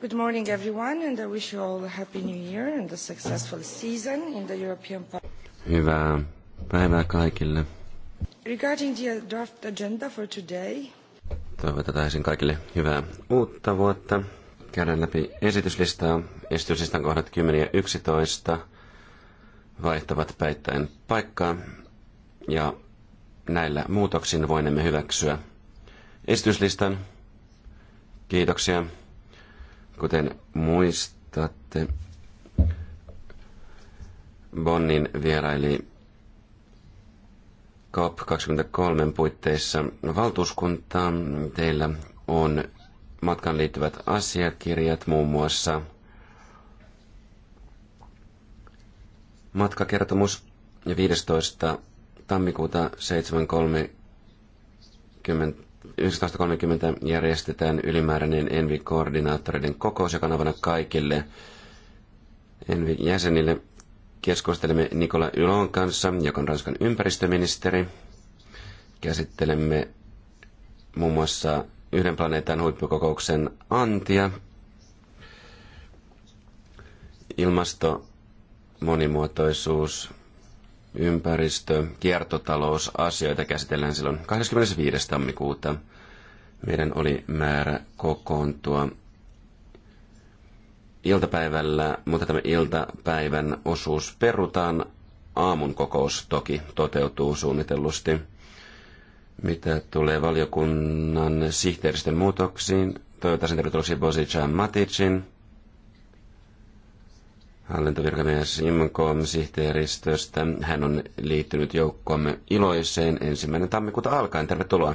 Good morning everyone and I wish you all a happy new year and a successful season in the European Parliament. Hyvää päivää kaikille. Regarding the draft agenda for today. Toivotetaan kaikille hyvää uutta vuotta. Käydään läpi esityslistaa. Esityslistan kohdat 10 ja 11 vaihtavat päittäin paikkaa ja näillä muutoksin voinemme hyväksyä esityslistan. Kiitoksia. Kuten muistatte, Bonnin vieraili COP23 puitteissa valtuuskuntaa. Teillä on matkan liittyvät asiakirjat, muun muassa matkakertomus 15. tammikuuta 73 11.30 järjestetään ylimääräinen Envi-koordinaattoreiden kokous, joka on avana kaikille Envi-jäsenille. Keskustelemme Nikola Ylon kanssa, joka on Ranskan ympäristöministeri. Käsittelemme muun muassa yhden planeetan huippukokouksen antia, ilmasto, monimuotoisuus, ympäristö, kiertotalousasioita käsitellään silloin 25. tammikuuta. Meidän oli määrä kokoontua iltapäivällä, mutta tämä iltapäivän osuus perutaan. Aamun kokous toki toteutuu suunnitellusti. Mitä tulee valiokunnan sihteeristön muutoksiin, toivotan tervetulleeksi Bosica Maticin hallintovirkamies Imkom sihteeristöstä. Hän on liittynyt joukkoomme iloiseen ensimmäinen tammikuuta alkaen. Tervetuloa.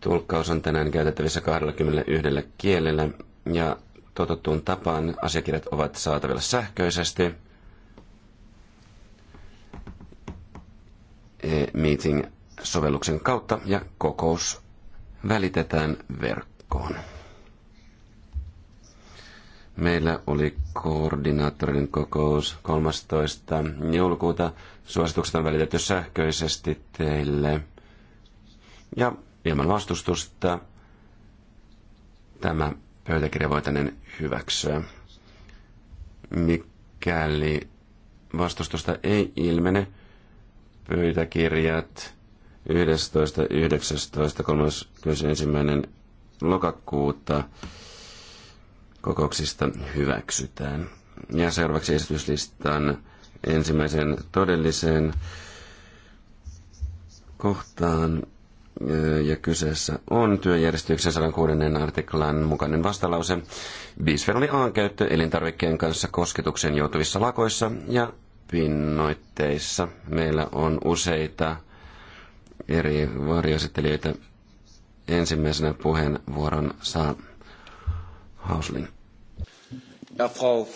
Tulkkaus on tänään käytettävissä 21 kielellä ja totuttuun tapaan asiakirjat ovat saatavilla sähköisesti. E Meeting-sovelluksen kautta ja kokous välitetään verkkoon. Meillä oli koordinaattorin kokous 13. joulukuuta. Suositukset on välitetty sähköisesti teille. Ja ilman vastustusta tämä pöytäkirja voitainen hyväksyä. Mikäli vastustusta ei ilmene, pöytäkirjat 11.19.31. lokakuuta kokouksista hyväksytään. Ja seuraavaksi esityslistan ensimmäiseen todelliseen kohtaan. Ja kyseessä on työjärjestyksen 106. artiklan mukainen vastalause. Bisfenoli A-käyttö elintarvikkeen kanssa kosketuksen joutuvissa lakoissa ja pinnoitteissa. Meillä on useita eri varjoesittelijöitä. Ensimmäisenä puheenvuoron saa Hausling. Ja Frau.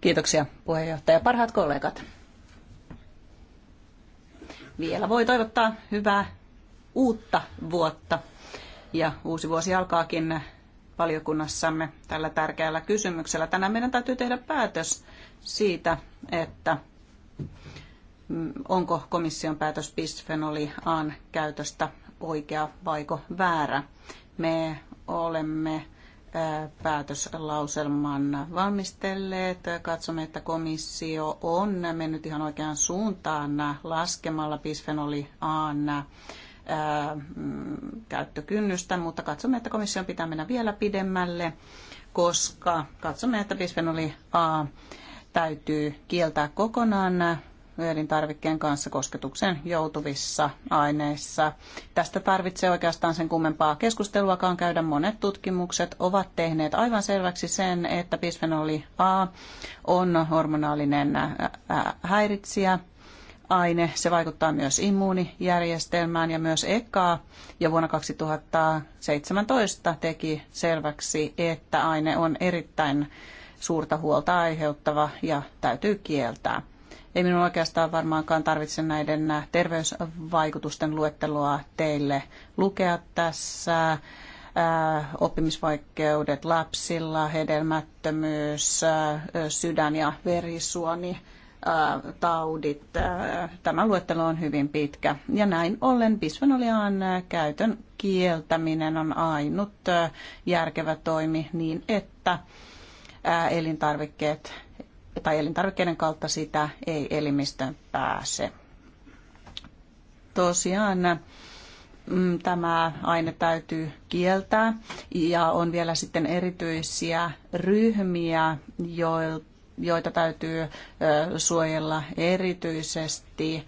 Kiitoksia puheenjohtaja. Parhaat kollegat. Vielä voi toivottaa hyvää uutta vuotta. Ja uusi vuosi alkaakin valiokunnassamme tällä tärkeällä kysymyksellä. Tänään meidän täytyy tehdä päätös siitä, että mm, onko komission päätös bisfenoli Aan käytöstä oikea vaiko väärä. Me olemme päätöslauselman valmistelleet. Katsomme, että komissio on mennyt ihan oikeaan suuntaan laskemalla bisfenoli A äh, käyttökynnystä, mutta katsomme, että komissio pitää mennä vielä pidemmälle, koska katsomme, että bisfenoli A täytyy kieltää kokonaan elintarvikkeen kanssa kosketuksen joutuvissa aineissa. Tästä tarvitsee oikeastaan sen kummempaa keskusteluakaan käydä. Monet tutkimukset ovat tehneet aivan selväksi sen, että bisfenoli A on hormonaalinen häiritsijä, aine. Se vaikuttaa myös immuunijärjestelmään ja myös EKA. Ja vuonna 2017 teki selväksi, että aine on erittäin suurta huolta aiheuttava ja täytyy kieltää. Ei minun oikeastaan varmaankaan tarvitse näiden terveysvaikutusten luetteloa teille lukea tässä. Äh, oppimisvaikeudet lapsilla, hedelmättömyys, äh, sydän- ja verisuoni, äh, taudit. Tämä luettelo on hyvin pitkä. Ja näin ollen bisfenoliaan käytön kieltäminen on ainut järkevä toimi niin, että elintarvikkeet tai elintarvikkeiden kautta sitä ei elimistön pääse. Tosiaan mm, tämä aine täytyy kieltää ja on vielä sitten erityisiä ryhmiä, joita täytyy suojella erityisesti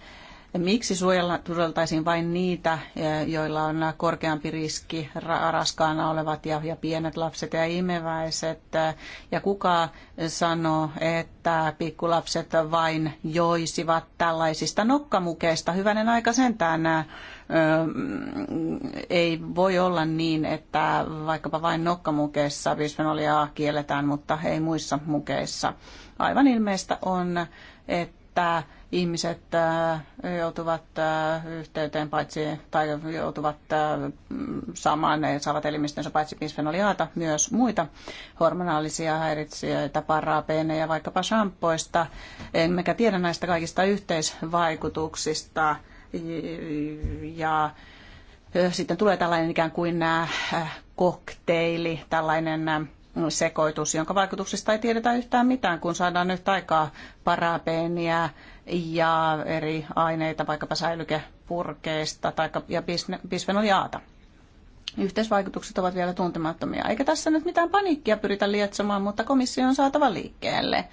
miksi suojeltaisiin vain niitä, eh, joilla on korkeampi riski, raskaana olevat ja, ja pienet lapset ja imeväiset. Eh, ja kuka sanoo, että pikkulapset vain joisivat tällaisista nokkamukeista. Hyvänen aika sentään eh, mm, ei voi olla niin, että vaikkapa vain nokkamukeissa bisfenolia A kielletään, mutta ei muissa mukeissa. Aivan ilmeistä on, että ihmiset äh, joutuvat äh, yhteyteen paitsi, tai joutuvat äh, saamaan, ne saavat elimistönsä paitsi bisfenoli myös muita hormonaalisia häiritsijöitä, parapeeneja, vaikkapa shampoista. Emmekä tiedä näistä kaikista yhteisvaikutuksista. Ja sitten tulee tällainen ikään kuin nämä kokteili, tällainen sekoitus, jonka vaikutuksista ei tiedetä yhtään mitään, kun saadaan nyt aikaa parabeenia, ja eri aineita, vaikkapa säilykepurkeista tai ja bisfenoliaata. Yhteisvaikutukset ovat vielä tuntemattomia. Eikä tässä nyt mitään paniikkia pyritä lietsomaan, mutta komissio on saatava liikkeelle.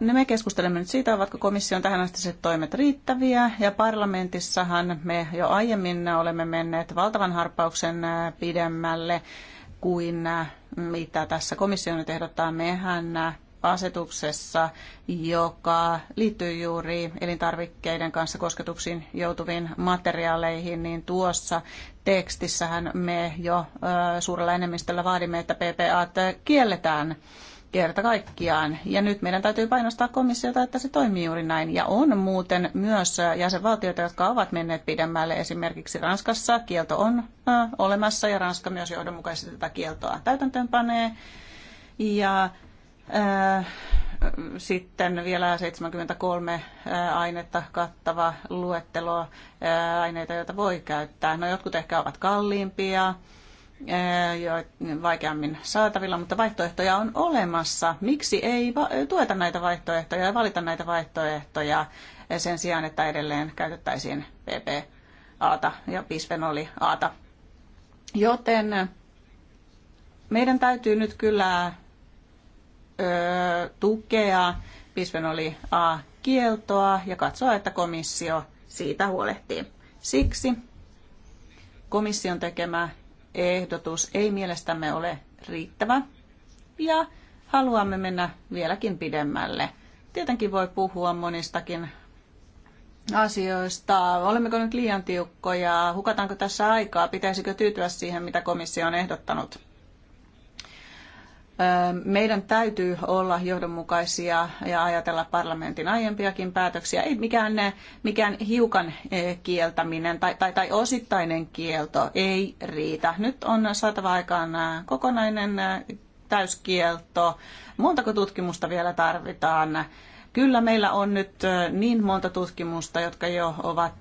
Me keskustelemme nyt siitä, ovatko komission asti toimet riittäviä, ja parlamentissahan me jo aiemmin olemme menneet valtavan harppauksen pidemmälle kuin mitä tässä komissio nyt ehdottaa. Mehän asetuksessa, joka liittyy juuri elintarvikkeiden kanssa kosketuksiin joutuviin materiaaleihin, niin tuossa tekstissähän me jo suurella enemmistöllä vaadimme, että PPA kielletään kerta kaikkiaan. Ja nyt meidän täytyy painostaa komissiota, että se toimii juuri näin. Ja on muuten myös jäsenvaltioita, jotka ovat menneet pidemmälle. Esimerkiksi Ranskassa kielto on olemassa ja Ranska myös johdonmukaisesti tätä kieltoa täytäntöönpanee. Ja sitten vielä 73 ainetta kattava luettelo aineita, joita voi käyttää. No jotkut ehkä ovat kalliimpia, vaikeammin saatavilla, mutta vaihtoehtoja on olemassa. Miksi ei tueta näitä vaihtoehtoja ja valita näitä vaihtoehtoja sen sijaan, että edelleen käytettäisiin PPAta ja bisfenoli aata Joten meidän täytyy nyt kyllä tukea bisfenoli A-kieltoa ja katsoa, että komissio siitä huolehtii. Siksi komission tekemä ehdotus ei mielestämme ole riittävä ja haluamme mennä vieläkin pidemmälle. Tietenkin voi puhua monistakin asioista. Olemmeko nyt liian tiukkoja? Hukataanko tässä aikaa? Pitäisikö tyytyä siihen, mitä komissio on ehdottanut? meidän täytyy olla johdonmukaisia ja ajatella parlamentin aiempiakin päätöksiä. Ei mikään, mikään hiukan e, kieltäminen tai, tai, tai osittainen kielto ei riitä. Nyt on saatava aikaan kokonainen täyskielto. Montako tutkimusta vielä tarvitaan? Kyllä meillä on nyt niin monta tutkimusta, jotka jo ovat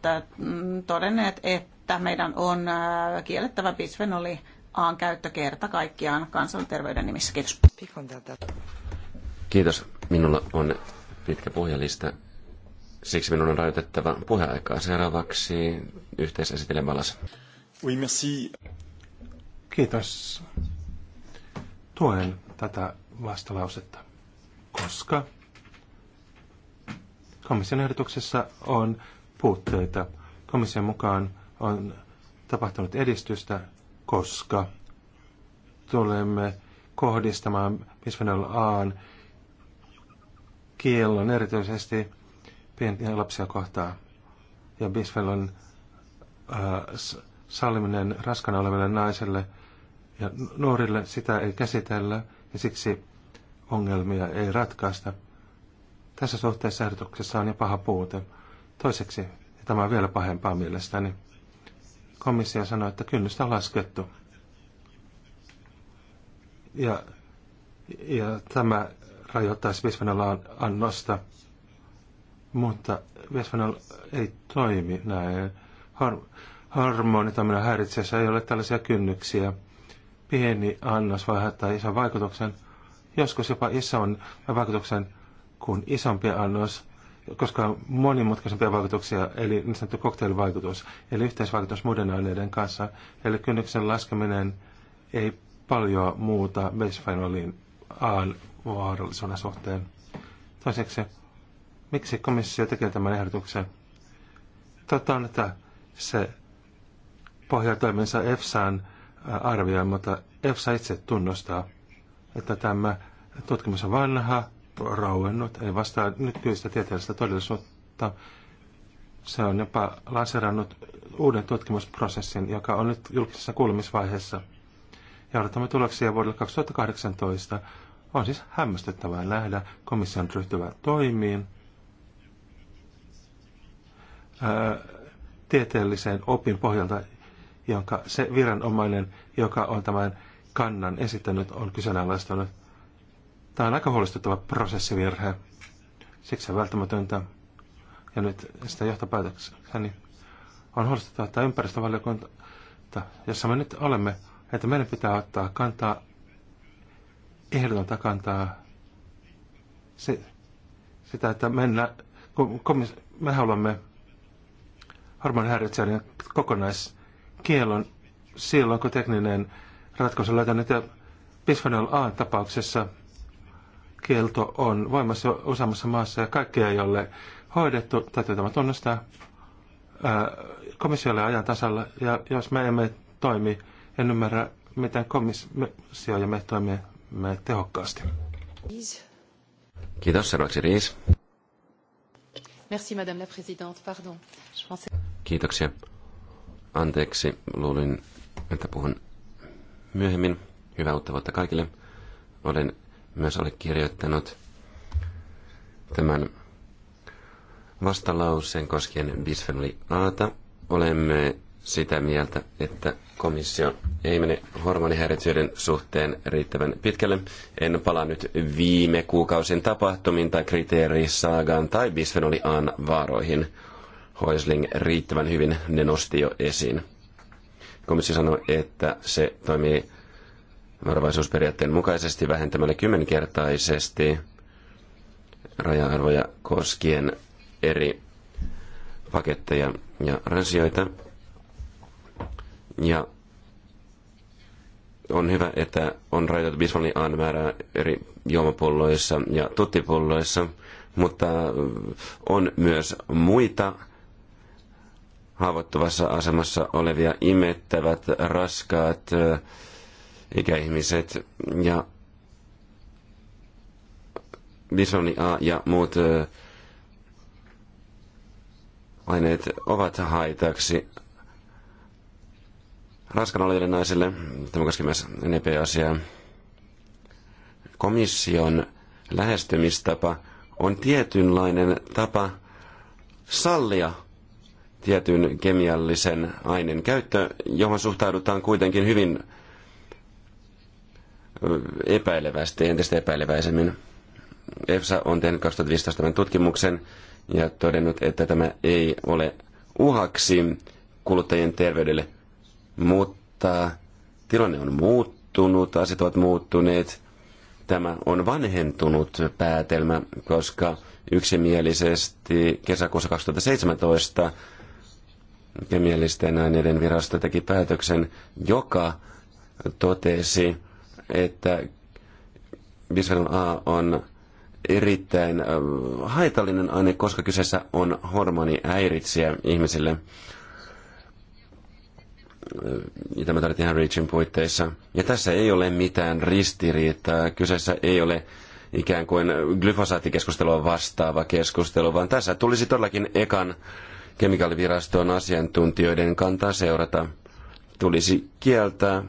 todenneet, että meidän on kiellettävä bisfenoli rahan käyttö kerta kaikkiaan kansanterveyden nimissä. Kiitos. Kiitos. Minulla on pitkä puhujalista. Siksi minun on rajoitettava puheaikaa seuraavaksi yhteisesitellen Oui, merci. Kiitos. Tuen tätä vastalausetta, koska komission ehdotuksessa on puutteita. Komission mukaan on tapahtunut edistystä koska tulemme kohdistamaan bisfenol A kiellon erityisesti pieniä lapsia kohtaan. Ja bisfenolin äh, salliminen raskana oleville naiselle ja nuorille sitä ei käsitellä ja siksi ongelmia ei ratkaista. Tässä suhteessa ehdotuksessa on jo paha puute. Toiseksi, ja tämä on vielä pahempaa mielestäni, komissio sanoi, että kynnystä on laskettu. Ja, ja tämä rajoittaisi Vesvanalan annosta, mutta Vesvanal ei toimi näin. Har, harmonitoiminnan häiritsijässä ei ole tällaisia kynnyksiä. Pieni annos voi haittaa ison vaikutuksen, joskus jopa ison vaikutuksen kuin isompi annos – koska on monimutkaisempia vaikutuksia, eli niin sanottu cocktail-vaikutus, eli yhteisvaikutus muiden aineiden kanssa. Eli kynnyksen laskeminen ei paljon muuta bisphenolin aan vaarallisuuden suhteen. Toiseksi, miksi komissio tekee tämän ehdotuksen? Totta on, että se pohjaa toimensa EFSAan äh, arvioi, mutta EFSA itse tunnustaa, että tämä tutkimus on vanha, rauennut, ei vastaa nykyistä tieteellistä todellisuutta. Se on jopa lanserannut uuden tutkimusprosessin, joka on nyt julkisessa kuulemisvaiheessa. Ja odotamme tuloksia vuodelle 2018. On siis hämmästyttävää nähdä komission ryhtyvän toimiin ää, tieteelliseen opin pohjalta, jonka se viranomainen, joka on tämän kannan esittänyt, on kyseenalaistanut Tämä on aika huolestuttava prosessivirhe. Siksi on välttämätöntä. Ja nyt sitä niin on huolestuttava tämä ympäristövaliokunta, jossa me nyt olemme, että meidän pitää ottaa kantaa, ehdotonta kantaa se, sitä, että mennä, kun kun me haluamme hormonihäiritseiden kokonaiskielon silloin, kun tekninen ratkaisu nyt ja bisphenol A-tapauksessa – kielto on voimassa useammassa maassa ja kaikkea ei ole hoidettu. Täytyy tämä tunnustaa komissiolle ajan tasalla. Ja jos me emme toimi, en ymmärrä, miten komissio ja me toimimme tehokkaasti. Kiitos, seuraavaksi Riis. Merci, madame la présidente. Pardon. Je Kiitoksia. Anteeksi, luulin, että puhun myöhemmin. Hyvää uutta vuotta kaikille. Olen myös allekirjoittanut tämän vastalauseen koskien bisfenoli Aata. Olemme sitä mieltä, että komissio ei mene hormonihäiritsyiden suhteen riittävän pitkälle. En palaa nyt viime kuukausin tapahtumiin tai kriteerisaagaan tai bisfenoli Aan vaaroihin. Hoisling riittävän hyvin ne nosti jo esiin. Komissio sanoi, että se toimii varovaisuusperiaatteen mukaisesti vähentämällä kymmenkertaisesti raja-arvoja koskien eri paketteja ja rasioita. Ja on hyvä, että on rajoitettu bisfoni A määrää eri juomapulloissa ja tuttipulloissa, mutta on myös muita haavoittuvassa asemassa olevia imettävät, raskaat, ikäihmiset ja bisoni A ja muut aineet ovat haitaksi raskana oleville naisille. Tämä koskee myös NP-asiaa. Komission lähestymistapa on tietynlainen tapa sallia tietyn kemiallisen aineen käyttö, johon suhtaudutaan kuitenkin hyvin epäilevästi, entistä epäileväisemmin. EFSA on tehnyt 2015 tämän tutkimuksen ja todennut, että tämä ei ole uhaksi kuluttajien terveydelle, mutta tilanne on muuttunut, asiat ovat muuttuneet. Tämä on vanhentunut päätelmä, koska yksimielisesti kesäkuussa 2017 kemiallisten aineiden virasto teki päätöksen, joka totesi, että bisfenol A on erittäin haitallinen aine, koska kyseessä on hormoniäiritsiä ihmisille. Ja tämä tarvitsee ihan REACHin puitteissa. Ja tässä ei ole mitään ristiriitaa. Kyseessä ei ole ikään kuin glyfosaattikeskustelua vastaava keskustelu, vaan tässä tulisi todellakin ekan kemikaaliviraston asiantuntijoiden kantaa seurata. Tulisi kieltää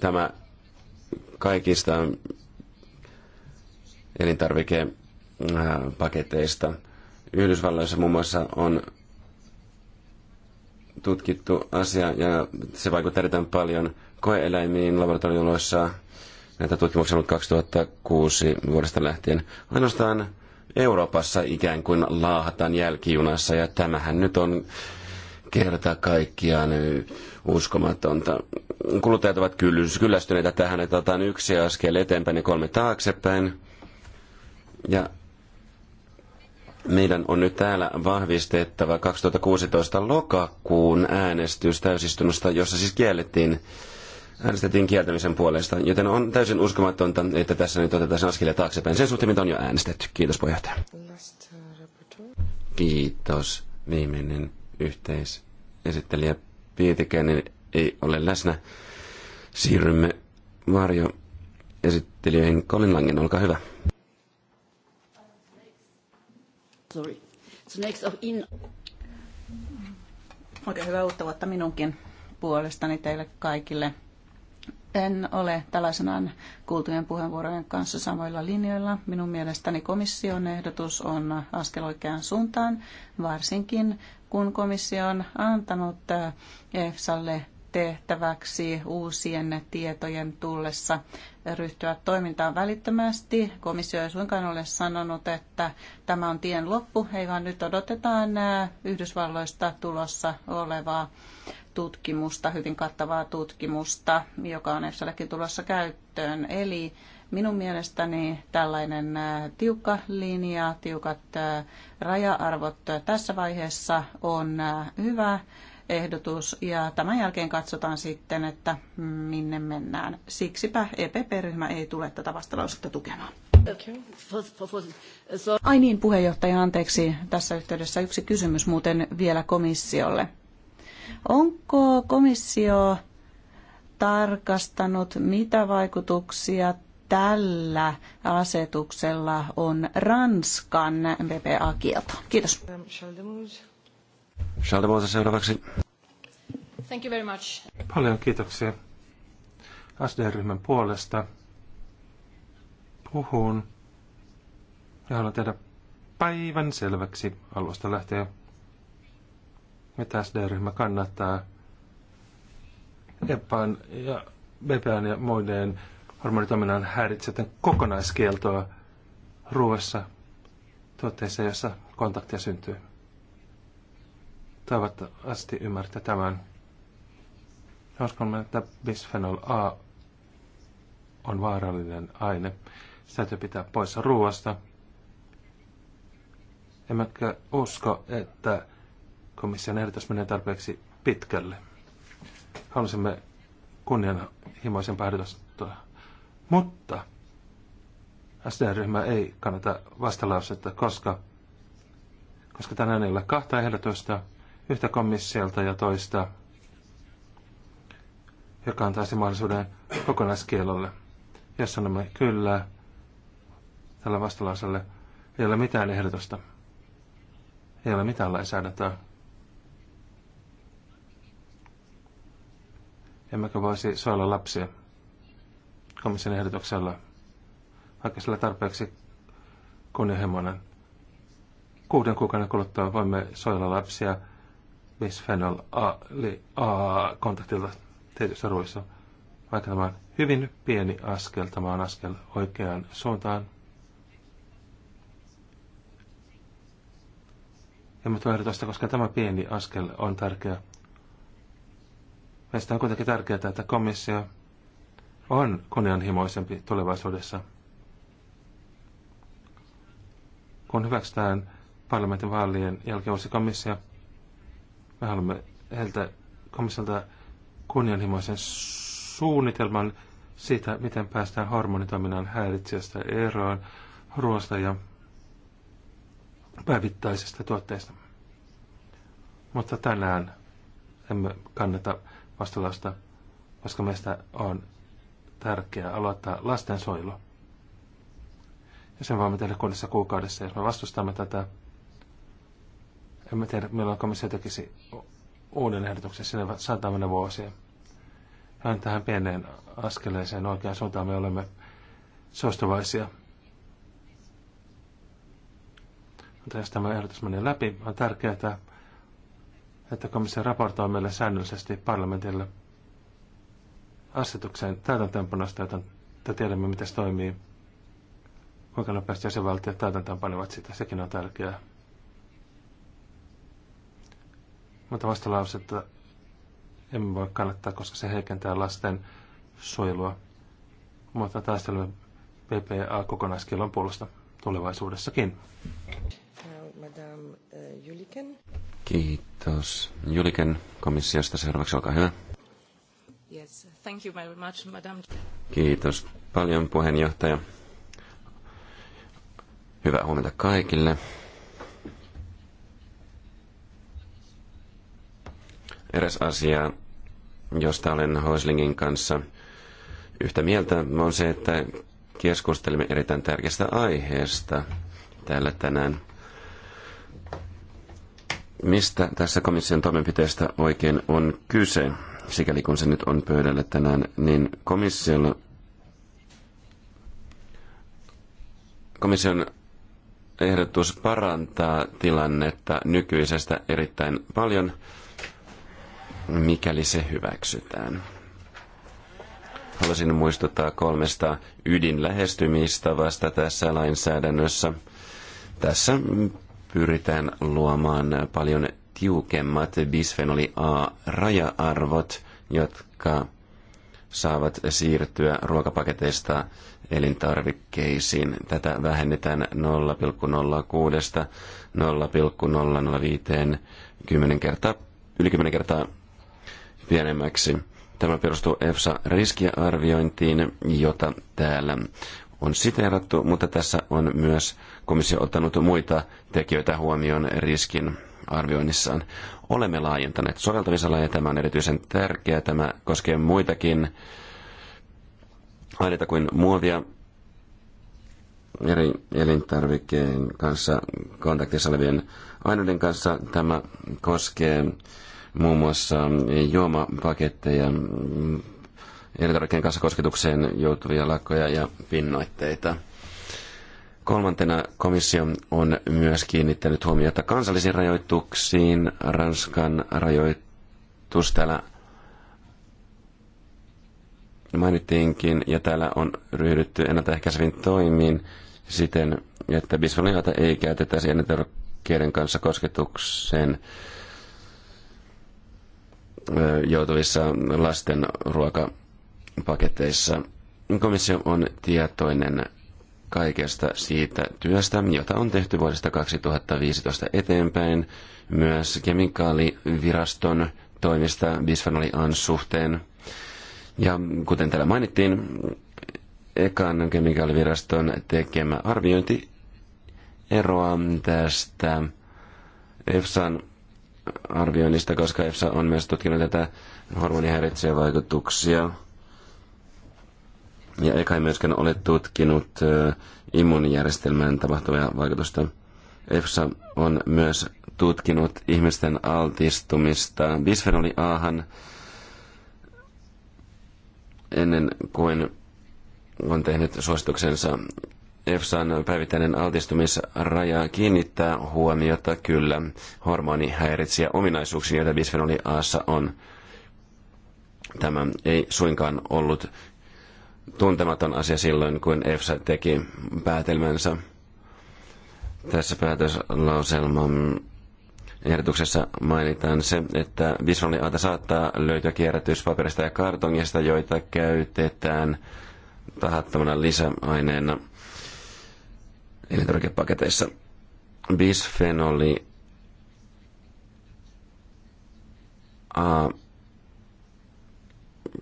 tämä kaikista elintarvikepaketeista. Yhdysvalloissa muun muassa on tutkittu asia ja se vaikuttaa erittäin paljon koeeläimiin laboratorioloissa. Näitä tutkimuksia on ollut 2006 vuodesta lähtien. Ainoastaan Euroopassa ikään kuin laahataan jälkijunassa ja tämähän nyt on kerta kaikkiaan uskomatonta kuluttajat ovat kyllästyneitä tähän, että otetaan yksi askel eteenpäin ja kolme taaksepäin. Ja meidän on nyt täällä vahvistettava 2016 lokakuun äänestys täysistunnosta, jossa siis kiellettiin äänestettiin kieltämisen puolesta, joten on täysin uskomatonta, että tässä nyt otetaan askelia taaksepäin sen suhteen, mitä on jo äänestetty. Kiitos puheenjohtaja. Kiitos. Viimeinen yhteisesittelijä Pietikäinen ei ole läsnä. Siirrymme Varjo esittelijöihin. Colin Langen, olkaa hyvä. Sorry. Zunächst of in... Oikein hyvää uutta vuotta minunkin puolestani teille kaikille. En ole tällaisenaan kuultujen puheenvuorojen kanssa samoilla linjoilla. Minun mielestäni komission ehdotus on askel oikeaan suuntaan, varsinkin kun komissio on antanut eh, EFSAlle tehtäväksi uusien tietojen tullessa ryhtyä toimintaan välittömästi. Komissio ei suinkaan ole sanonut, että tämä on tien loppu, ei vaan nyt odotetaan Yhdysvalloista tulossa olevaa tutkimusta, hyvin kattavaa tutkimusta, joka on EFSAllekin tulossa käyttöön. Eli minun mielestäni tällainen tiukka linja, tiukat raja-arvot tässä vaiheessa on hyvä ehdotus ja tämän jälkeen katsotaan sitten, että minne mennään. Siksipä EPP-ryhmä ei tule tätä vastalausetta tukemaan. Ai niin, puheenjohtaja, anteeksi. Tässä yhteydessä yksi kysymys muuten vielä komissiolle. Onko komissio tarkastanut, mitä vaikutuksia tällä asetuksella on Ranskan BPA-kielto? Kiitos. Charles seuraavaksi. Thank you very much. Paljon kiitoksia. SD-ryhmän puolesta puhun ja haluan tehdä päivän selväksi alusta lähtee. Mitä SD-ryhmä kannattaa EPAN ja BPAN ja muiden hormonitoiminnan häiritsevän kokonaiskieltoa ruoassa tuotteissa, jossa kontaktia syntyy toivottavasti ymmärtää tämän. Uskon, että bisphenol A on vaarallinen aine. Sitä täytyy pitää poissa ruoasta. Emmekä usko, että komission ehdotus menee tarpeeksi pitkälle. Halusimme kunnianhimoisen päätöstä. Mutta SD-ryhmä ei kannata vastalausetta, koska, koska tänään ei ole kahta ehdotusta – yhtä komissiolta ja toista, joka antaisi mahdollisuuden kokonaiskielolle. Jos sanomme kyllä tällä vastalaiselle, ei ole mitään ehdotusta. Ei ole mitään lainsäädäntöä. Emmekä voisi suojella lapsia komission ehdotuksella, vaikka sillä tarpeeksi kunnianhimoinen. Kuuden kuukauden kuluttua voimme suojella lapsia bisphenol A, li, A kontaktilta tietyissä ruuissa. Vaikka tämä on hyvin pieni askel, tämä on askel oikeaan suuntaan. Ja mä tuon tästä, koska tämä pieni askel on tärkeä. Meistä on kuitenkin tärkeää, että komissio on kunnianhimoisempi tulevaisuudessa. Kun hyväksytään parlamentin vaalien jälkeen uusi komissio, me haluamme heiltä komissiolta kunnianhimoisen suunnitelman siitä, miten päästään hormonitoiminnan häiritsijästä eroon ruoasta ja päivittäisistä tuotteista. Mutta tänään emme kannata vastulausta, koska meistä on tärkeää aloittaa lastensuojelu. Ja sen voimme tehdä kunnissa kuukaudessa. Jos me vastustamme tätä, en mä tiedä, milloin komissio tekisi uuden ehdotuksen. sinne saattaa vuosia. Hän tähän pieneen askeleeseen oikeaan suuntaan me olemme suostuvaisia. Mutta jos tämä ehdotus menee läpi, on tärkeää, että komissio raportoi meille säännöllisesti parlamentille asetuksen täytäntöönpanosta, että tiedämme, miten se toimii. Kuinka nopeasti jäsenvaltiot täytäntöönpanevat sitä, sekin on tärkeää. Mutta vastalausetta emme voi kannattaa, koska se heikentää lasten suojelua. Mutta taistelemme PPA-kokonaiskielon puolesta tulevaisuudessakin. Kiitos. Juliken komissiosta seuraavaksi, olkaa hyvä. Yes, thank you very much, madam. Kiitos paljon puheenjohtaja. Hyvää huomenta kaikille. Eräs asia, josta olen Hoislingin kanssa yhtä mieltä, on se, että keskustelimme erittäin tärkeästä aiheesta täällä tänään. Mistä tässä komission toimenpiteestä oikein on kyse? Sikäli kun se nyt on pöydällä tänään, niin komissiolla komission ehdotus parantaa tilannetta nykyisestä erittäin paljon – mikäli se hyväksytään. Haluaisin muistuttaa kolmesta ydinlähestymistä vasta tässä lainsäädännössä. Tässä pyritään luomaan paljon tiukemmat bisfenoli A-raja-arvot, jotka saavat siirtyä ruokapaketeista elintarvikkeisiin. Tätä vähennetään 0,06 0,005 10 kertaa, yli 10 kertaa pienemmäksi. Tämä perustuu EFSA-riskiarviointiin, jota täällä on siteerattu, mutta tässä on myös komissio ottanut muita tekijöitä huomioon riskin arvioinnissaan. Olemme laajentaneet soveltamisalaa ja tämä on erityisen tärkeää. Tämä koskee muitakin aineita kuin muovia eri elintarvikkeen kanssa kontaktissa olevien aineiden kanssa. Tämä koskee muun muassa eh, juomapaketteja, mm, elintarvikkeen kanssa kosketukseen joutuvia lakkoja ja pinnoitteita. Kolmantena komissio on myös kiinnittänyt huomiota kansallisiin rajoituksiin. Ranskan rajoitus täällä mainittiinkin, ja täällä on ryhdytty ennaltaehkäiseviin toimiin siten, että bisfenoliota ei käytetä elintarvikkeiden kanssa kosketukseen joutuvissa lasten ruokapaketeissa. Komissio on tietoinen kaikesta siitä työstä, jota on tehty vuodesta 2015 eteenpäin, myös kemikaaliviraston toimista bisfenoli A suhteen. Ja kuten täällä mainittiin, ekan kemikaaliviraston tekemä arviointi eroaa tästä EFSAn arvioinnista, koska EFSA on myös tutkinut tätä hormonihäiritsejä vaikutuksia. Ja eikä myöskään ole tutkinut immuunijärjestelmään tapahtuvia vaikutusta. EFSA on myös tutkinut ihmisten altistumista bisfenoli Ahan ennen kuin on tehnyt suosituksensa EFSAn päivittäinen altistumisraja kiinnittää huomiota kyllä hormonihäiritsijä ominaisuuksiin, joita bisfenoli Aassa on. Tämä ei suinkaan ollut tuntematon asia silloin, kun EFSA teki päätelmänsä. Tässä päätöslauselman ehdotuksessa mainitaan se, että Bisfenoli bisfenoliaata saattaa löytyä kierrätyspaperista ja kartongista, joita käytetään tahattomana lisäaineena – elintarvikepaketeissa. Bisfenoli A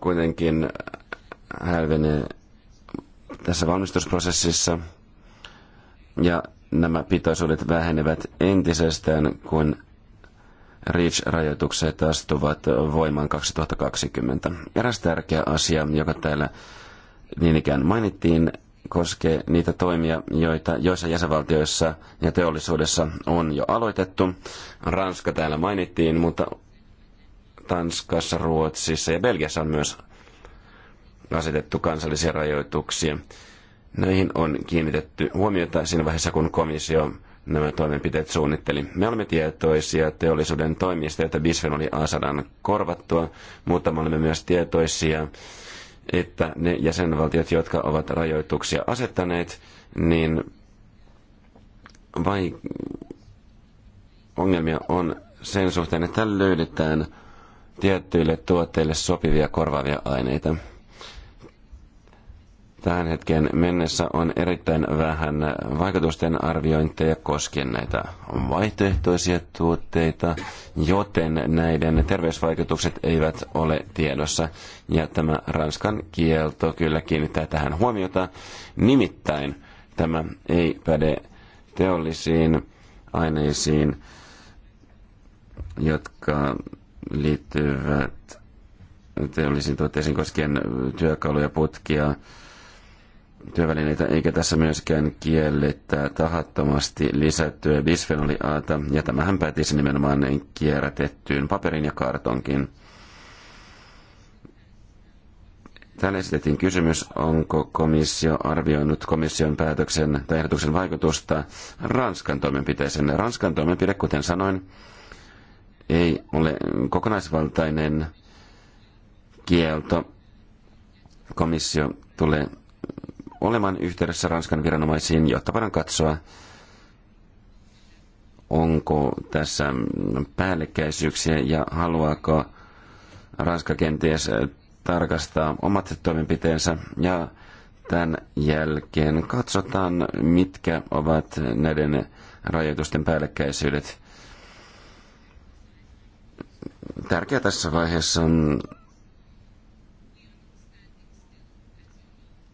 kuitenkin hälvenee tässä valmistusprosessissa ja nämä pitoisuudet vähenevät entisestään, kun REACH-rajoitukset astuvat voimaan 2020. Eräs tärkeä asia, joka täällä niin ikään mainittiin, koskee niitä toimia, joita joissa jäsenvaltioissa ja teollisuudessa on jo aloitettu. Ranska täällä mainittiin, mutta Tanskassa, Ruotsissa ja Belgiassa on myös asetettu kansallisia rajoituksia. Näihin on kiinnitetty huomiota siinä vaiheessa, kun komissio nämä toimenpiteet suunnitteli. Me olemme tietoisia teollisuuden toimista, joita bisfenoli A saadaan korvattua, mutta me olemme myös tietoisia että ne jäsenvaltiot, jotka ovat rajoituksia asettaneet, niin vai ongelmia on sen suhteen, että löydetään tiettyille tuotteille sopivia korvaavia aineita. Tähän hetkeen mennessä on erittäin vähän vaikutusten arviointeja koskien näitä vaihtoehtoisia tuotteita, joten näiden terveysvaikutukset eivät ole tiedossa. Ja tämä Ranskan kielto kyllä kiinnittää tähän huomiota. Nimittäin tämä ei päde teollisiin aineisiin, jotka liittyvät teollisiin tuotteisiin koskien työkaluja, putkia, työvälineitä, eikä tässä myöskään kiellettä tahattomasti lisättyä bisfenoliaata, ja tämähän pätisi nimenomaan kierrätettyyn paperin ja kartonkin. Täällä esitettiin kysymys, onko komissio arvioinut komission päätöksen tai ehdotuksen vaikutusta Ranskan toimenpiteeseen. Ranskan toimenpide, kuten sanoin, ei ole kokonaisvaltainen kielto. Komissio tulee olemaan yhteydessä Ranskan viranomaisiin, jotta voidaan katsoa, onko tässä päällekkäisyyksiä ja haluaako Ranska kenties tarkastaa omat toimenpiteensä ja tämän jälkeen katsotaan, mitkä ovat näiden rajoitusten päällekkäisyydet. Tärkeää tässä vaiheessa on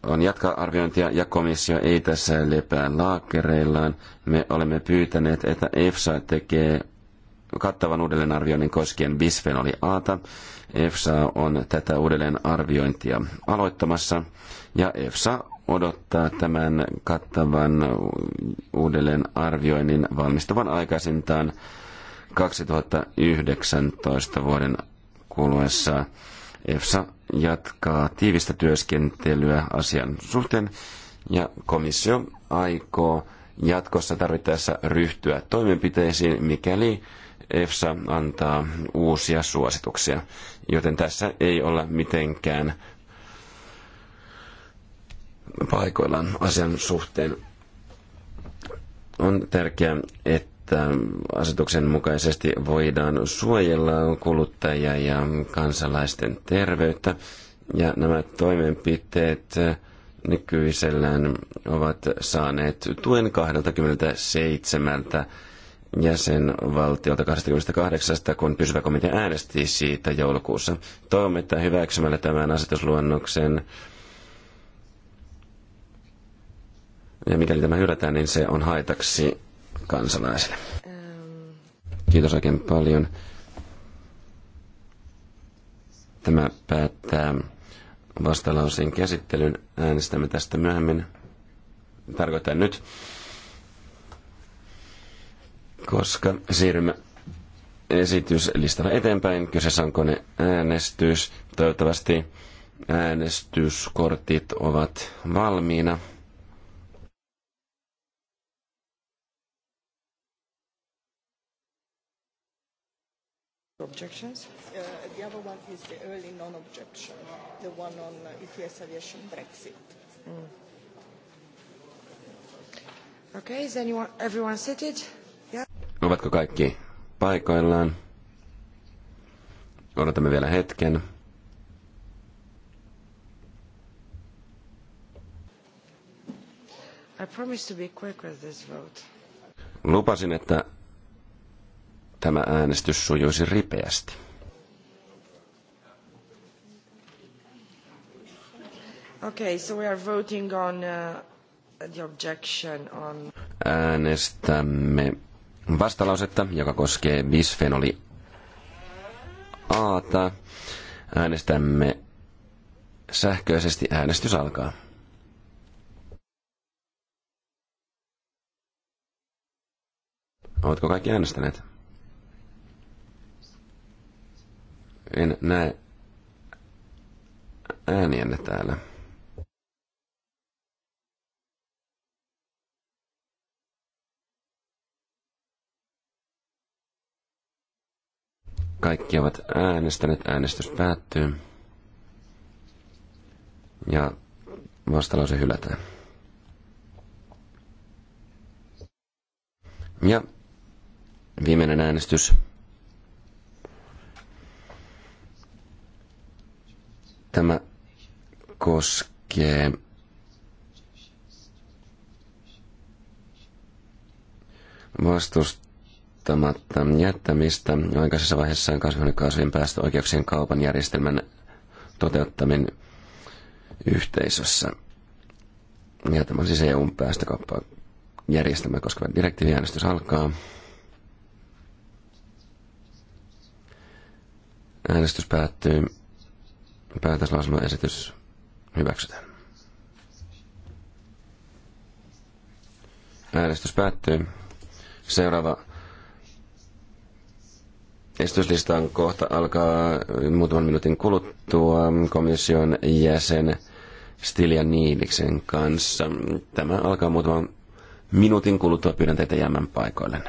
on jatkaa arviointia ja komissio ei tässä lepää laakereillaan. Me olemme pyytäneet, että EFSA tekee kattavan uudelleenarvioinnin koskien bisfenoli Ata. EFSA on tätä uudelleenarviointia aloittamassa ja EFSA odottaa tämän kattavan uudelleenarvioinnin valmistuvan aikaisintaan 2019 vuoden kuluessa EFSA jatkaa tiivistä työskentelyä asian suhteen ja komissio aikoo jatkossa tarvittaessa ryhtyä toimenpiteisiin, mikäli EFSA antaa uusia suosituksia. Joten tässä ei olla mitenkään paikoillaan asian suhteen. On tärkeää, että että asetuksen mukaisesti voidaan suojella kuluttajia ja kansalaisten terveyttä. Ja nämä toimenpiteet nykyisellään ovat saaneet tuen 27 jäsenvaltiolta 28, kun pysyvä komitea äänesti siitä joulukuussa. Toivomme, että hyväksymällä tämän asetusluonnoksen ja mikäli tämä hylätään, niin se on haitaksi kansalaisille. Kiitos oikein paljon. Tämä päättää vastalauseen käsittelyn. Äänestämme tästä myöhemmin. Tarkoitan nyt, koska siirrymme esityslistalla eteenpäin. Kyseessä on äänestys. Toivottavasti äänestyskortit ovat valmiina. Objections? Uh, the other one is the early non-objection, the one on uh, ETS aviation Brexit. Mm. Okay, is anyone, everyone seated? Yeah. Ovatko kaikki paikoillaan? Odotamme vielä hetken. I promise to be quick with this vote. Lupasin, että tämä äänestys sujuisi ripeästi. Okay, so we are voting on uh, the objection on... Äänestämme vastalausetta, joka koskee bisfenoli Aata. Äänestämme sähköisesti. Äänestys alkaa. Oletko kaikki äänestäneet? En näe äänienne täällä. Kaikki ovat äänestäneet. Äänestys päättyy. Ja vastalause hylätään. Ja viimeinen äänestys. Tämä koskee vastustamatta jättämistä aikaisessa vaiheessaan kasvihuonekaasujen päästöoikeuksien kaupan järjestelmän toteuttaminen yhteisössä. Ja tämä on siis EUn päästökauppa järjestelmä koska direktiiviäänestys alkaa. Äänestys päättyy esitys hyväksytään. Äänestys päättyy. Seuraava Esityslistan kohta alkaa muutaman minuutin kuluttua komission jäsen Stilja Niiliksen kanssa. Tämä alkaa muutaman minuutin kuluttua. Pyydän teitä jäämään paikoilleen.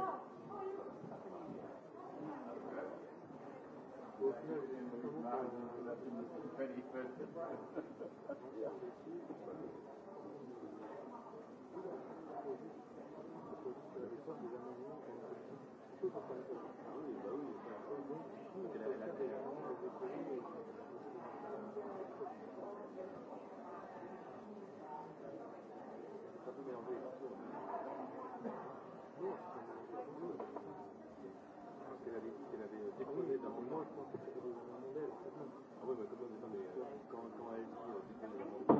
Ça peut mélanger. C'est la vie qu'elle avait dans on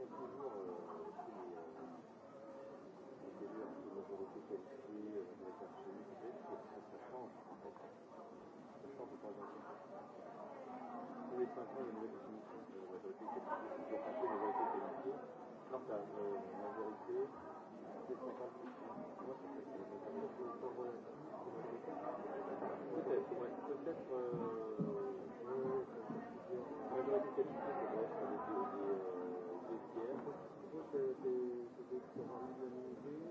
quelques jours, euh, j'ai été vu un petit peu pour le prix, euh, de la personne, ça change en fait. Ça change de temps en temps. Tous les 5 ans, il y a une nouvelle définition de la majorité qui est toujours passée, la majorité qualifiée. Quand la majorité, c'est 50 Moi, ça fait que la majorité est pour Peut-être, ouais. Peut-être, euh, la majorité qualifiée, ça doit être des que des, des qui auront l'unanimité,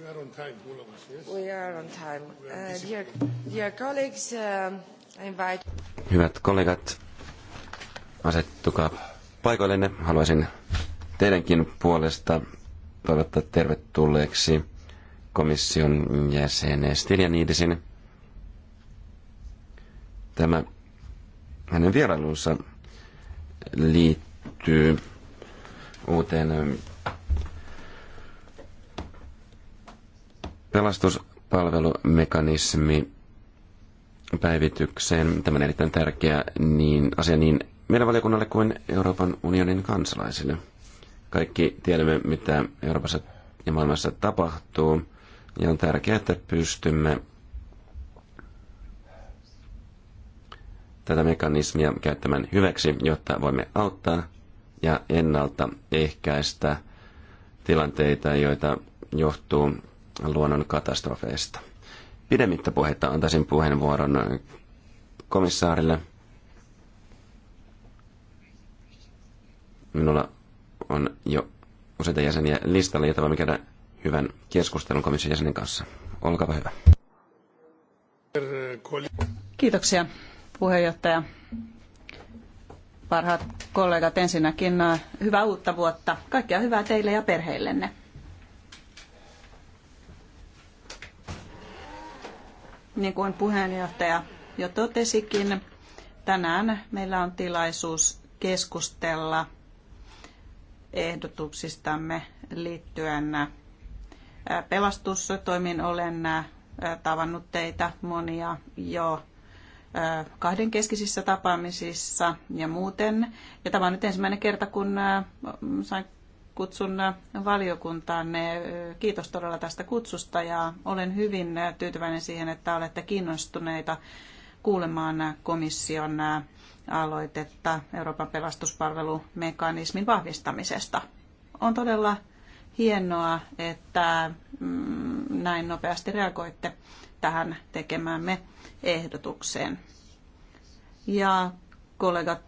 We are on time, all of us, yes? We are on time. Uh, dear, dear colleagues, uh, invite... Hyvät kollegat, asettukaa paikoillenne. Haluaisin teidänkin puolesta toivottaa tervetulleeksi komission jäsen Stiljaniidisin. Tämä hänen vierailunsa liittyy uuteen pelastuspalvelumekanismi päivitykseen. Tämä on erittäin tärkeä niin, asia niin meidän valiokunnalle kuin Euroopan unionin kansalaisille. Kaikki tiedämme, mitä Euroopassa ja maailmassa tapahtuu, ja on tärkeää, että pystymme tätä mekanismia käyttämään hyväksi, jotta voimme auttaa ja ennalta ehkäistä tilanteita, joita johtuu luonnon katastrofeista. Pidemmittä puhetta antaisin puheenvuoron komissaarille. Minulla on jo useita jäseniä listalla, jota voimme käydä hyvän keskustelun komission jäsenen kanssa. Olkaa hyvä. Kiitoksia puheenjohtaja. Parhaat kollegat, ensinnäkin äh, hyvää uutta vuotta. Kaikkea hyvää teille ja perheillenne. niin kuin puheenjohtaja jo totesikin, tänään meillä on tilaisuus keskustella ehdotuksistamme liittyen pelastustoimin. Olen tavannut teitä monia jo kahdenkeskisissä tapaamisissa ja muuten. Ja tämä on nyt ensimmäinen kerta, kun sain kutsun valiokuntaanne. Kiitos todella tästä kutsusta ja olen hyvin tyytyväinen siihen, että olette kiinnostuneita kuulemaan komission aloitetta Euroopan pelastuspalvelumekanismin vahvistamisesta. On todella hienoa, että mm, näin nopeasti reagoitte tähän tekemäämme ehdotukseen. Ja kollegat,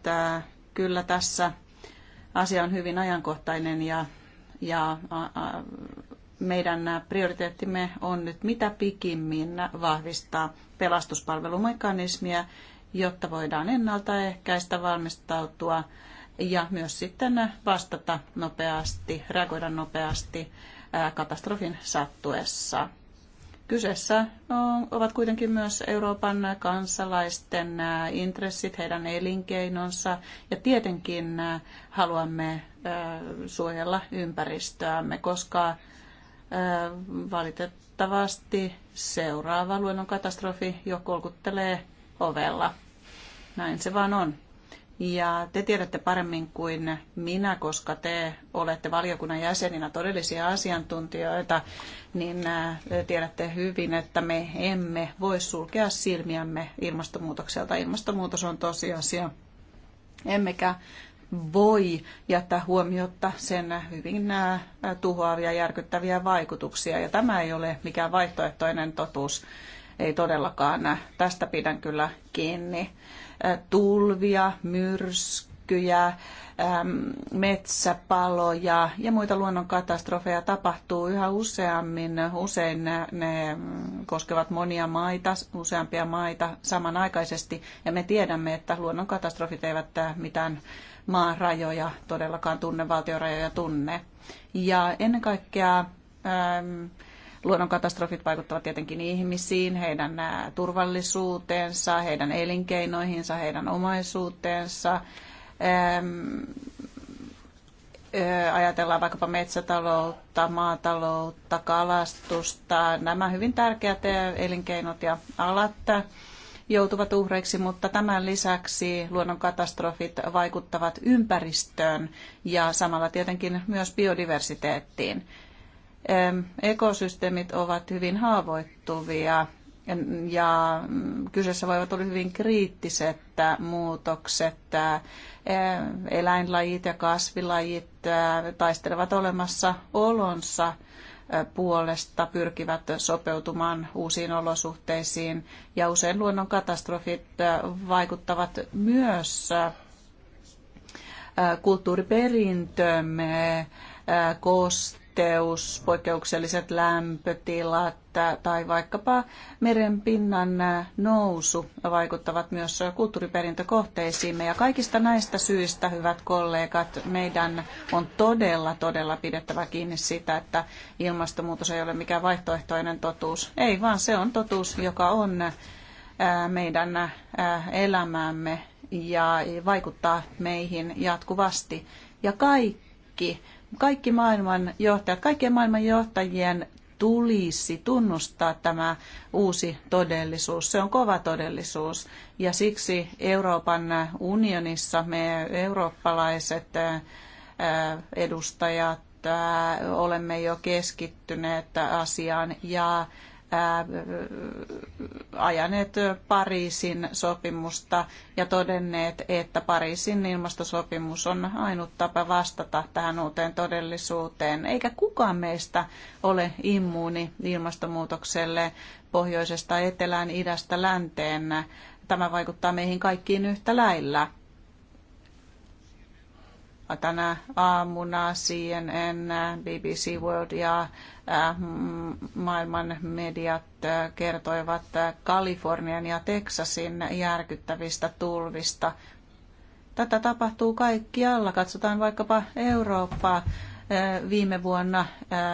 kyllä tässä asia on hyvin ajankohtainen ja, ja a, a, meidän prioriteettimme on nyt mitä pikimmin vahvistaa pelastuspalvelumekanismia, jotta voidaan ennaltaehkäistä, valmistautua ja myös sitten vastata nopeasti, reagoida nopeasti katastrofin sattuessa. Kyseessä no, ovat kuitenkin myös Euroopan kansalaisten intressit, heidän elinkeinonsa ja tietenkin haluamme suojella ympäristöämme, koska valitettavasti seuraava katastrofi jo kolkuttelee ovella. Näin se vaan on. Ja te tiedätte paremmin kuin minä, koska te olette valiokunnan jäseninä todellisia asiantuntijoita, niin äh, tiedätte hyvin, että me emme voi sulkea silmiämme ilmastonmuutokselta. Ilmastonmuutos on tosiasia. Emmekä voi jättää huomiotta sen hyvin äh, tuhoavia järkyttäviä vaikutuksia. Ja tämä ei ole mikään vaihtoehtoinen totuus, ei todellakaan. Tästä pidän kyllä kiinni tulvia, myrskyjä, metsäpaloja ja muita luonnonkatastrofeja tapahtuu yhä useammin. Usein ne, ne koskevat monia maita, useampia maita samanaikaisesti. Ja me tiedämme, että luonnonkatastrofit eivät äh, mitään maan rajoja todellakaan tunne, valtiorajoja tunne. Ja ennen kaikkea ähm, Luonnonkatastrofit vaikuttavat tietenkin ihmisiin, heidän turvallisuuteensa, heidän elinkeinoihinsa, heidän omaisuuteensa. Ehm, ajatellaan vaikkapa metsätaloutta, maataloutta, kalastusta. Nämä hyvin tärkeät elinkeinot ja alat joutuvat uhreiksi, mutta tämän lisäksi luonnonkatastrofit vaikuttavat ympäristöön ja samalla tietenkin myös biodiversiteettiin ekosysteemit ovat hyvin haavoittuvia ja mm, kyseessä voivat olla hyvin kriittiset muutokset. Eläinlajit ja kasvilajit taistelevat olemassa olonsa puolesta, pyrkivät sopeutumaan uusiin olosuhteisiin ja usein luonnon katastrofit vaikuttavat myös kulttuuriperintömme, kost kosteus, poikkeukselliset lämpötilat tai vaikkapa merenpinnan nousu vaikuttavat myös kulttuuriperintökohteisiimme. Ja kaikista näistä syistä, hyvät kollegat, meidän on todella, todella pidettävä kiinni siitä, että ilmastonmuutos ei ole mikään vaihtoehtoinen totuus. Ei, vaan se on totuus, joka on meidän elämäämme ja vaikuttaa meihin jatkuvasti. Ja kaikki kaikki maailman johtajat, kaikkien maailman johtajien tulisi tunnustaa tämä uusi todellisuus. Se on kova todellisuus ja siksi Euroopan unionissa me eurooppalaiset edustajat olemme jo keskittyneet asiaan ja ajaneet Pariisin sopimusta ja todenneet, että Pariisin ilmastosopimus on ainut tapa vastata tähän uuteen todellisuuteen. Eikä kukaan meistä ole immuuni ilmastonmuutokselle pohjoisesta etelään, idästä länteen. Tämä vaikuttaa meihin kaikkiin yhtä lailla. Äh, tänä aamuna CNN, BBC World ja äh, maailman mediat äh, kertoivat Kalifornian ja Teksasin järkyttävistä tulvista. Tätä tapahtuu kaikkialla. Katsotaan vaikkapa Eurooppaa viime vuonna.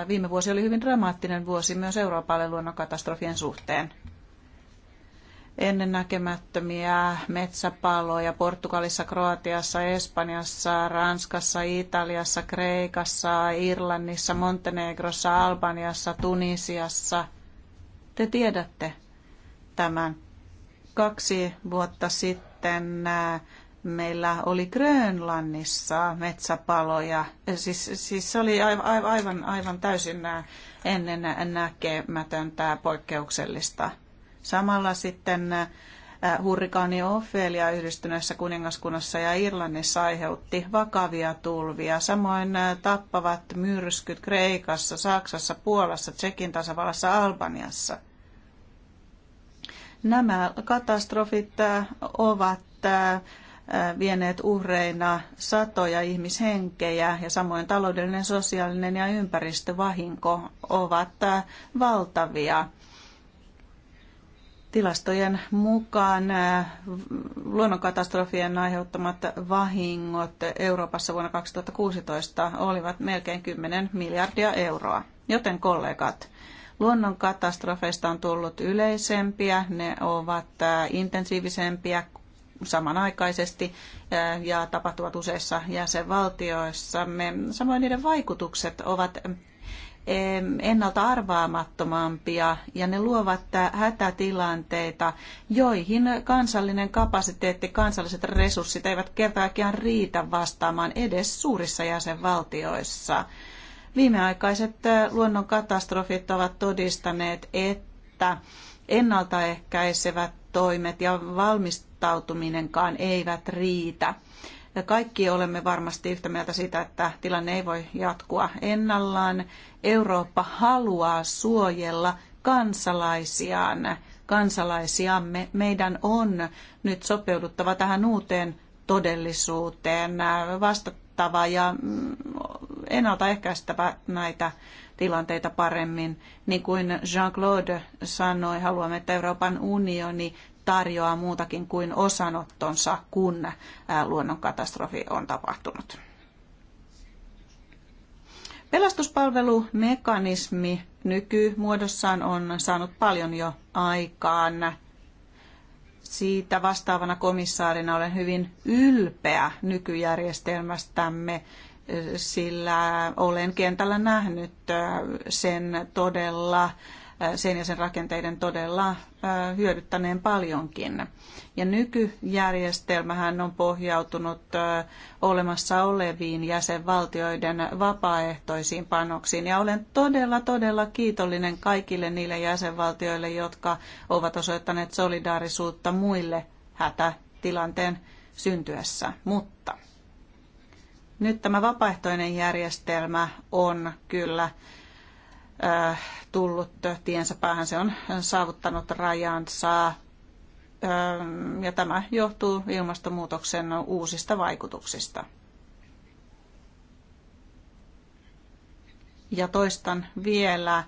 Viime vuosi oli hyvin dramaattinen vuosi myös Euroopalle luonnonkatastrofien suhteen ennennäkemättömiä metsäpaloja Portugalissa, Kroatiassa, Espanjassa, Ranskassa, Italiassa, Kreikassa, Irlannissa, Montenegrossa, Albaniassa, Tunisiassa. Te tiedätte tämän. Kaksi vuotta sitten äh, meillä oli Grönlannissa metsäpaloja. Siis, siis se oli aivan, aivan, aivan täysin äh, ennen näkemätöntä poikkeuksellista. Samalla sitten äh, hurrikaani Ophelia yhdistyneessä kuningaskunnassa ja Irlannissa aiheutti vakavia tulvia. Samoin äh, tappavat myrskyt Kreikassa, Saksassa, Puolassa, Tsekin tasavallassa, Albaniassa. Nämä katastrofit äh, ovat vieneet uhreina satoja ihmishenkejä ja samoin taloudellinen, sosiaalinen ja ympäristövahinko ovat valtavia. Tilastojen mukaan äh, luonnonkatastrofien aiheuttamat vahingot Euroopassa vuonna 2016 olivat melkein 10 miljardia euroa. Joten kollegat, luonnonkatastrofeista on tullut yleisempiä, ne ovat äh, intensiivisempiä samanaikaisesti äh, ja tapahtuvat useissa jäsenvaltioissa. samoin niiden vaikutukset ovat ennalta arvaamattomampia ja ne luovat hätätilanteita, joihin kansallinen kapasiteetti, kansalliset resurssit eivät kertaakaan riitä vastaamaan edes suurissa jäsenvaltioissa. Viimeaikaiset luonnonkatastrofit ovat todistaneet, että ennaltaehkäisevät toimet ja valmistautuminenkaan eivät riitä. Kaikki olemme varmasti yhtä mieltä siitä, että tilanne ei voi jatkua ennallaan. Eurooppa haluaa suojella kansalaisiaan, kansalaisiamme. Meidän on nyt sopeuduttava tähän uuteen todellisuuteen, vastattava ja mm, ennaltaehkäistävä näitä tilanteita paremmin. Niin kuin Jean-Claude sanoi, haluamme, että Euroopan unioni tarjoaa muutakin kuin osanottonsa, kun luonnonkatastrofi on tapahtunut. Pelastuspalvelumekanismi nykymuodossaan on saanut paljon jo aikaan. Siitä vastaavana komissaarina olen hyvin ylpeä nykyjärjestelmästämme, sillä olen kentällä nähnyt sen todella sen ja sen rakenteiden todella hyödyttäneen paljonkin. Ja nykyjärjestelmähän on pohjautunut olemassa oleviin jäsenvaltioiden vapaaehtoisiin panoksiin. Ja olen todella, todella kiitollinen kaikille niille jäsenvaltioille, jotka ovat osoittaneet solidaarisuutta muille hätätilanteen syntyessä. Mutta nyt tämä vapaaehtoinen järjestelmä on kyllä Äh, tullut tiensä päähän, se on saavuttanut rajansa äh, ja tämä johtuu ilmastonmuutoksen uusista vaikutuksista. Ja toistan vielä,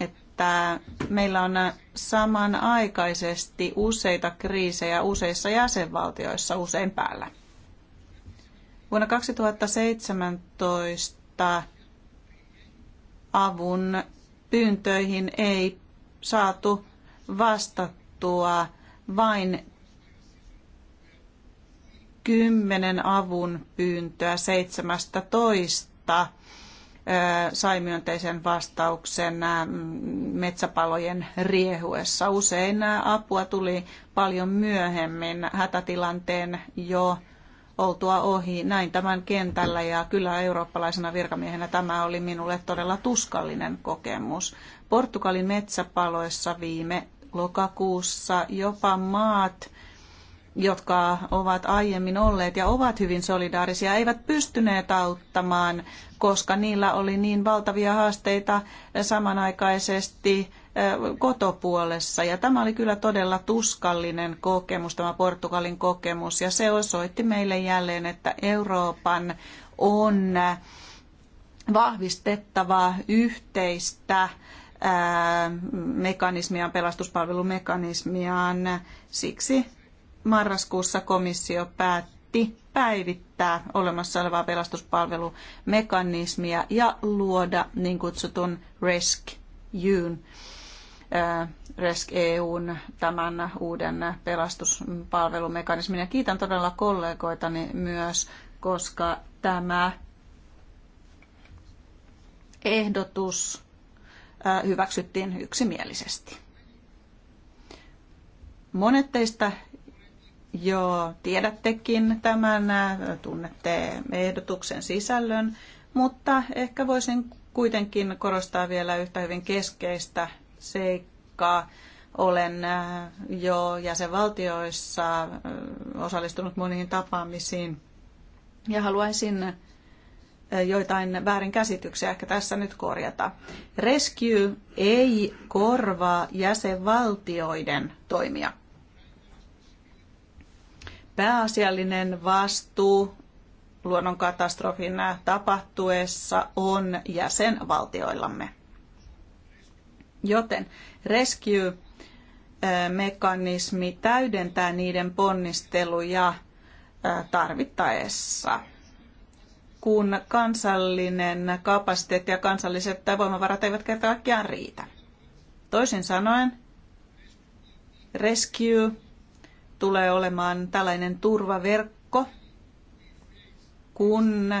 että meillä on samanaikaisesti useita kriisejä useissa jäsenvaltioissa usein päällä. Vuonna 2017 avun pyyntöihin ei saatu vastattua vain kymmenen avun pyyntöä 17 sai myönteisen vastauksen metsäpalojen riehuessa. Usein apua tuli paljon myöhemmin hätätilanteen jo oltua ohi. Näin tämän kentällä ja kyllä eurooppalaisena virkamiehenä tämä oli minulle todella tuskallinen kokemus. Portugalin metsäpaloissa viime lokakuussa jopa maat, jotka ovat aiemmin olleet ja ovat hyvin solidaarisia, eivät pystyneet auttamaan, koska niillä oli niin valtavia haasteita samanaikaisesti kotopuolessa. Ja tämä oli kyllä todella tuskallinen kokemus, tämä Portugalin kokemus. Ja se osoitti meille jälleen, että Euroopan on vahvistettavaa yhteistä mekanismiaan, pelastuspalvelumekanismiaan. Siksi marraskuussa komissio päätti päivittää olemassa olevaa pelastuspalvelumekanismia ja luoda niin kutsutun Rescueyn RESC EUn tämän uuden pelastuspalvelumekanismin. Ja kiitän todella kollegoitani myös, koska tämä ehdotus hyväksyttiin yksimielisesti. Monet teistä jo tiedättekin tämän, tunnette ehdotuksen sisällön, mutta ehkä voisin kuitenkin korostaa vielä yhtä hyvin keskeistä Seikka Olen äh, jo jäsenvaltioissa äh, osallistunut moniin tapaamisiin ja haluaisin äh, joitain väärinkäsityksiä ehkä tässä nyt korjata. Rescue ei korvaa jäsenvaltioiden toimia. Pääasiallinen vastuu luonnonkatastrofin tapahtuessa on jäsenvaltioillamme. Joten rescue-mekanismi täydentää niiden ponnisteluja tarvittaessa kun kansallinen kapasiteetti ja kansalliset voimavarat eivät kerta kaikkiaan riitä. Toisin sanoen, Rescue tulee olemaan tällainen turvaverkko, kun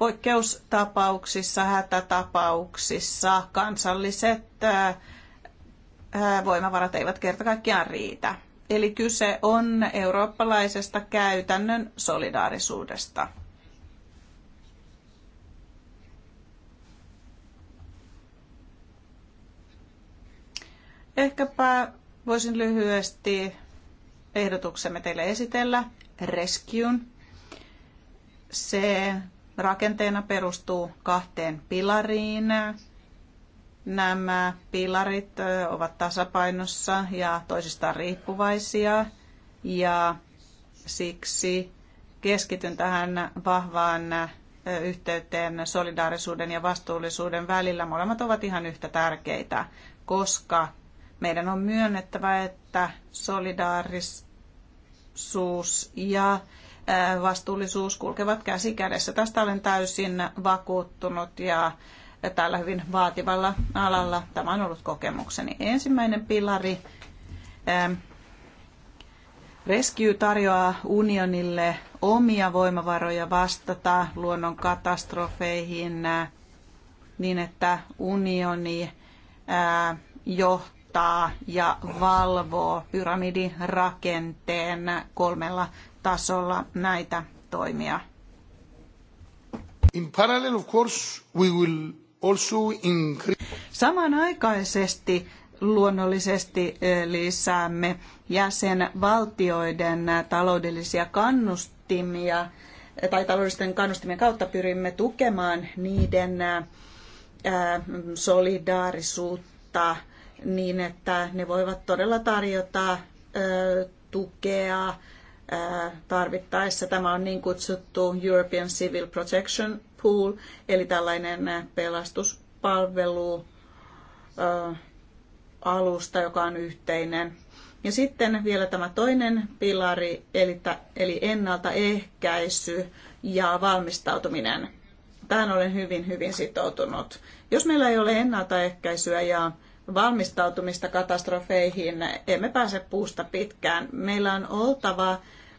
poikkeustapauksissa, hätätapauksissa kansalliset voimavarat eivät kerta kaikkiaan riitä. Eli kyse on eurooppalaisesta käytännön solidaarisuudesta. Ehkäpä voisin lyhyesti ehdotuksemme teille esitellä. Rescuen. Se rakenteena perustuu kahteen pilariin. Nämä pilarit ovat tasapainossa ja toisistaan riippuvaisia ja siksi keskityn tähän vahvaan yhteyteen solidaarisuuden ja vastuullisuuden välillä. Molemmat ovat ihan yhtä tärkeitä, koska meidän on myönnettävä, että solidaarisuus ja vastuullisuus kulkevat käsi kädessä. Tästä olen täysin vakuuttunut ja tällä hyvin vaativalla alalla tämä on ollut kokemukseni. Ensimmäinen pilari Rescue tarjoaa unionille omia voimavaroja vastata luonnon katastrofeihin niin, että unioni johtaa ja valvoo pyramidirakenteen kolmella tasolla näitä toimia. In parallel, of course, we will also increase... Samanaikaisesti luonnollisesti eh, lisäämme jäsenvaltioiden taloudellisia kannustimia eh, tai taloudellisten kannustimien kautta pyrimme tukemaan niiden eh, solidaarisuutta niin, että ne voivat todella tarjota tukea tarvittaessa. Tämä on niin kutsuttu European Civil Protection Pool, eli tällainen pelastuspalvelu alusta, joka on yhteinen. Ja sitten vielä tämä toinen pilari, eli, eli ennaltaehkäisy ja valmistautuminen. Tähän olen hyvin, hyvin sitoutunut. Jos meillä ei ole ennaltaehkäisyä ja valmistautumista katastrofeihin, emme pääse puusta pitkään. Meillä on oltava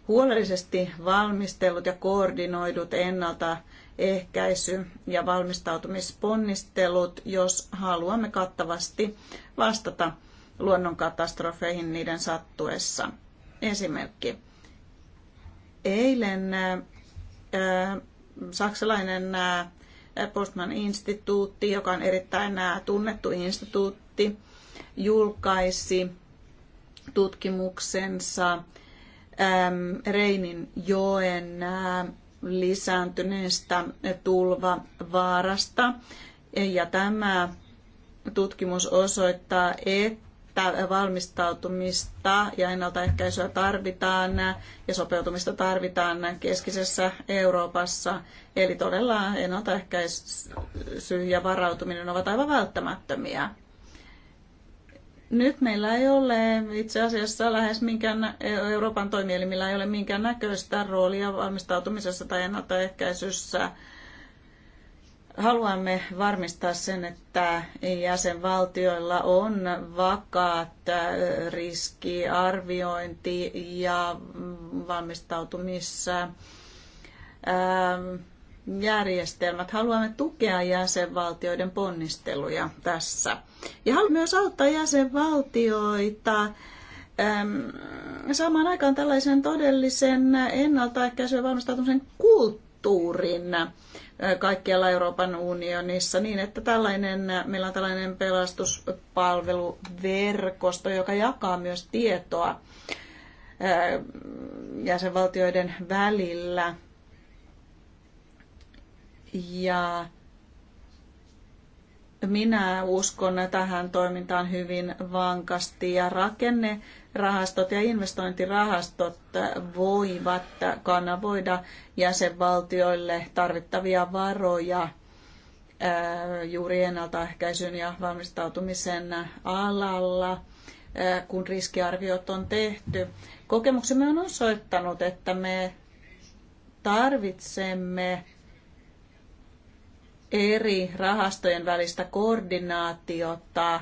huolellisesti valmistellut ja koordinoidut ennaltaehkäisy- ja valmistautumisponnistelut, jos haluamme kattavasti vastata luonnonkatastrofeihin niiden sattuessa. Esimerkki. Eilen ää, äh, saksalainen äh, Postman-instituutti, joka on erittäin ää, äh, tunnettu instituutti, julkaisi tutkimuksensa Ähm, Reinin joen äh, lisääntyneestä tulvavaarasta. Ja tämä tutkimus osoittaa, että valmistautumista ja ennaltaehkäisyä tarvitaan ja sopeutumista tarvitaan keskisessä Euroopassa. Eli todella ennaltaehkäisy ja varautuminen ovat aivan välttämättömiä. Nyt meillä ei ole itse asiassa lähes minkään, e- Euroopan toimielimillä ei ole minkään näköistä roolia valmistautumisessa tai ennaltaehkäisyssä. Haluamme varmistaa sen, että jäsenvaltioilla on vakaat riskiarviointi ja valmistautumissa järjestelmät. Haluamme tukea jäsenvaltioiden ponnisteluja tässä. Ja haluamme myös auttaa jäsenvaltioita saamaan aikaan tällaisen todellisen ennaltaehkäisyyn valmistautumisen kulttuurin äh, kaikkialla Euroopan unionissa niin, että tällainen, meillä on tällainen pelastuspalveluverkosto, joka jakaa myös tietoa äh, jäsenvaltioiden välillä ja minä uskon tähän toimintaan hyvin vankasti ja rakennerahastot ja investointirahastot voivat kanavoida jäsenvaltioille tarvittavia varoja juuri ennaltaehkäisyn ja valmistautumisen alalla, kun riskiarviot on tehty. Kokemuksemme on osoittanut, että me tarvitsemme eri rahastojen välistä koordinaatiota,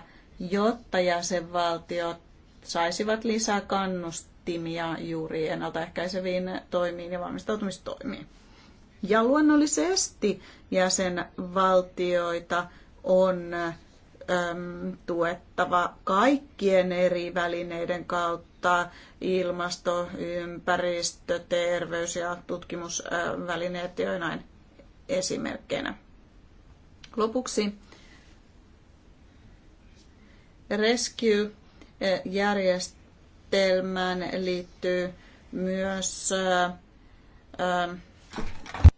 jotta jäsenvaltiot saisivat lisää kannustimia juuri ennaltaehkäiseviin toimiin ja valmistautumistoimiin. Ja luonnollisesti jäsenvaltioita on äm, tuettava kaikkien eri välineiden kautta, ilmasto, ympäristö, terveys ja tutkimusvälineet joinain esimerkkeinä. Lopuksi Rescue-järjestelmään eh, liittyy myös eh, eh,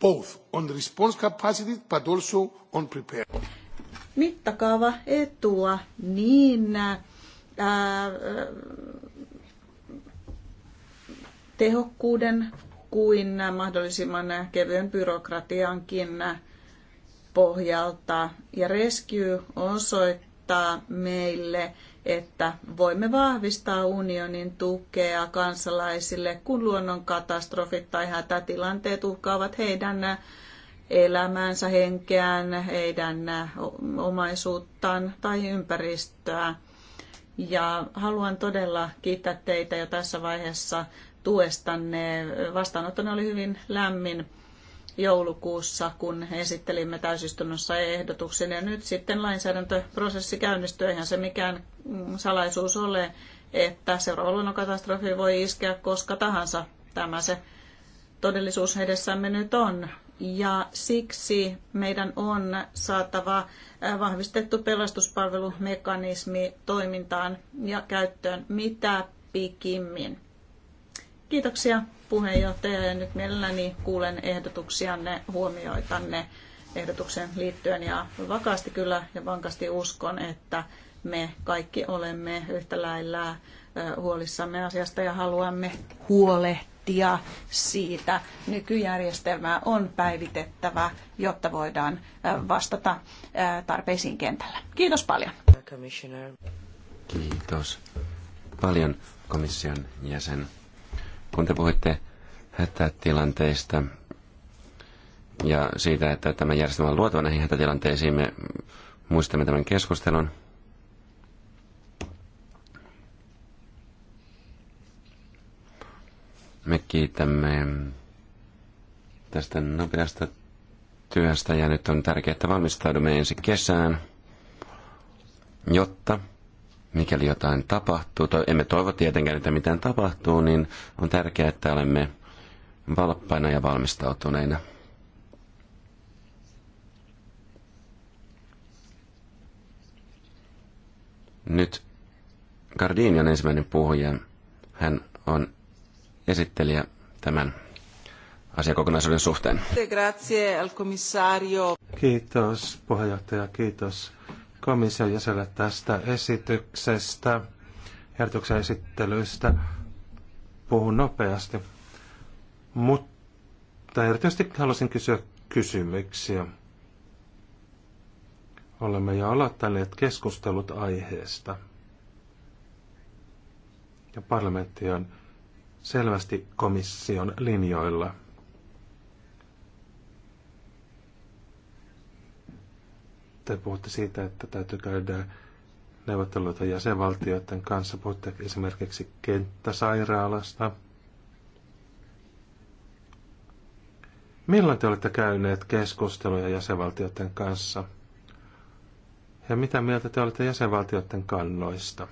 both on response capacity but also on preparedness. Mittakaava etua niin ää, tehokkuuden kuin mahdollisimman kevyen byrokratiankin pohjalta. Ja Rescue osoittaa meille, että voimme vahvistaa unionin tukea kansalaisille, kun luonnonkatastrofit tai hätätilanteet uhkaavat heidän elämänsä, henkeään, heidän omaisuuttaan tai ympäristöä. Ja haluan todella kiittää teitä jo tässä vaiheessa tuestanne. Vastaanottoni oli hyvin lämmin joulukuussa, kun esittelimme täysistunnossa ehdotuksen. Ja nyt sitten lainsäädäntöprosessi käynnistyy. Eihän se mikään mm, salaisuus ole, että seuraava luonnonkatastrofi voi iskeä koska tahansa. Tämä se todellisuus edessämme nyt on. Ja siksi meidän on saatava äh, vahvistettu pelastuspalvelumekanismi toimintaan ja käyttöön mitä pikimmin. Kiitoksia puheenjohtaja ja nyt mielelläni kuulen ehdotuksianne, huomioitanne ehdotuksen liittyen ja vakaasti kyllä ja vankasti uskon, että me kaikki olemme yhtä lailla huolissamme asiasta ja haluamme huolehtia siitä. Nykyjärjestelmää on päivitettävä, jotta voidaan vastata tarpeisiin kentällä. Kiitos paljon. Kiitos paljon komission jäsen. Kun te puhuitte hätätilanteista ja siitä, että tämä järjestelmä on luotava näihin hätätilanteisiin, me muistamme tämän keskustelun. Me kiitämme tästä nopeasta työstä ja nyt on tärkeää, että valmistaudumme ensi kesään, jotta mikäli jotain tapahtuu, tai emme toivo tietenkään, että mitään tapahtuu, niin on tärkeää, että olemme valppaina ja valmistautuneina. Nyt Gardini on ensimmäinen puhuja. Hän on esittelijä tämän asiakokonaisuuden suhteen. Kiitos puheenjohtaja, kiitos komission jäsenelle tästä esityksestä, ehdotuksen esittelystä Puhun nopeasti, mutta erityisesti haluaisin kysyä kysymyksiä. Olemme jo aloittaneet keskustelut aiheesta. Ja parlamentti on selvästi komission linjoilla. te puhutte siitä, että täytyy käydä neuvotteluita jäsenvaltioiden kanssa. Puhutte esimerkiksi kenttäsairaalasta. Milloin te olette käyneet keskusteluja jäsenvaltioiden kanssa? Ja mitä mieltä te olette jäsenvaltioiden kannoista?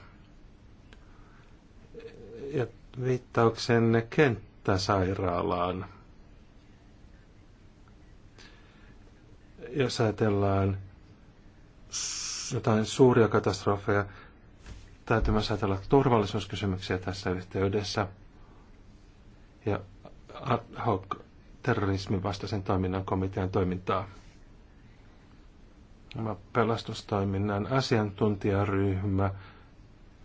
Ja viittauksenne kenttäsairaalaan. Jos ajatellaan jotain suuria katastrofeja, täytyy myös ajatella turvallisuuskysymyksiä tässä yhteydessä. Ja ad hoc terrorismin vastaisen toiminnan komitean toimintaa. Pelastustoiminnan asiantuntijaryhmä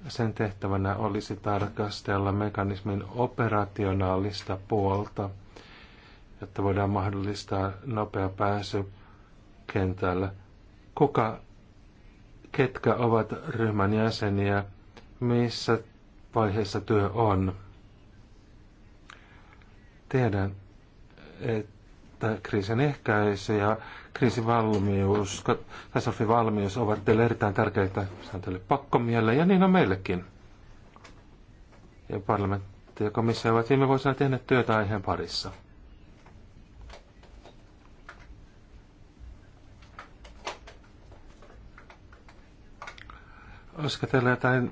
sen tehtävänä olisi tarkastella mekanismin operationaalista puolta, jotta voidaan mahdollistaa nopea pääsy kentälle. Kuka ketkä ovat ryhmän jäseniä, missä vaiheessa työ on. Tiedän, että kriisin ehkäisy ja kriisivalmius, katastrofivalmius ovat teille erittäin tärkeitä. Se on teille pakkomielle ja niin on meillekin. Ja parlamentti ja komissio ovat viime vuosina tehneet työtä aiheen parissa. Olisiko teillä jotain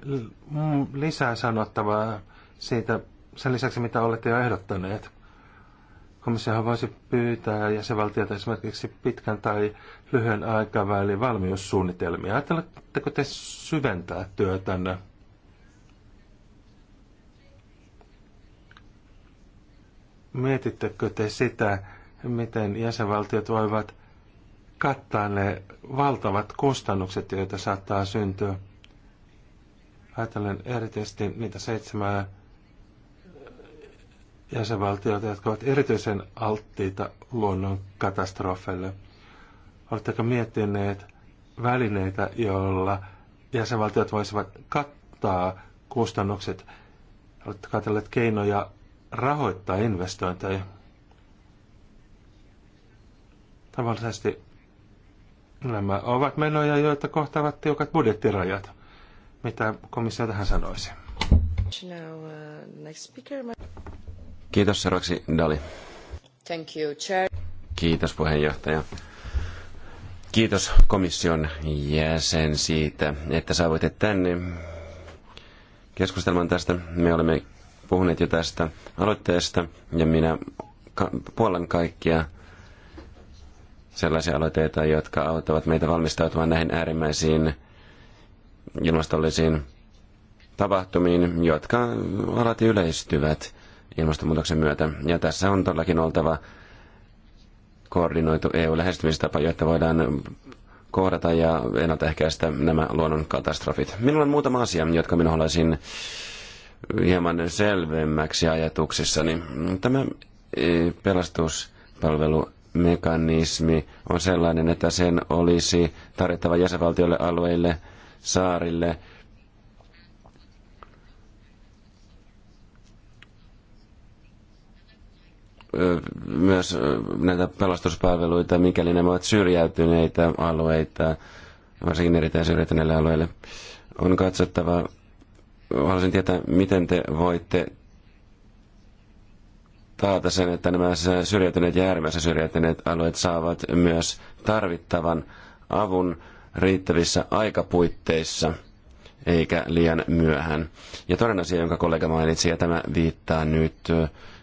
mm, lisää sanottavaa siitä, sen lisäksi mitä olette jo ehdottaneet? Komissiohan voisi pyytää jäsenvaltiota esimerkiksi pitkän tai lyhyen aikavälin valmiussuunnitelmia. Ajatteletteko te syventää työtänne? Mietittekö te sitä, miten jäsenvaltiot voivat kattaa ne valtavat kustannukset, joita saattaa syntyä? ajatellen erityisesti niitä seitsemää jäsenvaltioita, jotka ovat erityisen alttiita luonnon katastrofeille. Oletteko miettineet välineitä, joilla jäsenvaltiot voisivat kattaa kustannukset? Oletteko ajatelleet keinoja rahoittaa investointeja? Tavallisesti nämä ovat menoja, joita kohtaavat tiukat budjettirajat. Mitä komissio tähän sanoisi? Kiitos seuraavaksi Dali. Thank you, chair. Kiitos puheenjohtaja. Kiitos komission jäsen siitä, että saavuitte tänne keskustelman tästä. Me olemme puhuneet jo tästä aloitteesta ja minä puolan kaikkia sellaisia aloitteita, jotka auttavat meitä valmistautumaan näihin äärimmäisiin ilmastollisiin tapahtumiin, jotka alati yleistyvät ilmastonmuutoksen myötä. Ja tässä on todellakin oltava koordinoitu EU-lähestymistapa, jotta voidaan kohdata ja ennaltaehkäistä nämä luonnon katastrofit. Minulla on muutama asia, jotka minä haluaisin hieman selvemmäksi ajatuksissani. Tämä pelastuspalvelumekanismi on sellainen, että sen olisi tarjottava jäsenvaltioille alueille – saarille. Myös näitä pelastuspalveluita, mikäli nämä ovat syrjäytyneitä alueita, varsinkin erittäin syrjäytyneille alueille, on katsottava. Haluaisin tietää, miten te voitte taata sen, että nämä syrjäytyneet ja äärimmäisen syrjäytyneet alueet saavat myös tarvittavan avun riittävissä aikapuitteissa eikä liian myöhään. Ja toinen asia, jonka kollega mainitsi, ja tämä viittaa nyt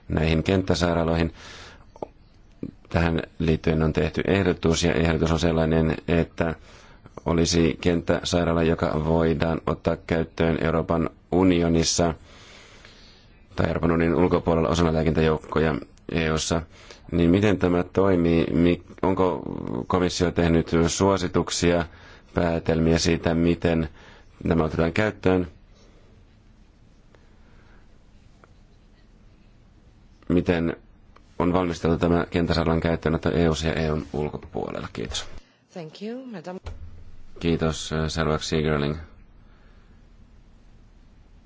näihin kenttäsairaaloihin, tähän liittyen on tehty ehdotus, ja ehdotus on sellainen, että olisi kenttäsairaala, joka voidaan ottaa käyttöön Euroopan unionissa tai Euroopan unionin ulkopuolella osana lääkintäjoukkoja EUssa niin miten tämä toimii? Onko komissio tehnyt suosituksia, päätelmiä siitä, miten nämä otetaan käyttöön? Miten on valmisteltu tämä kentäsalan käyttöön eu ja EUn ulkopuolella? Kiitos. Thank you, madam. Kiitos, Sarvax äh, Seagirling,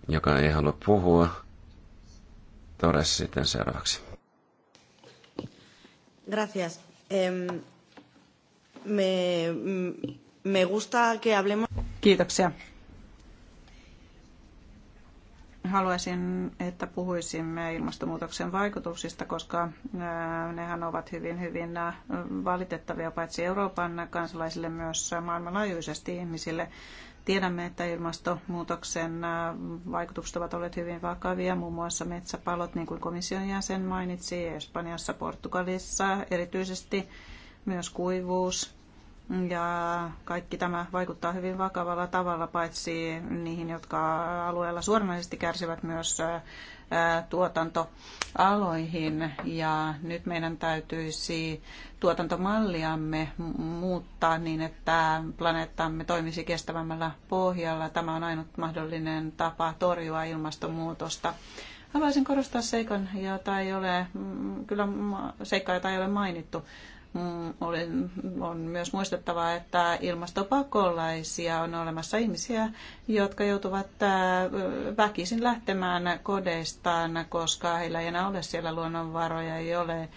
joka ei halua puhua. Torres sitten seuraavaksi. Gracias. Eh, me, mm, me gusta que hablemos... Kiitoksia. Haluaisin, että puhuisimme ilmastonmuutoksen vaikutuksista, koska nehän ovat hyvin, hyvin valitettavia paitsi Euroopan kansalaisille myös maailmanlaajuisesti ihmisille. Tiedämme, että ilmastonmuutoksen äh, vaikutukset ovat olleet hyvin vakavia, muun muassa metsäpalot, niin kuin komission jäsen mainitsi, Espanjassa, Portugalissa, erityisesti myös kuivuus. Ja kaikki tämä vaikuttaa hyvin vakavalla tavalla, paitsi niihin, jotka alueella suoranaisesti kärsivät myös äh, tuotantoaloihin ja nyt meidän täytyisi tuotantomalliamme muuttaa niin, että planeettamme toimisi kestävämmällä pohjalla. Tämä on ainut mahdollinen tapa torjua ilmastonmuutosta. Haluaisin korostaa seikan, jota ei ole, mm, kyllä seikka, jota ei ole mainittu Mm, on myös muistettava, että ilmastopakolaisia on olemassa ihmisiä, jotka joutuvat äh, väkisin lähtemään kodeistaan, koska heillä ei enää ole siellä luonnonvaroja, ei ole äh,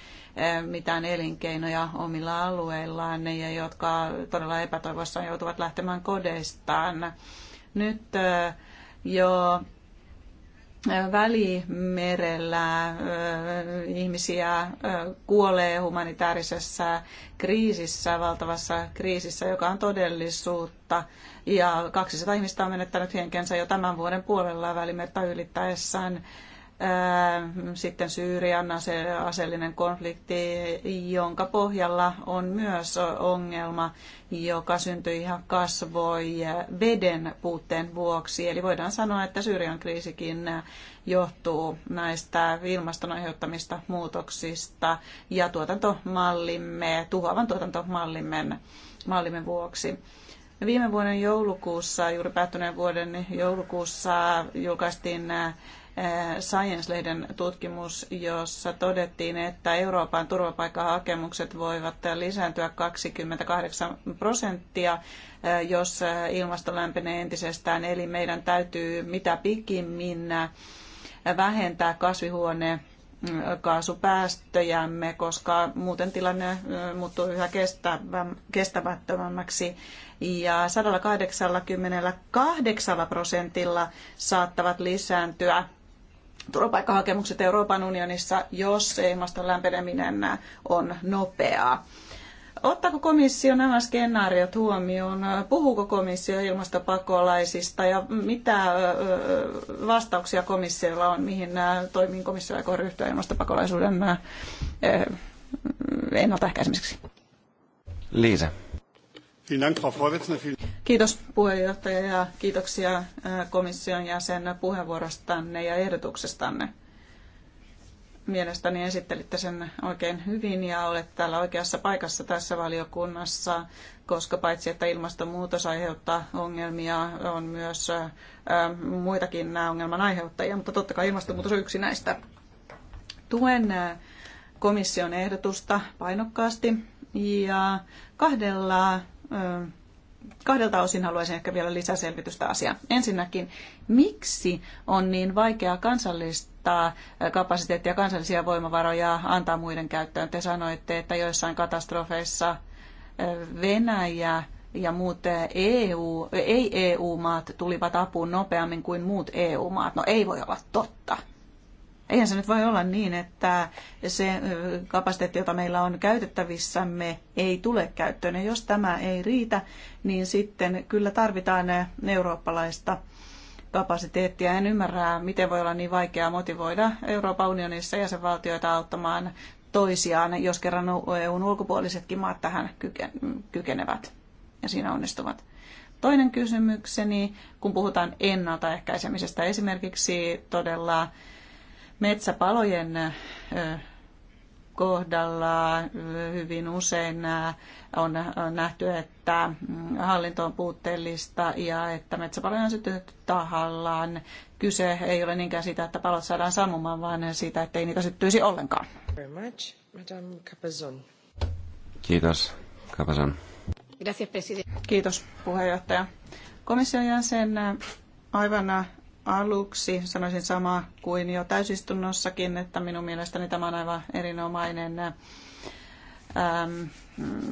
mitään elinkeinoja omilla alueillaan ja jotka todella epätoivossaan joutuvat lähtemään kodeistaan. Nyt äh, jo Välimerellä ihmisiä kuolee humanitaarisessa kriisissä, valtavassa kriisissä, joka on todellisuutta. Ja 200 ihmistä on menettänyt henkensä jo tämän vuoden puolella välimerta ylittäessään sitten Syyrian ase- aseellinen konflikti, jonka pohjalla on myös ongelma, joka syntyi ja kasvoi veden puutteen vuoksi. Eli voidaan sanoa, että Syyrian kriisikin johtuu näistä ilmaston aiheuttamista muutoksista ja tuotantomallimme, tuhoavan tuotantomallimme mallimme vuoksi. Viime vuoden joulukuussa, juuri päättyneen vuoden joulukuussa julkaistiin Science-lehden tutkimus, jossa todettiin, että Euroopan turvapaikkahakemukset voivat lisääntyä 28 prosenttia, jos ilmasto lämpenee entisestään. Eli meidän täytyy mitä pikimmin vähentää kasvihuone kaasupäästöjämme, koska muuten tilanne muuttuu yhä kestämättömämmäksi. Ja 188 prosentilla saattavat lisääntyä turvapaikkahakemukset Euroopan unionissa, jos ilmaston lämpeneminen on nopeaa. Ottaako komissio nämä skenaariot huomioon? Puhuuko komissio ilmastopakolaisista ja mitä vastauksia komissiolla on, mihin toimiin komissio aikoo ryhtyä ilmastopakolaisuuden ennaltaehkäisemiseksi? Liisa. Kiitos puheenjohtaja ja kiitoksia äh, komission jäsen puheenvuorostanne ja ehdotuksestanne. Mielestäni esittelitte sen oikein hyvin ja olet täällä oikeassa paikassa tässä valiokunnassa, koska paitsi että ilmastonmuutos aiheuttaa ongelmia, on myös äh, muitakin nämä ongelman aiheuttajia, mutta totta kai ilmastonmuutos on yksi näistä. Tuen äh, komission ehdotusta painokkaasti ja kahdella kahdelta osin haluaisin ehkä vielä lisäselvitystä asiaa. Ensinnäkin, miksi on niin vaikeaa kansallistaa kapasiteettia, kansallisia voimavaroja antaa muiden käyttöön? Te sanoitte, että joissain katastrofeissa Venäjä ja muut EU, ei-EU-maat tulivat apuun nopeammin kuin muut EU-maat. No ei voi olla totta. Eihän se nyt voi olla niin, että se kapasiteetti, jota meillä on käytettävissämme, ei tule käyttöön. Ja jos tämä ei riitä, niin sitten kyllä tarvitaan eurooppalaista kapasiteettia. En ymmärrä, miten voi olla niin vaikeaa motivoida Euroopan unionissa jäsenvaltioita auttamaan toisiaan, jos kerran EUn ulkopuolisetkin maat tähän kykenevät ja siinä onnistuvat. Toinen kysymykseni, kun puhutaan ennaltaehkäisemisestä, esimerkiksi todella Metsäpalojen kohdalla hyvin usein on nähty, että mm, hallinto on puutteellista ja että metsäpaloja on sytytetty tahallaan. Kyse ei ole niinkään siitä, että palot saadaan sammumaan, vaan siitä, että ei niitä syttyisi ollenkaan. Kiitos, Capazon. Kiitos, puheenjohtaja. Komission jäsen aivan aluksi sanoisin samaa kuin jo täysistunnossakin, että minun mielestäni tämä on aivan erinomainen äh, äm,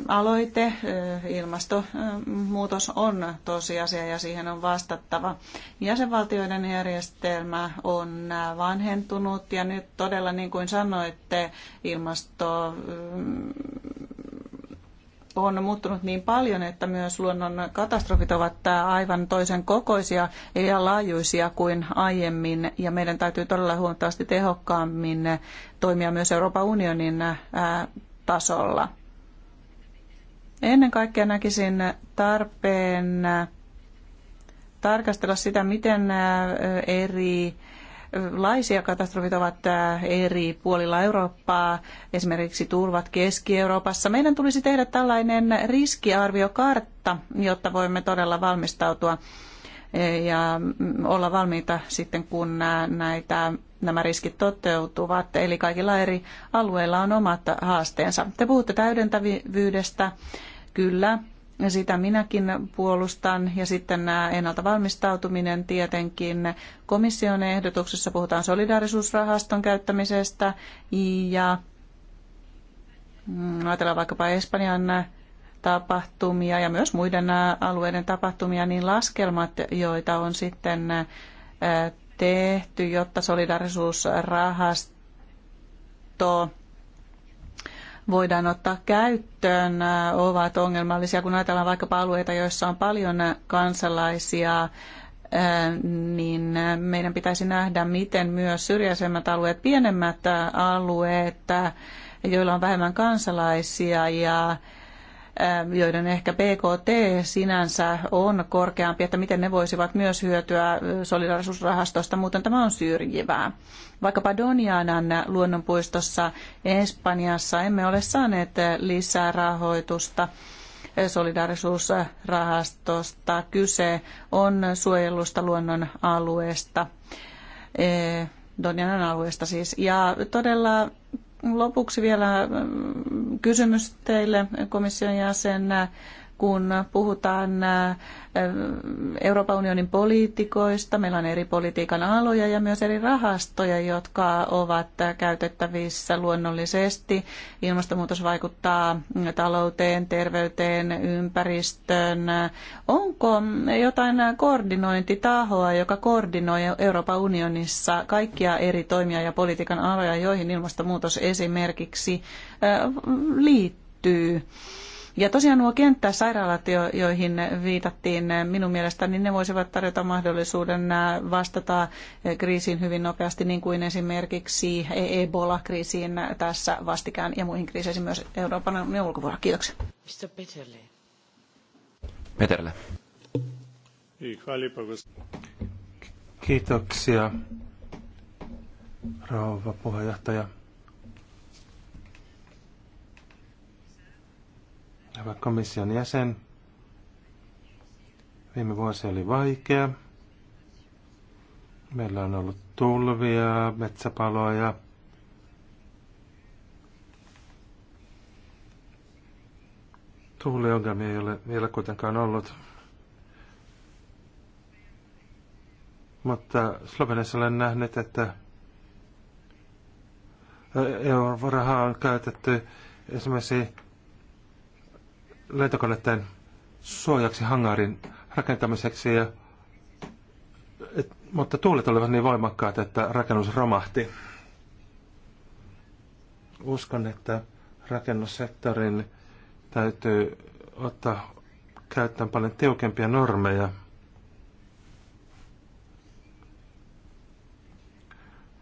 aloite. Äh, ilmastonmuutos on tosiasia ja siihen on vastattava. Jäsenvaltioiden järjestelmä on äh, vanhentunut ja nyt todella niin kuin sanoitte, ilmasto on muuttunut niin paljon, että myös luonnon katastrofit ovat aivan toisen kokoisia ja laajuisia kuin aiemmin. Ja meidän täytyy todella huomattavasti tehokkaammin toimia myös Euroopan unionin tasolla. Ennen kaikkea näkisin tarpeen tarkastella sitä, miten eri minkälaisia katastrofit ovat äh, eri puolilla Eurooppaa, esimerkiksi tulvat Keski-Euroopassa. Meidän tulisi tehdä tällainen riskiarviokartta, jotta voimme todella valmistautua eh, ja mm, olla valmiita sitten, kun äh, näitä, nämä riskit toteutuvat. Eli kaikilla eri alueilla on omat haasteensa. Te puhutte täydentävyydestä. Kyllä, sitä minäkin puolustan. Ja sitten nämä ennalta valmistautuminen tietenkin. Komission ehdotuksessa puhutaan solidaarisuusrahaston käyttämisestä ja mm, ajatellaan vaikkapa Espanjan tapahtumia ja myös muiden alueiden tapahtumia, niin laskelmat, joita on sitten tehty, jotta solidarisuusrahasto voidaan ottaa käyttöön, ovat ongelmallisia. Kun ajatellaan vaikkapa alueita, joissa on paljon kansalaisia, niin meidän pitäisi nähdä, miten myös syrjäisemmät alueet, pienemmät alueet, joilla on vähemmän kansalaisia ja Ähm, joiden ehkä PKT sinänsä on korkeampi, että miten ne voisivat myös hyötyä solidarisuusrahastosta, muuten tämä on syrjivää. Vaikkapa Donianan luonnonpuistossa Espanjassa emme ole saaneet lisää rahoitusta solidarisuusrahastosta. Kyse on suojelusta luonnon alueesta, Donianan alueesta siis. Ja todella Lopuksi vielä mm, kysymys teille komission jäsen kun puhutaan äh, Euroopan unionin poliitikoista, meillä on eri politiikan aloja ja myös eri rahastoja, jotka ovat käytettävissä luonnollisesti. Ilmastonmuutos vaikuttaa talouteen, terveyteen, ympäristöön. Onko jotain koordinointitahoa, joka koordinoi Euroopan unionissa kaikkia eri toimia ja politiikan aloja, joihin ilmastonmuutos esimerkiksi äh, liittyy? Ja tosiaan nuo kenttäsairaalat, joihin viitattiin, eh, minun mielestäni ne voisivat tarjota mahdollisuuden eh, vastata eh, kriisiin hyvin nopeasti, niin kuin esimerkiksi Ebola-kriisiin tässä vastikään ja muihin kriiseihin myös Euroopan unionin ulkopuolella. Kiitoksia. Peterle. Peterle. Kiitoksia, rouva puheenjohtaja. Hyvä komission jäsen. Viime vuosi oli vaikea. Meillä on ollut tulvia, metsäpaloja. Tuuliongelmia ei ole vielä kuitenkaan ollut. Mutta Sloveniassa olen nähnyt, että eurorahaa on käytetty esimerkiksi lentokoneiden suojaksi hangarin rakentamiseksi, ja, et, mutta tuulet olivat niin voimakkaat, että rakennus romahti. Uskon, että rakennussektorin täytyy ottaa käyttöön paljon tiukempia normeja.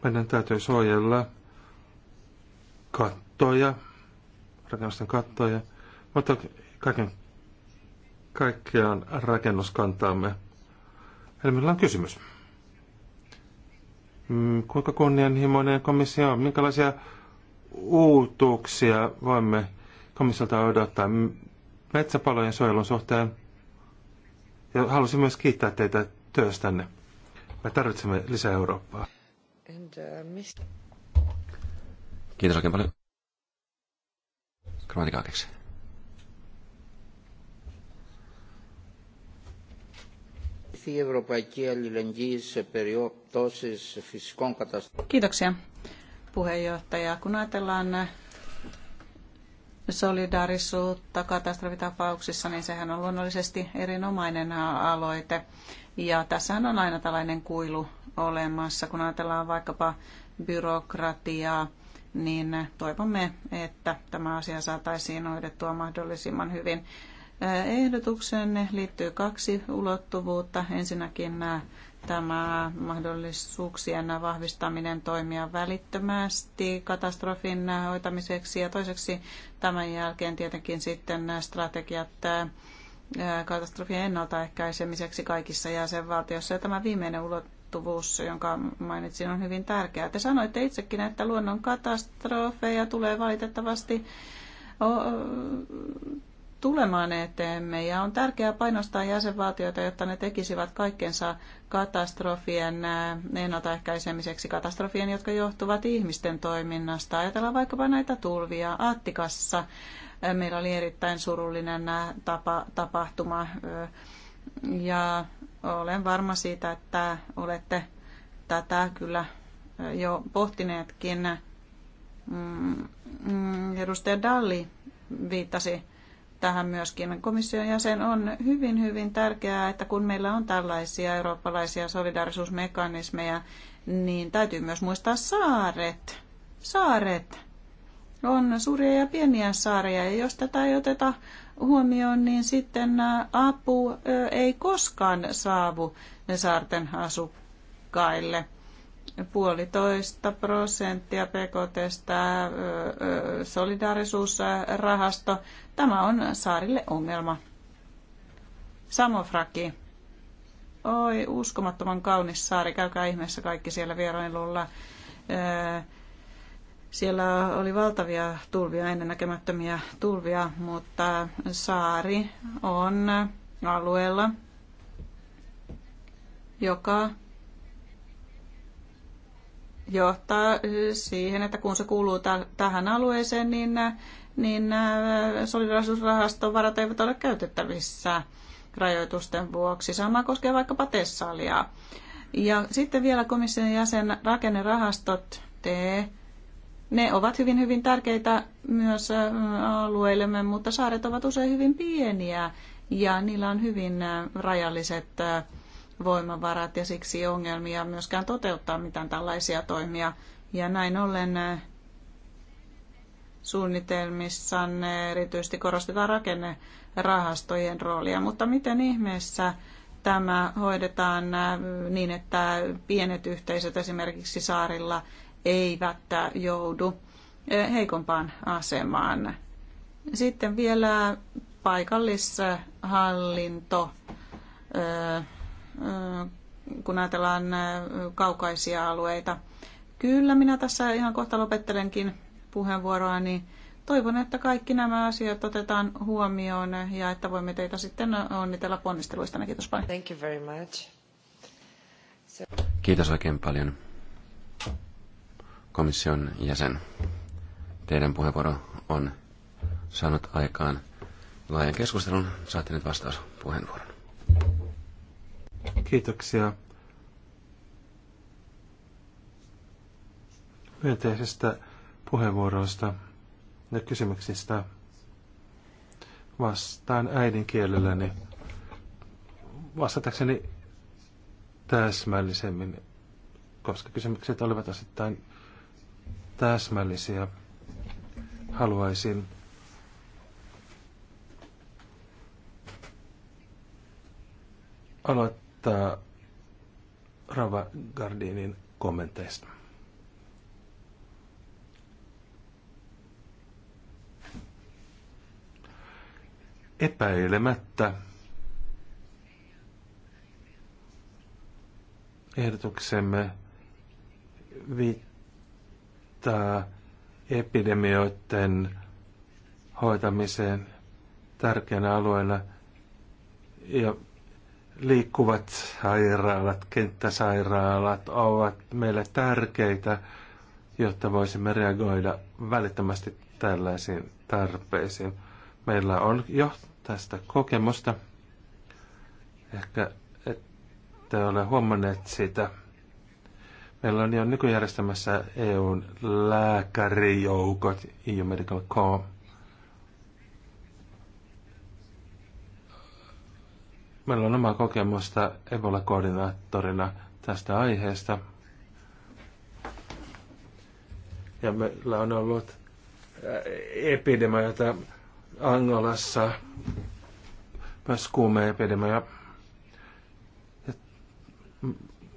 Meidän täytyy suojella kattoja, rakennusten kattoja, mutta kaiken kaikkiaan rakennuskantaamme. Eli meillä on kysymys. Mm, kuinka kunnianhimoinen komissio on? Minkälaisia uutuuksia voimme komissiolta odottaa metsäpalojen suojelun suhteen? Ja halusin myös kiittää teitä työstänne. Me tarvitsemme lisää Eurooppaa. And, uh, mist- Kiitos oikein paljon. keksiä. ενισχυθεί η ευρωπαϊκή αλληλεγγύη σε περιπτώσεις φυσικών καταστροφών. Kiitoksia puheenjohtaja. Kun ajatellaan solidaarisuutta katastrofitapauksissa, niin sehän on luonnollisesti erinomainen aloite. Ja tässähän on aina tällainen kuilu olemassa, kun ajatellaan vaikkapa byrokratiaa, niin toivomme, että tämä asia saataisiin hoidettua mahdollisimman hyvin ehdotukseen liittyy kaksi ulottuvuutta. Ensinnäkin äh, tämä mahdollisuuksien vahvistaminen toimia välittömästi katastrofin äh, hoitamiseksi ja toiseksi tämän jälkeen tietenkin sitten äh, strategiat katastrofien ennaltaehkäisemiseksi kaikissa jäsenvaltioissa. Ja tämä viimeinen ulottuvuus, jonka mainitsin, on hyvin tärkeää. Te sanoitte itsekin, että luonnon katastrofeja tulee valitettavasti tulemaan eteemme ja on tärkeää painostaa jäsenvaltioita, jotta ne tekisivät kaikkensa katastrofien äh, ennaltaehkäisemiseksi, katastrofien, jotka johtuvat ihmisten toiminnasta. Ajatellaan vaikkapa näitä tulvia Attikassa. Äh, meillä oli erittäin surullinen äh, tapa, tapahtuma ja olen varma siitä, että olette tätä kyllä jo pohtineetkin. Mm, mm, edustaja Dalli viittasi tähän myöskin. Komission jäsen on hyvin, hyvin tärkeää, että kun meillä on tällaisia eurooppalaisia solidarisuusmekanismeja, niin täytyy myös muistaa saaret. Saaret. On suuria ja pieniä saaria, ja jos tätä ei oteta huomioon, niin sitten apu ei koskaan saavu saarten asukkaille puolitoista prosenttia PKT solidaarisuusrahasto. Tämä on saarille ongelma. Samofraki. Oi, uskomattoman kaunis saari. Käykää ihmeessä kaikki siellä vierailulla. Siellä oli valtavia tulvia, ennennäkemättömiä tulvia, mutta saari on alueella, joka johtaa äh, siihen, että kun se kuuluu tähän alueeseen, niin, äh, niin äh, solidarisuusrahaston varat eivät ole käytettävissä rajoitusten vuoksi. Sama koskee vaikkapa Tessalia. Ja sitten vielä komission jäsen rakennerahastot T. Ne ovat hyvin, hyvin tärkeitä myös alueillemme, mutta saaret ovat usein hyvin pieniä ja niillä on hyvin rajalliset voimavarat ja siksi ongelmia myöskään toteuttaa mitään tällaisia toimia. Ja näin ollen eh, suunnitelmissa erityisesti korostetaan rakennerahastojen roolia. Mutta miten ihmeessä tämä hoidetaan eh, niin, että pienet yhteisöt esimerkiksi saarilla eivät eh, joudu heikompaan asemaan. Sitten vielä paikallishallinto kun ajatellaan kaukaisia alueita. Kyllä, minä tässä ihan kohta lopettelenkin puheenvuoroa, niin toivon, että kaikki nämä asiat otetaan huomioon ja että voimme teitä sitten onnitella ponnisteluista. Kiitos paljon. Thank you very much. So... Kiitos oikein paljon komission jäsen. Teidän puheenvuoro on saanut aikaan laajan keskustelun. Saatte nyt vastauspuheenvuoron. Kiitoksia myönteisestä puheenvuoroista ja kysymyksistä. Vastaan äidinkielelläni. Vastatakseni täsmällisemmin, koska kysymykset olivat osittain täsmällisiä, haluaisin aloittaa aloittaa Rava Gardinin kommenteista. Epäilemättä ehdotuksemme viittaa epidemioiden hoitamiseen tärkeänä alueena ja liikkuvat sairaalat, kenttäsairaalat ovat meille tärkeitä, jotta voisimme reagoida välittömästi tällaisiin tarpeisiin. Meillä on jo tästä kokemusta. Ehkä ette ole huomanneet sitä. Meillä on jo nykyjärjestelmässä EUn lääkärijoukot, EU Medical Corps. Meillä on omaa kokemusta Ebola-koordinaattorina tästä aiheesta. Ja meillä on ollut äh, epidemioita Angolassa, myös kuumeepidemia. Ja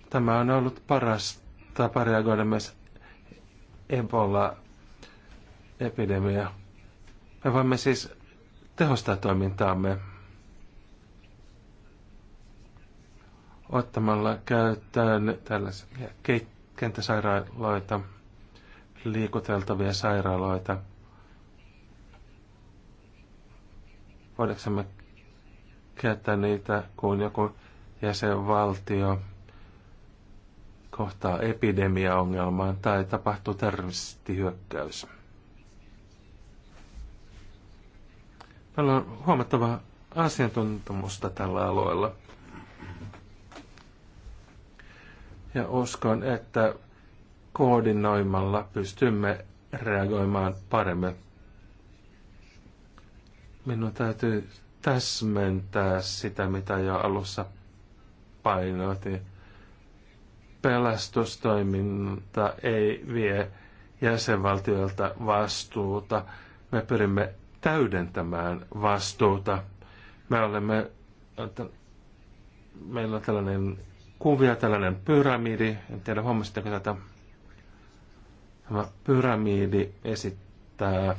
tämä on ollut paras tapa reagoida myös Ebola-epidemia. Me voimme siis tehostaa toimintaamme. ottamalla käyttöön tällaisia kenttäsairaaloita, liikuteltavia sairaaloita. Voidaanko me käyttää niitä, kun joku jäsenvaltio kohtaa epidemiaongelmaan tai tapahtuu terroristihyökkäys. Meillä on huomattavaa asiantuntemusta tällä alueella. Ja uskon, että koordinoimalla pystymme reagoimaan paremmin. Minun täytyy täsmentää sitä, mitä jo alussa painoitin. Pelastustoiminta ei vie jäsenvaltioilta vastuuta. Me pyrimme täydentämään vastuuta. Me olemme, meillä on tällainen kuvia, tällainen pyramidi. En tiedä, huomasitteko tätä. Tämä pyramidi esittää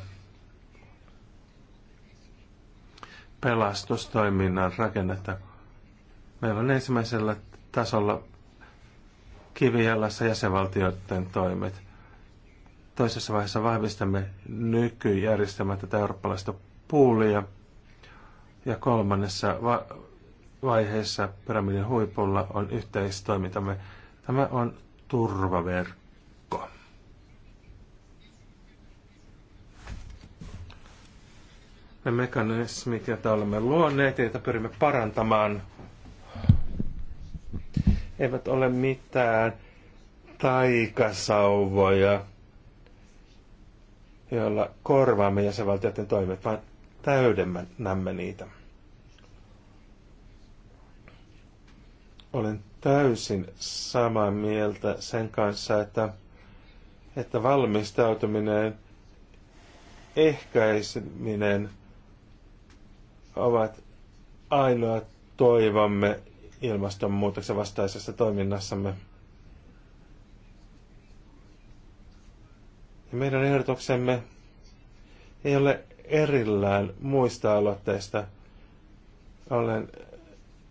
pelastustoiminnan rakennetta. Meillä on ensimmäisellä tasolla kivijalassa jäsenvaltioiden toimet. Toisessa vaiheessa vahvistamme nykyjärjestelmää tätä eurooppalaista puulia. Ja kolmannessa va- vaiheessa pyramidin huipulla on yhteistoimintamme. Tämä on turvaverkko. Ne mekanismit, joita olemme luoneet joita pyrimme parantamaan, eivät ole mitään taikasauvoja, joilla korvaamme jäsenvaltioiden toimet, vaan täydennämme niitä. Olen täysin samaa mieltä sen kanssa, että, että valmistautuminen, ehkäiseminen ovat ainoa toivomme ilmastonmuutoksen vastaisessa toiminnassamme. Ja meidän ehdotuksemme ei ole erillään muista aloitteista. Olen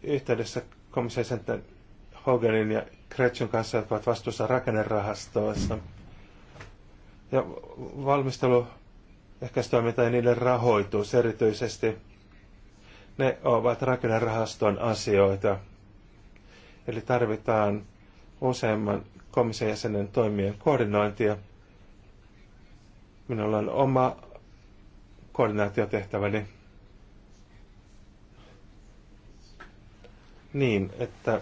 yhteydessä komission Hoganin ja Kretschun kanssa, jotka ovat vastuussa rakennerahastoissa. Ja valmistelu, ehkä toiminta ja niiden rahoitus erityisesti, ne ovat rakennerahaston asioita. Eli tarvitaan useamman komission jäsenen toimien koordinointia. Minulla on oma koordinaatiotehtäväni niin, että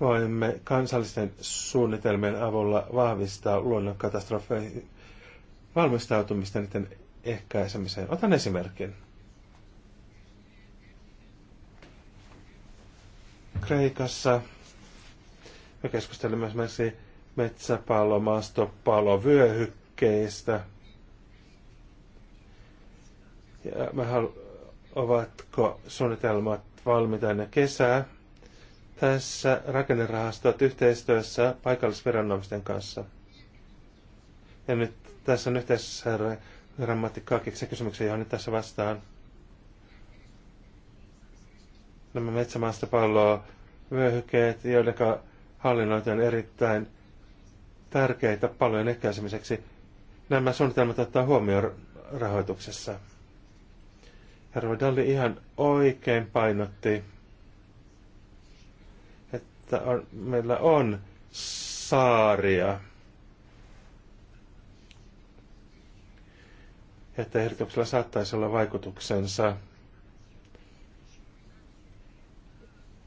voimme kansallisten suunnitelmien avulla vahvistaa luonnonkatastrofeihin valmistautumista niiden ehkäisemiseen. Otan esimerkin. Kreikassa me keskustelimme esimerkiksi metsäpalo, maastopalo, vyöhykkeistä – ja mä halu, ovatko suunnitelmat valmiita ennen kesää? Tässä rakennerahastot yhteistyössä paikallisviranomaisten kanssa. Ja nyt tässä on yhteisessä grammatikkaa keksiä kysymyksiä, johon nyt tässä vastaan. Nämä metsämaastopalloa vyöhykkeet, joiden hallinnointi on erittäin tärkeitä palojen ehkäisemiseksi. Nämä suunnitelmat ottaa huomioon rahoituksessa. Herra Dalli ihan oikein painotti, että on, meillä on saaria. Että ehdotuksella saattaisi olla vaikutuksensa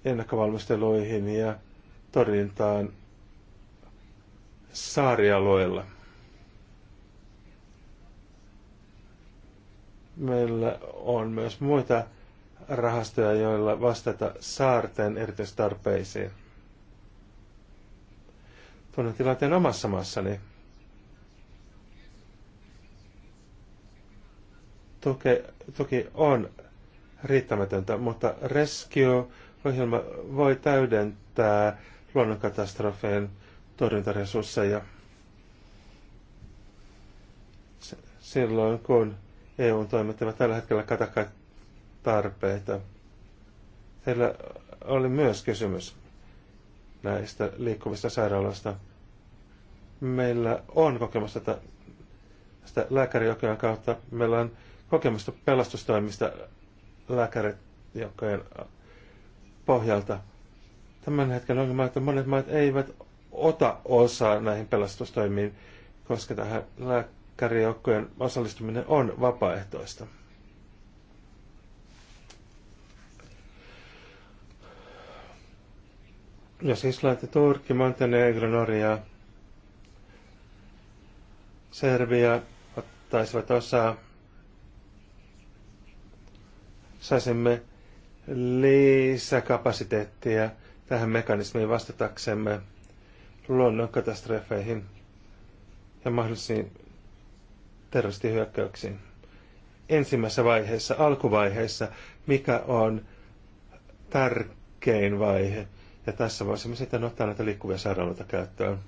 ennakkovalmisteluihin ja torjuntaan saarialueilla. Meillä on myös muita rahastoja, joilla vastata saarten erityistarpeisiin. Tunnen tilanteen omassa maassani. Tuki, tuki on riittämätöntä, mutta Rescue-ohjelma voi täydentää luonnonkatastrofeen torjuntaresursseja silloin, kun EUn toimet eivät tällä hetkellä katakaan tarpeita. Teillä oli myös kysymys näistä liikkuvista sairaaloista. Meillä on kokemusta tästä lääkärijokojen kautta. Meillä on kokemusta pelastustoimista lääkärijokojen pohjalta. Tämän hetken ongelma, että monet maat eivät ota osaa näihin pelastustoimiin, koska tähän lääkärijokojen Vakkarijoukkojen osallistuminen on vapaaehtoista. Jos siis Islanti, Turkki, Montenegro, Norja, Serbia ottaisivat osaa, saisimme lisäkapasiteettia tähän mekanismiin vastataksemme luonnonkatastrofeihin ja mahdollisiin terroristihyökkäyksiin. Ensimmäisessä vaiheessa, alkuvaiheessa, mikä on tärkein vaihe. Ja tässä voisimme sitten ottaa näitä liikkuvia sairaaloita käyttöön.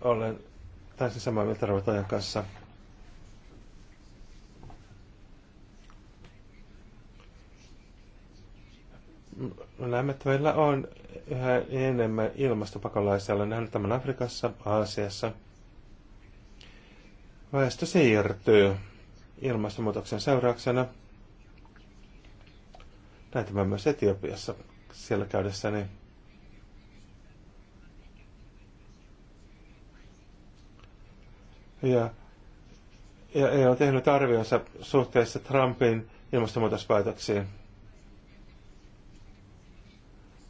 Olen täysin samaa mieltä Ravatajan kanssa. No, näemme, että meillä on yhä enemmän ilmastopakolaisia. Olen nähnyt tämän Afrikassa, Aasiassa. Väestö siirtyy ilmastonmuutoksen seurauksena. Näin tämä myös Etiopiassa siellä käydessäni. Ja, ja ei ole tehnyt arvionsa suhteessa Trumpin ilmastonmuutospäätöksiin.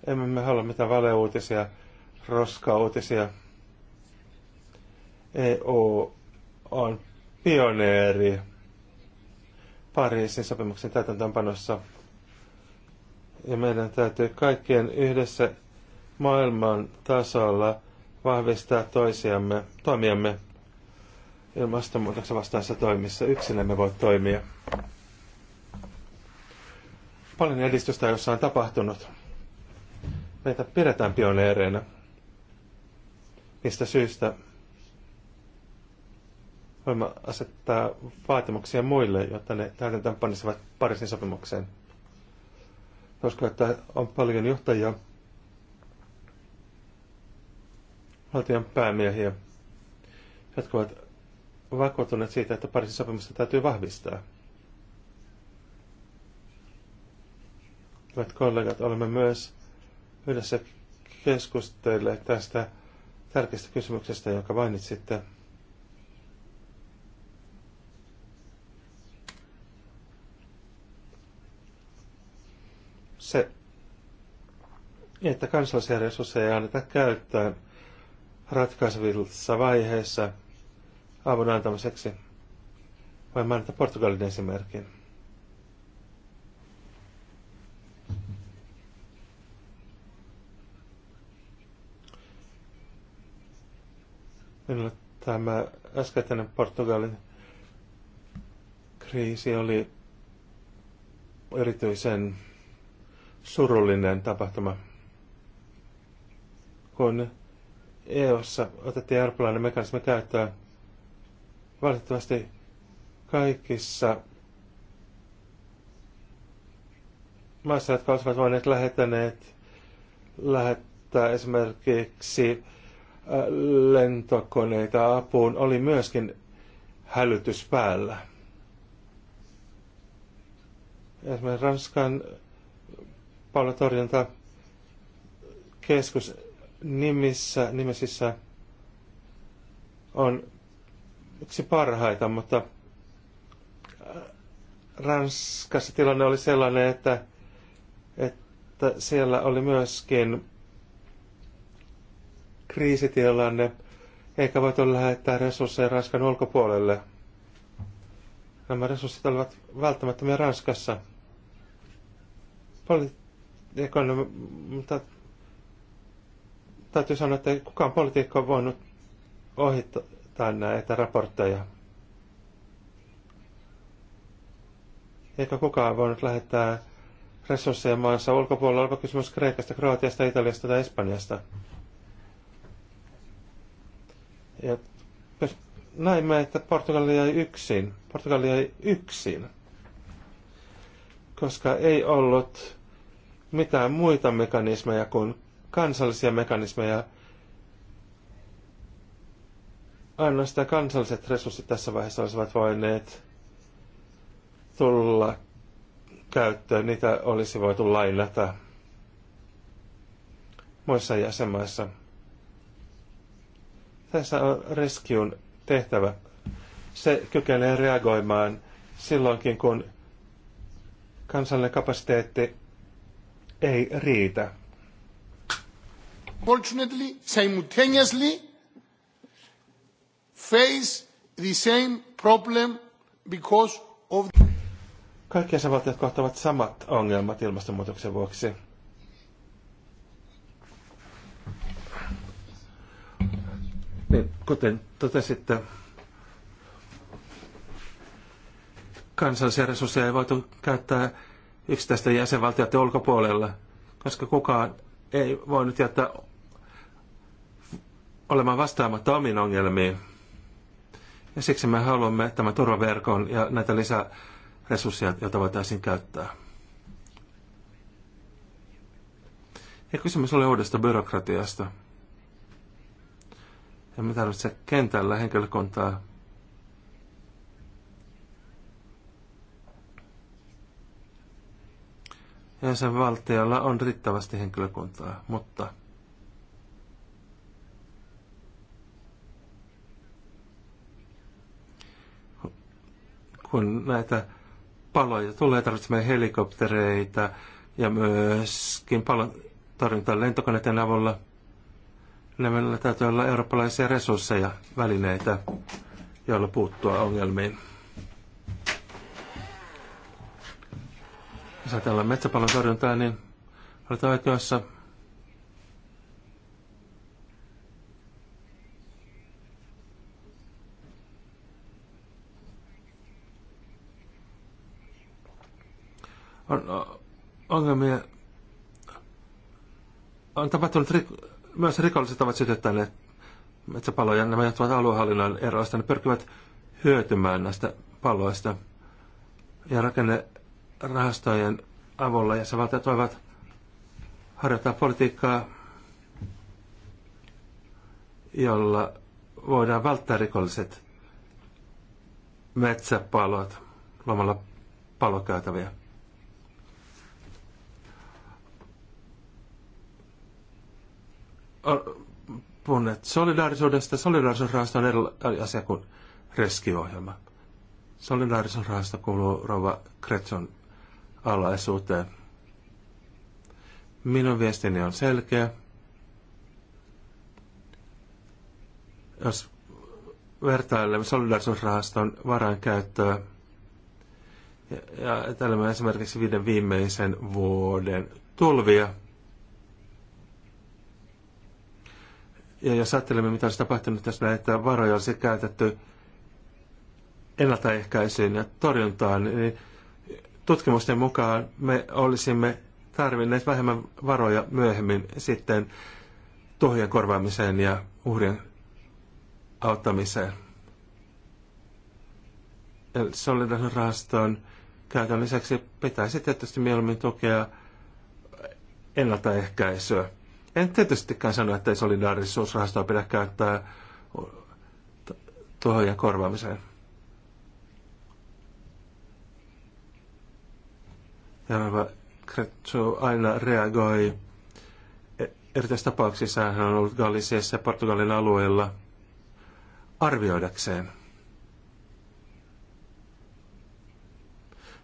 Emme me halua mitään valeuutisia, roskauutisia. EU on pioneeri Pariisin sopimuksen täytäntöönpanossa. Ja meidän täytyy kaikkien yhdessä maailman tasolla vahvistaa toisiamme, toimiamme ilmastonmuutoksen vastaisessa toimissa. Yksin emme voi toimia. Paljon edistystä jossa on tapahtunut. Meitä pidetään pioneereina. Mistä syystä voimme asettaa vaatimuksia muille, jotta ne täytäntöön panisivat Pariisin sopimukseen. Koska että on paljon johtajia, valtion päämiehiä, jotka ovat vakuuttuneet siitä, että Pariisin sopimusta täytyy vahvistaa. Hyvät kollegat, olemme myös yhdessä keskustelleet tästä tärkeästä kysymyksestä, jonka mainitsitte – se, että kansallisia resursseja ei anneta käyttää ratkaisevissa vaiheissa avun antamiseksi. Voin mainita Portugalin esimerkin. minulla tämä äskeinen Portugalin kriisi oli erityisen surullinen tapahtuma, kun EU:ssa otettiin eurooppalainen mekanismi käyttöön. Valitettavasti kaikissa maissa, jotka olisivat voineet lähettäneet, lähettää esimerkiksi äh, lentokoneita apuun, oli myöskin hälytys päällä. Esimerkiksi Ranskan palvelutorjunta keskus nimissä, nimisissä on yksi parhaita, mutta äh, Ranskassa tilanne oli sellainen, että, että siellä oli myöskin kriisitilanne, eikä voitu lähettää resursseja Ranskan ulkopuolelle. Nämä resurssit olivat välttämättömiä Ranskassa. Poli- ekonomi, mutta täytyy sanoa, että kukaan poliitikko on voinut ohittaa näitä raportteja. Eikä kukaan voinut lähettää resursseja maansa ulkopuolella, olipa kysymys Kreikasta, Kroatiasta, Italiasta tai Espanjasta. Ja näimme, että Portugali jäi yksin. Portugali jäi yksin, koska ei ollut mitään muita mekanismeja kuin kansallisia mekanismeja. Ainoastaan kansalliset resurssit tässä vaiheessa olisivat voineet tulla käyttöön. Niitä olisi voitu lainata muissa jäsenmaissa. Tässä on rescuen tehtävä. Se kykenee reagoimaan silloinkin, kun kansallinen kapasiteetti ei riitä. Fortunately, simultaneously face the same problem because of Kaikki jäsenvaltiot kohtavat samat ongelmat ilmastonmuutoksen vuoksi. Niin, kuten totesitte, kansallisia resursseja ei voitu käyttää yksittäisten jäsenvaltioiden ulkopuolella, koska kukaan ei voi nyt jättää olemaan vastaamatta omiin ongelmiin. Ja siksi me haluamme tämän turvaverkon ja näitä lisäresursseja, joita voitaisiin käyttää. Ja kysymys oli uudesta byrokratiasta. Ja me tarvitsemme kentällä henkilökuntaa, jäsenvaltiolla on riittävästi henkilökuntaa, mutta kun näitä paloja tulee, tarvitsemme helikoptereita ja myöskin palon torjuntaa lentokoneiden avulla. Meillä täytyy olla eurooppalaisia resursseja, välineitä, joilla puuttua ongelmiin. Jos ajatellaan metsäpalon torjuntaa, niin olet oikeassa. On ongelmia. On tapahtunut, rik- myös rikolliset ovat sytyttäneet metsäpaloja. Nämä johtuvat aluehallinnon eroista. Ne pyrkivät hyötymään näistä paloista. Ja rakenne rahastojen avulla ja savaltajat voivat harjoittaa politiikkaa, jolla voidaan välttää rikolliset metsäpalot lomalla palokäytäviä. Punnet solidaarisuudesta. Solidaarisuusrahasto on eri asia kuin reskiohjelma. Solidaarisuusrahasto kuuluu Rova Kretson alaisuuteen. Minun viestini on selkeä. Jos vertailemme solidarisuusrahaston käyttöä ja, ja me esimerkiksi viiden viimeisen vuoden tulvia, ja jos ajattelemme, mitä olisi tapahtunut, jos näitä varoja olisi käytetty ennaltaehkäisyyn ja torjuntaan, niin tutkimusten mukaan me olisimme tarvinneet vähemmän varoja myöhemmin sitten tuhojen korvaamiseen ja uhrien auttamiseen. Solidarisen rahaston käytön lisäksi pitäisi tietysti mieluummin tukea ennaltaehkäisyä. En tietystikään sano, että ei solidaarisuusrahastoa pidä käyttää tuhojen korvaamiseen. Ja kretso aina reagoi e, tapauksessa hän on ollut Galliseessa ja Portugalin alueella arvioidakseen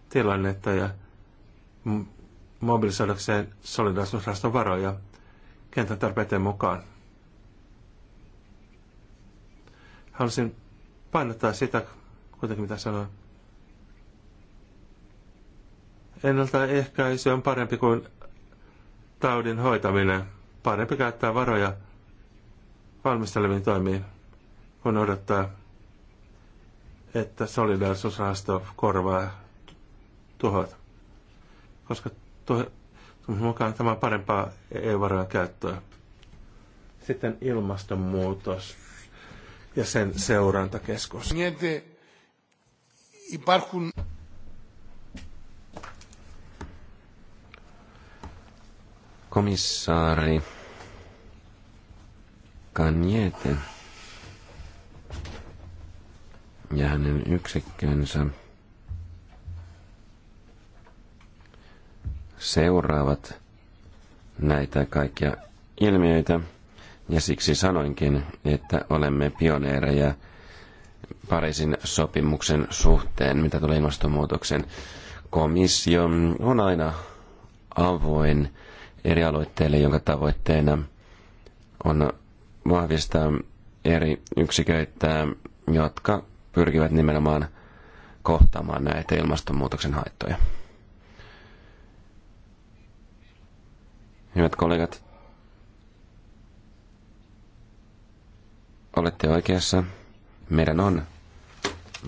tilannetta ja mobilisoidakseen solidaisuusraston varoja kentän tarpeiden mukaan. Haluaisin painottaa sitä, kuitenkin mitä sanoin, ennaltaehkäisy on parempi kuin taudin hoitaminen. Parempi käyttää varoja valmisteleviin toimiin, kun odottaa, että solidaarisuusrahasto korvaa tuhot. Koska tuh- mukaan tämä parempaa EU-varojen käyttöä. Sitten ilmastonmuutos ja sen seurantakeskus. Υπάρχουν Komissaari Kanjete ja hänen yksikkönsä seuraavat näitä kaikkia ilmiöitä, ja siksi sanoinkin, että olemme pioneereja Pariisin sopimuksen suhteen, mitä tulee ilmastonmuutoksen. Komissio on aina avoin eri aloitteille, jonka tavoitteena on vahvistaa eri yksiköitä, jotka pyrkivät nimenomaan kohtaamaan näitä ilmastonmuutoksen haittoja. Hyvät kollegat, olette oikeassa. Meidän on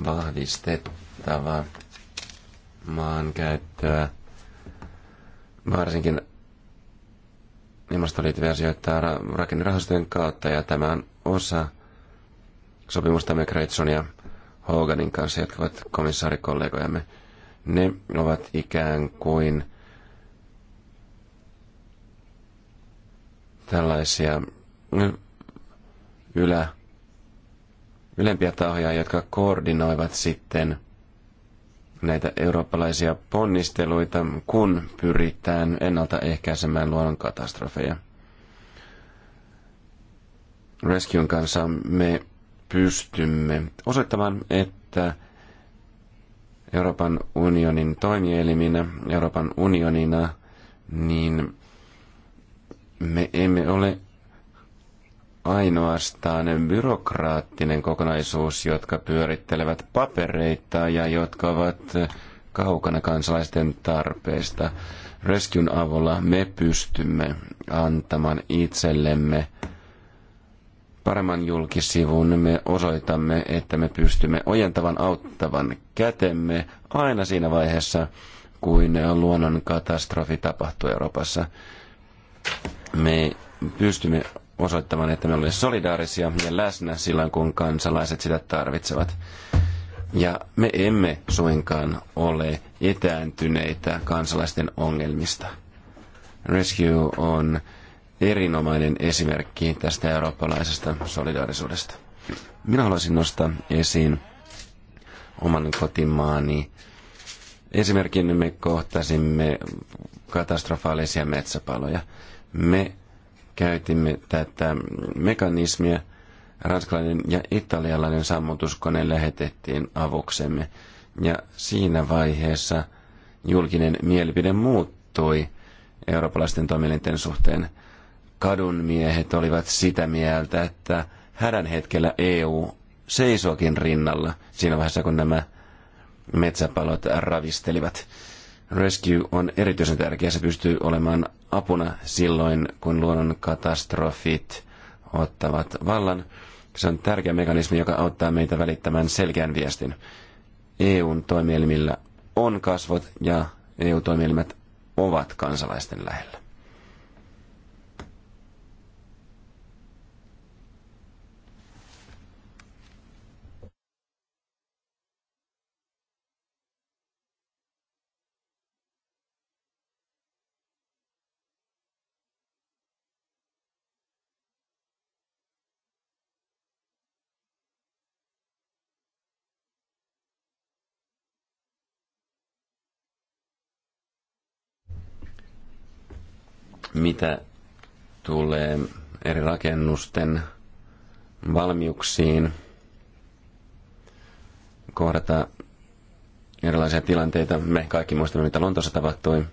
vahvistettava maankäyttöä, varsinkin ilmastoon sijoittaa rakennerahastojen kautta ja tämä on osa sopimusta Gretson ja Hoganin kanssa, jotka ovat komissaarikollegojamme. Ne ovat ikään kuin tällaisia ylä, ylempiä tahoja, jotka koordinoivat sitten – näitä eurooppalaisia ponnisteluita, kun pyritään ennaltaehkäisemään luonnonkatastrofeja. Rescuen kanssa me pystymme osoittamaan, että Euroopan unionin toimielimina, Euroopan unionina, niin me emme ole ainoastaan byrokraattinen kokonaisuus, jotka pyörittelevät papereita ja jotka ovat kaukana kansalaisten tarpeista. Rescuen avulla me pystymme antamaan itsellemme paremman julkisivun. Me osoitamme, että me pystymme ojentavan auttavan kätemme aina siinä vaiheessa, kuin luonnon katastrofi tapahtui Euroopassa. Me pystymme osoittamaan, että me olemme solidaarisia ja läsnä silloin, kun kansalaiset sitä tarvitsevat. Ja me emme suinkaan ole etääntyneitä kansalaisten ongelmista. Rescue on erinomainen esimerkki tästä eurooppalaisesta solidaarisuudesta. Minä haluaisin nostaa esiin oman kotimaani. Esimerkin me kohtasimme katastrofaalisia metsäpaloja. Me käytimme tätä mekanismia. Ranskalainen ja italialainen sammutuskone lähetettiin avuksemme. Ja siinä vaiheessa julkinen mielipide muuttui eurooppalaisten toimielinten suhteen. kadun miehet olivat sitä mieltä, että hädän hetkellä EU seisoakin rinnalla siinä vaiheessa, kun nämä metsäpalot ravistelivat. Rescue on erityisen tärkeä. Se pystyy olemaan apuna silloin, kun luonnon katastrofit ottavat vallan. Se on tärkeä mekanismi, joka auttaa meitä välittämään selkeän viestin. EUn toimielimillä on kasvot ja EU-toimielimet ovat kansalaisten lähellä. Mitä tulee eri rakennusten valmiuksiin kohdata erilaisia tilanteita. Me kaikki muistamme, mitä Lontossa tapahtui.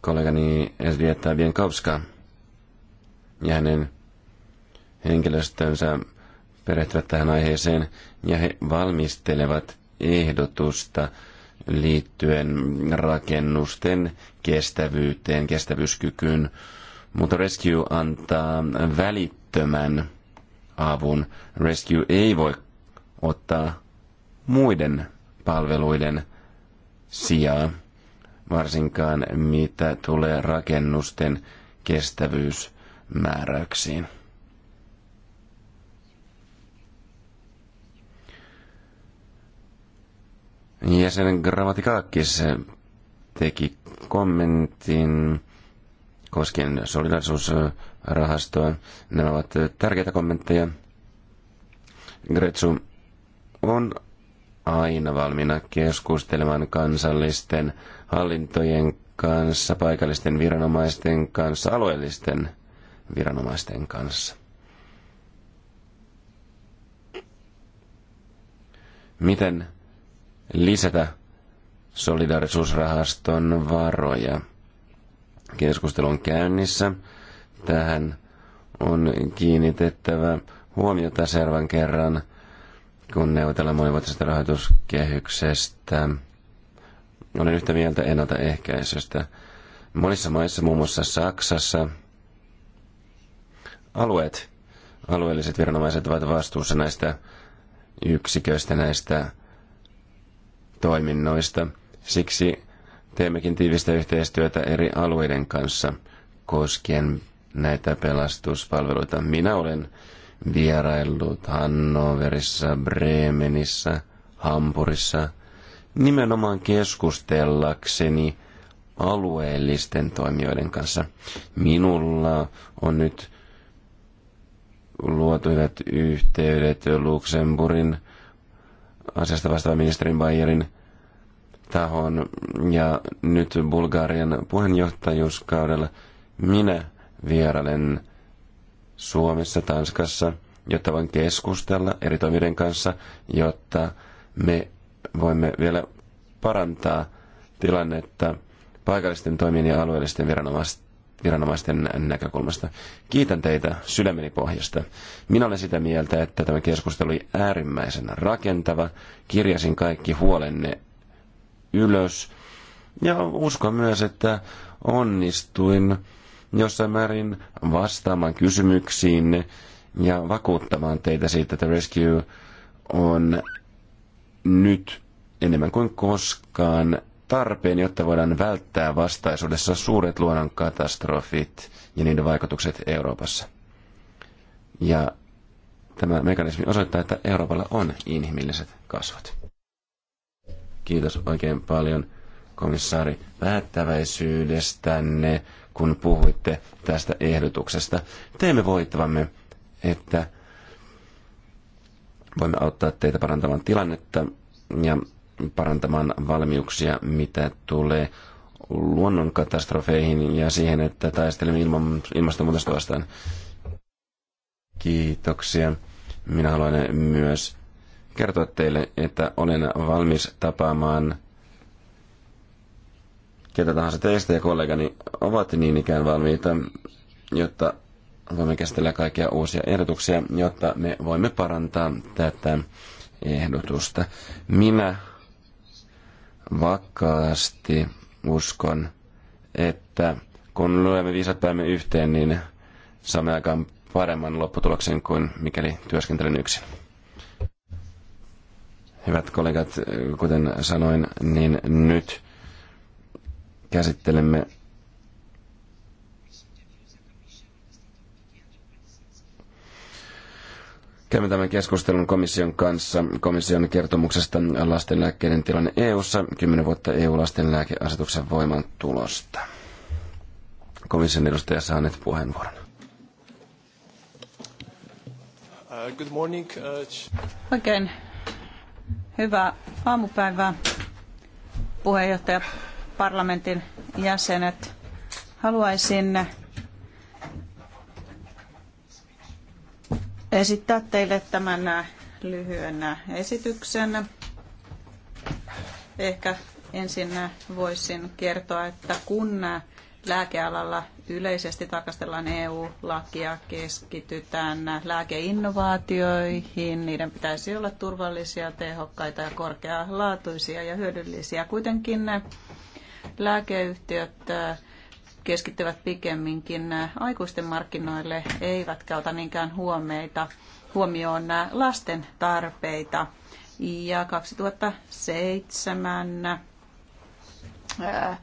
Kollegani Esvietta Bienkowska ja hänen henkilöstönsä perehtyvät tähän aiheeseen ja he valmistelevat ehdotusta liittyen rakennusten kestävyyteen, kestävyyskykyyn, mutta Rescue antaa välittömän avun. Rescue ei voi ottaa muiden palveluiden sijaa, varsinkaan mitä tulee rakennusten kestävyysmääräyksiin. jäsen Grammatikaakis teki kommentin koskien solidarisuusrahastoa. Nämä ovat tärkeitä kommentteja. Gretsu on aina valmiina keskustelemaan kansallisten hallintojen kanssa, paikallisten viranomaisten kanssa, alueellisten viranomaisten kanssa. Miten lisätä solidarisuusrahaston varoja. Keskustelu on käynnissä. Tähän on kiinnitettävä huomiota seuraavan kerran, kun neuvotellaan monivuotisesta rahoituskehyksestä. Olen yhtä mieltä ennaltaehkäisystä. Monissa maissa, muun muassa Saksassa, alueet, alueelliset viranomaiset ovat vastuussa näistä yksiköistä, näistä toiminnoista. Siksi teemmekin tiivistä yhteistyötä eri alueiden kanssa koskien näitä pelastuspalveluita. Minä olen vieraillut Hannoverissa, Bremenissä, Hampurissa nimenomaan keskustellakseni alueellisten toimijoiden kanssa. Minulla on nyt luotu hyvät yhteydet Luxemburgin asiasta vastaavan ministerin Bayerin tahon ja nyt Bulgarian puheenjohtajuuskaudella minä vierailen Suomessa, Tanskassa, jotta voin keskustella eri toimijoiden kanssa, jotta me voimme vielä parantaa tilannetta paikallisten toimien ja alueellisten viranomaisten viranomaisten näkökulmasta. Kiitän teitä sydämeni pohjasta. Minä olen sitä mieltä, että tämä keskustelu oli äärimmäisen rakentava. Kirjasin kaikki huolenne ylös. Ja uskon myös, että onnistuin jossain määrin vastaamaan kysymyksiin ja vakuuttamaan teitä siitä, että Rescue on nyt enemmän kuin koskaan tarpeen, jotta voidaan välttää vastaisuudessa suuret luonnon katastrofit ja niiden vaikutukset Euroopassa. Ja tämä mekanismi osoittaa, että Euroopalla on inhimilliset kasvot. Kiitos oikein paljon komissaari päättäväisyydestänne, kun puhuitte tästä ehdotuksesta. Teemme voittavamme, että voimme auttaa teitä parantamaan tilannetta ja parantamaan valmiuksia, mitä tulee luonnonkatastrofeihin ja siihen, että taistelemme ilman, ilmastonmuutosta vastaan. Kiitoksia. Minä haluan myös kertoa teille, että olen valmis tapaamaan ketä tahansa teistä ja kollegani ovat niin ikään valmiita, jotta voimme käsitellä kaikkia uusia ehdotuksia, jotta me voimme parantaa tätä ehdotusta. Minä vakaasti uskon, että kun luemme viisat päämme yhteen, niin saamme aikaan paremman lopputuloksen kuin mikäli työskentelen yksin. Hyvät kollegat, kuten sanoin, niin nyt käsittelemme Käymme tämän keskustelun komission kanssa komission kertomuksesta lastenlääkkeiden tilanne EU-ssa 10 vuotta EU-lastenlääkeasetuksen voiman tulosta. Komission edustaja saa nyt puheenvuoron. Uh, good morning. Uh, Oikein hyvää aamupäivää puheenjohtaja parlamentin jäsenet. Haluaisin esittää teille tämän lyhyen esityksen. Ehkä ensin voisin kertoa, että kun lääkealalla yleisesti tarkastellaan EU-lakia, keskitytään lääkeinnovaatioihin. Niiden pitäisi olla turvallisia, tehokkaita ja korkealaatuisia ja hyödyllisiä. Kuitenkin lääkeyhtiöt keskittyvät pikemminkin äh, aikuisten markkinoille, eivätkä ota niinkään huomeita, huomioon äh, lasten tarpeita. Ja 2007 ää, ää,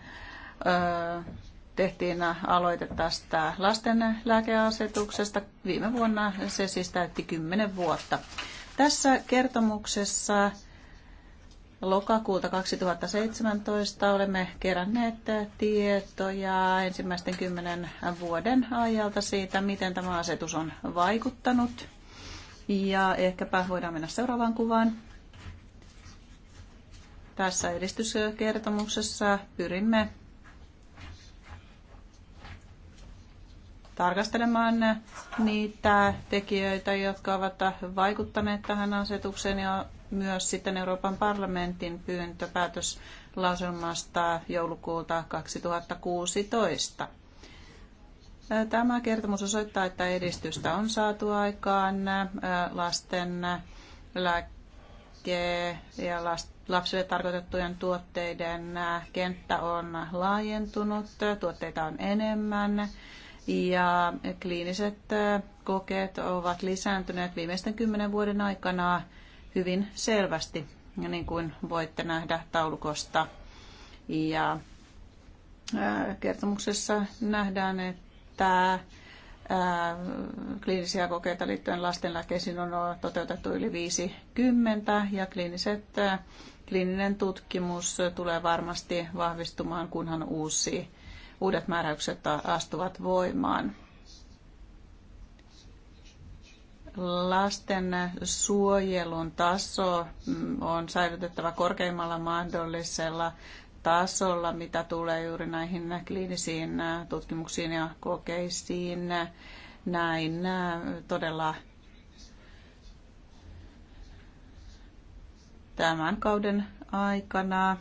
tehtiin äh, aloite tästä lasten lääkeasetuksesta. Viime vuonna se siis täytti 10 vuotta. Tässä kertomuksessa lokakuuta 2017 olemme keränneet tietoja ensimmäisten kymmenen vuoden ajalta siitä, miten tämä asetus on vaikuttanut. Ja ehkäpä voidaan mennä seuraavaan kuvaan. Tässä edistyskertomuksessa pyrimme tarkastelemaan niitä tekijöitä, jotka ovat vaikuttaneet tähän asetukseen ja myös sitten Euroopan parlamentin pyyntö päätöslauselmasta joulukuulta 2016. Tämä kertomus osoittaa, että edistystä on saatu aikaan lasten lääke- ja lapsille tarkoitettujen tuotteiden kenttä on laajentunut, tuotteita on enemmän ja kliiniset kokeet ovat lisääntyneet viimeisten kymmenen vuoden aikana hyvin selvästi, niin kuin voitte nähdä taulukosta. Ja kertomuksessa nähdään, että kliinisiä kokeita liittyen lastenlääkkeisiin on toteutettu yli 50 ja kliiniset, kliininen tutkimus tulee varmasti vahvistumaan, kunhan uusi, uudet määräykset astuvat voimaan. Lasten suojelun taso mm, on säilytettävä korkeimmalla mahdollisella tasolla, mitä tulee juuri näihin kliinisiin äh, tutkimuksiin ja kokeisiin. Näin äh, todella tämän kauden aikana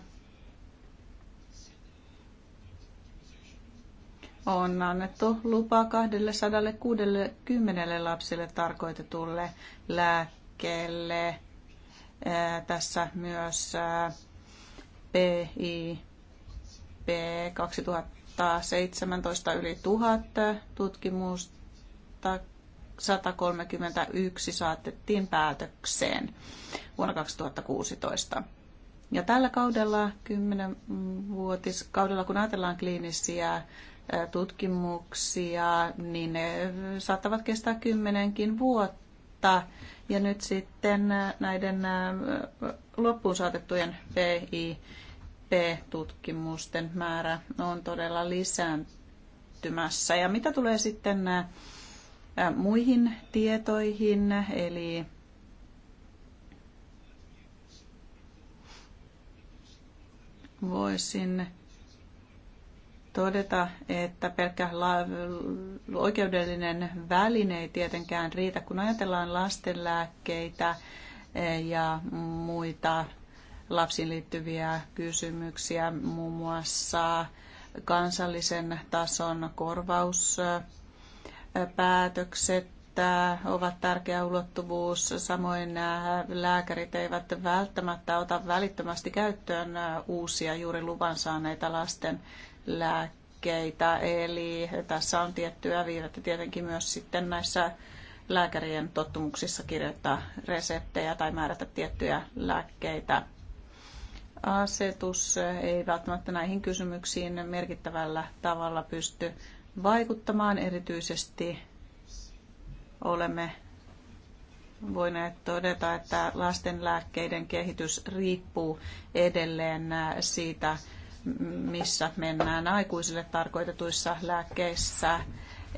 on annettu lupa 260 lapsille tarkoitetulle lääkkeelle. Tässä myös PIP 2017 yli 1000 tutkimusta 131 saatettiin päätökseen vuonna 2016. Ja tällä kaudella, 10 vuotiskaudella, kun ajatellaan kliinisiä tutkimuksia, niin ne saattavat kestää kymmenenkin vuotta. Ja nyt sitten näiden loppuun saatettujen PIP-tutkimusten määrä on todella lisääntymässä. Ja mitä tulee sitten muihin tietoihin, eli voisin todeta, että pelkkä oikeudellinen väline ei tietenkään riitä, kun ajatellaan lastenlääkkeitä eh, ja muita lapsiin liittyviä kysymyksiä, muun muassa kansallisen tason korvauspäätökset eh, ovat tärkeä ulottuvuus. Samoin eh, lääkärit eivät välttämättä ota välittömästi käyttöön uusia juuri luvan saaneita lasten lääkkeitä. Eli tässä on tiettyä viivettä tietenkin myös sitten näissä lääkärien tottumuksissa kirjoittaa reseptejä tai määrätä tiettyjä lääkkeitä. Asetus ei välttämättä näihin kysymyksiin merkittävällä tavalla pysty vaikuttamaan. Erityisesti olemme voineet todeta, että lasten lääkkeiden kehitys riippuu edelleen siitä, missä mennään aikuisille tarkoitetuissa lääkkeissä.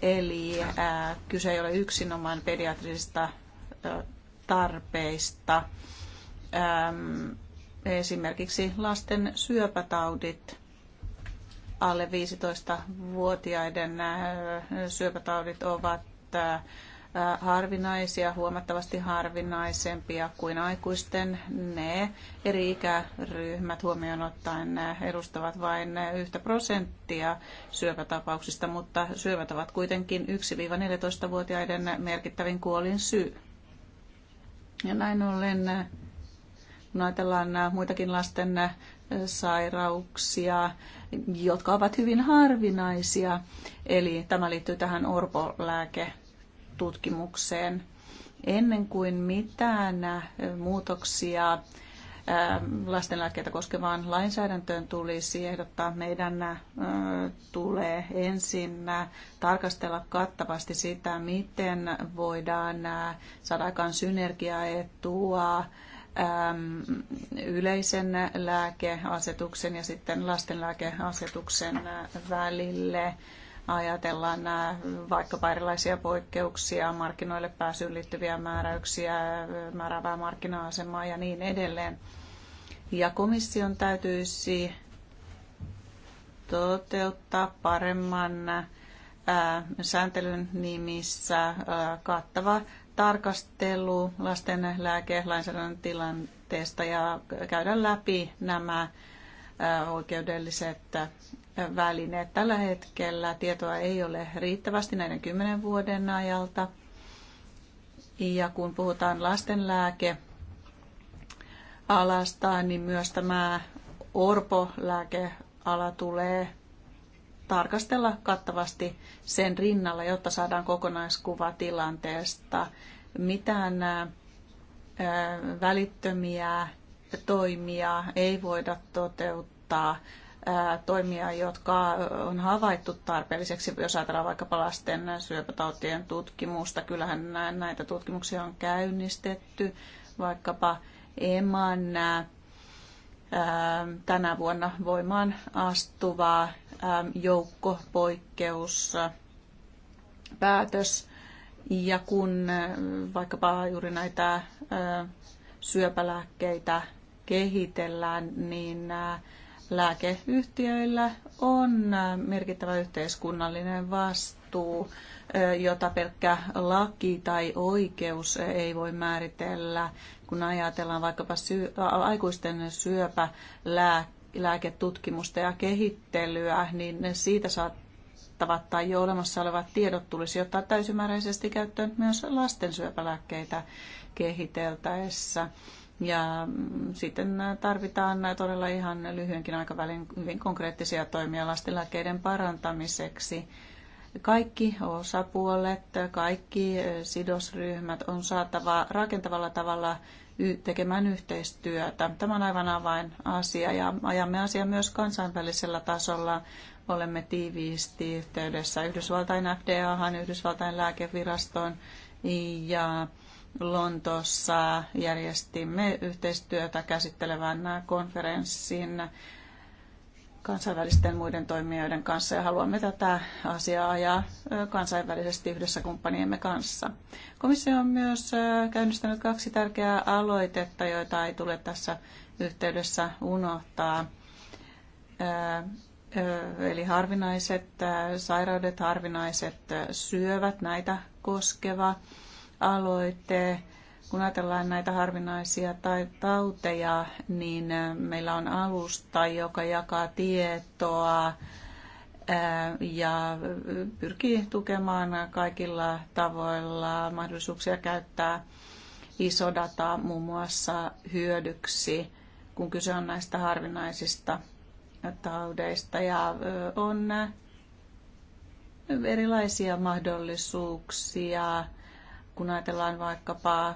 Eli ää, kyse ei ole yksinomaan pediatrisista ää, tarpeista. Ää, esimerkiksi lasten syöpätaudit, alle 15-vuotiaiden syöpätaudit ovat ää, harvinaisia, huomattavasti harvinaisempia kuin aikuisten. Ne eri ikäryhmät huomioon ottaen edustavat vain yhtä prosenttia syöpätapauksista, mutta syövät ovat kuitenkin 1-14-vuotiaiden merkittävin kuolin syy. Ja näin ollen, kun ajatellaan muitakin lasten sairauksia, jotka ovat hyvin harvinaisia. Eli tämä liittyy tähän orpolääke tutkimukseen ennen kuin mitään muutoksia lastenlääkkeitä koskevaan lainsäädäntöön tulisi ehdottaa, meidän tulee ensin tarkastella kattavasti sitä, miten voidaan saada aikaan synergiaetua yleisen lääkeasetuksen ja sitten lastenlääkeasetuksen välille ajatellaan nämä äh, vaikkapa erilaisia poikkeuksia, markkinoille pääsyyn liittyviä määräyksiä, äh, määräävää markkina-asemaa ja niin edelleen. Ja komission täytyisi toteuttaa paremman äh, sääntelyn nimissä kattava tarkastelu lasten lääkelainsäädännön tilanteesta ja käydä läpi nämä oikeudelliset välineet Tällä hetkellä tietoa ei ole riittävästi näiden kymmenen vuoden ajalta. Ja kun puhutaan lastenlääkealasta, niin myös tämä orpolääkeala tulee tarkastella kattavasti sen rinnalla, jotta saadaan kokonaiskuva tilanteesta. Mitään välittömiä toimia ei voida toteuttaa toimia, jotka on havaittu tarpeelliseksi, jos ajatellaan vaikkapa lasten syöpätautien tutkimusta. Kyllähän näitä tutkimuksia on käynnistetty, vaikkapa EMAN tänä vuonna voimaan astuva joukkopoikkeuspäätös. Ja kun vaikkapa juuri näitä syöpälääkkeitä kehitellään, niin lääkeyhtiöillä on merkittävä yhteiskunnallinen vastuu, jota pelkkä laki tai oikeus ei voi määritellä, kun ajatellaan vaikkapa syö, aikuisten syöpälääketutkimusta ja kehittelyä, niin siitä saattavat tai jo olemassa olevat tiedot tulisi ottaa täysimääräisesti käyttöön myös lasten syöpälääkkeitä kehiteltäessä. Ja sitten tarvitaan todella ihan lyhyenkin aikavälin hyvin konkreettisia toimia lastenlääkkeiden parantamiseksi. Kaikki osapuolet, kaikki eh, sidosryhmät on saatava rakentavalla tavalla tekemään yhteistyötä. Tämä on aivan avainasia ja ajamme asia myös kansainvälisellä tasolla. Olemme tiiviisti yhteydessä Yhdysvaltain FDAhan, Yhdysvaltain lääkevirastoon ja Lontoossa järjestimme yhteistyötä käsittelevän konferenssin kansainvälisten muiden toimijoiden kanssa ja haluamme tätä asiaa ajaa kansainvälisesti yhdessä kumppaniemme kanssa. Komissio on myös käynnistänyt kaksi tärkeää aloitetta, joita ei tule tässä yhteydessä unohtaa. Eli harvinaiset sairaudet, harvinaiset syövät, näitä koskeva aloite. Kun ajatellaan näitä harvinaisia tai tauteja, niin meillä on alusta, joka jakaa tietoa ja pyrkii tukemaan kaikilla tavoilla mahdollisuuksia käyttää isodataa muun muassa hyödyksi, kun kyse on näistä harvinaisista taudeista ja on erilaisia mahdollisuuksia kun ajatellaan vaikkapa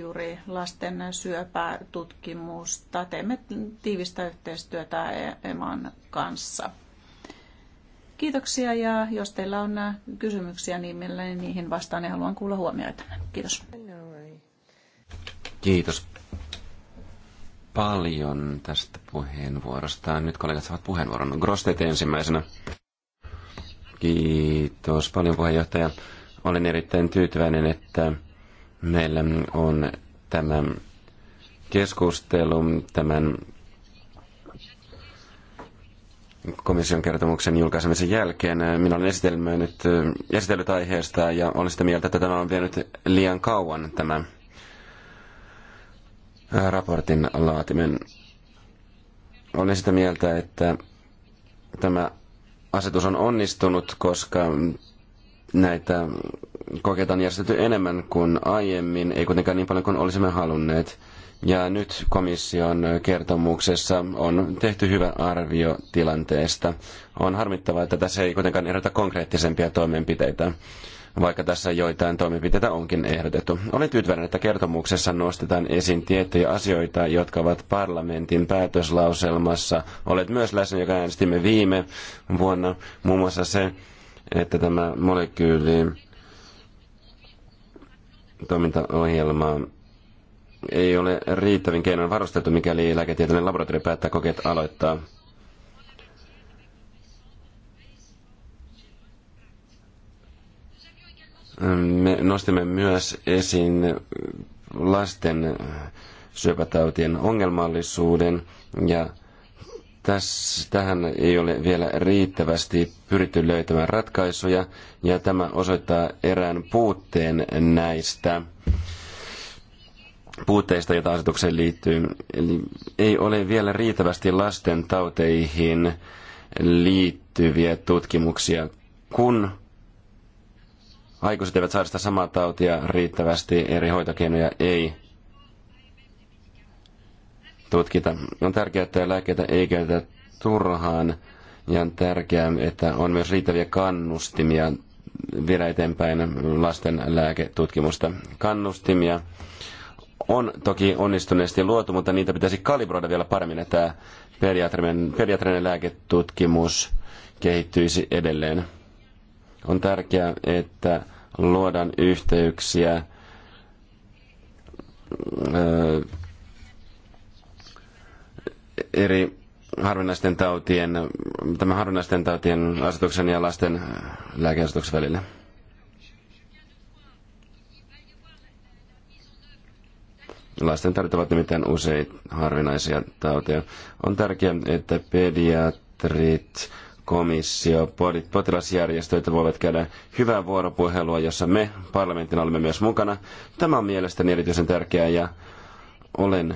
juuri lasten syöpätutkimusta, teemme tiivistä yhteistyötä e-, EMAN kanssa. Kiitoksia ja jos teillä on kysymyksiä, niin mielelläni niihin vastaan ja haluan kuulla huomioita. Kiitos. Kiitos paljon tästä puheenvuorosta. Nyt kollegat saavat puheenvuoron. No, Grosteet ensimmäisenä. Kiitos paljon puheenjohtaja. Olen erittäin tyytyväinen, että meillä on tämä keskustelu tämän komission kertomuksen julkaisemisen jälkeen. Minä olen esitellyt, esitellyt aiheesta ja olen sitä mieltä, että tämä on vienyt liian kauan tämä raportin laatimen. Olen sitä mieltä, että tämä asetus on onnistunut, koska näitä kokeita on järjestetty enemmän kuin aiemmin, ei kuitenkaan niin paljon kuin olisimme halunneet. Ja nyt komission kertomuksessa on tehty hyvä arvio tilanteesta. On harmittavaa, että tässä ei kuitenkaan ehdota konkreettisempia toimenpiteitä, vaikka tässä joitain toimenpiteitä onkin ehdotettu. Olen tyytyväinen, että kertomuksessa nostetaan esiin tiettyjä asioita, jotka ovat parlamentin päätöslauselmassa. Olet myös läsnä, joka äänestimme viime vuonna, muun muassa se, että tämä molekyyli toimintaohjelma ei ole riittävin keinoin varustettu, mikäli lääketieteellinen laboratorio päättää kokeet aloittaa. Me nostimme myös esiin lasten syöpätautien ongelmallisuuden ja tässä, tähän ei ole vielä riittävästi pyritty löytämään ratkaisuja, ja tämä osoittaa erään puutteen näistä puutteista, joita asetukseen liittyy. Eli ei ole vielä riittävästi lasten tauteihin liittyviä tutkimuksia, kun aikuiset eivät saada sitä samaa tautia riittävästi, eri hoitokeinoja ei tutkita. On tärkeää, että lääkkeitä ei käytetä turhaan ja on tärkeää, että on myös riittäviä kannustimia viedä eteenpäin lasten lääketutkimusta. Kannustimia on toki onnistuneesti luotu, mutta niitä pitäisi kalibroida vielä paremmin, että pediatrinen, pediatrinen lääketutkimus kehittyisi edelleen. On tärkeää, että luodaan yhteyksiä eri harvinaisten tautien, tämän harvinaisten tautien asetuksen ja lasten äh, lääkeasetuksen välillä? Lasten ovat nimittäin usein harvinaisia tauteja. On tärkeää, että pediatrit, komissio, potilasjärjestöitä voivat käydä hyvää vuoropuhelua, jossa me parlamentin olemme myös mukana. Tämä on mielestäni erityisen tärkeää ja olen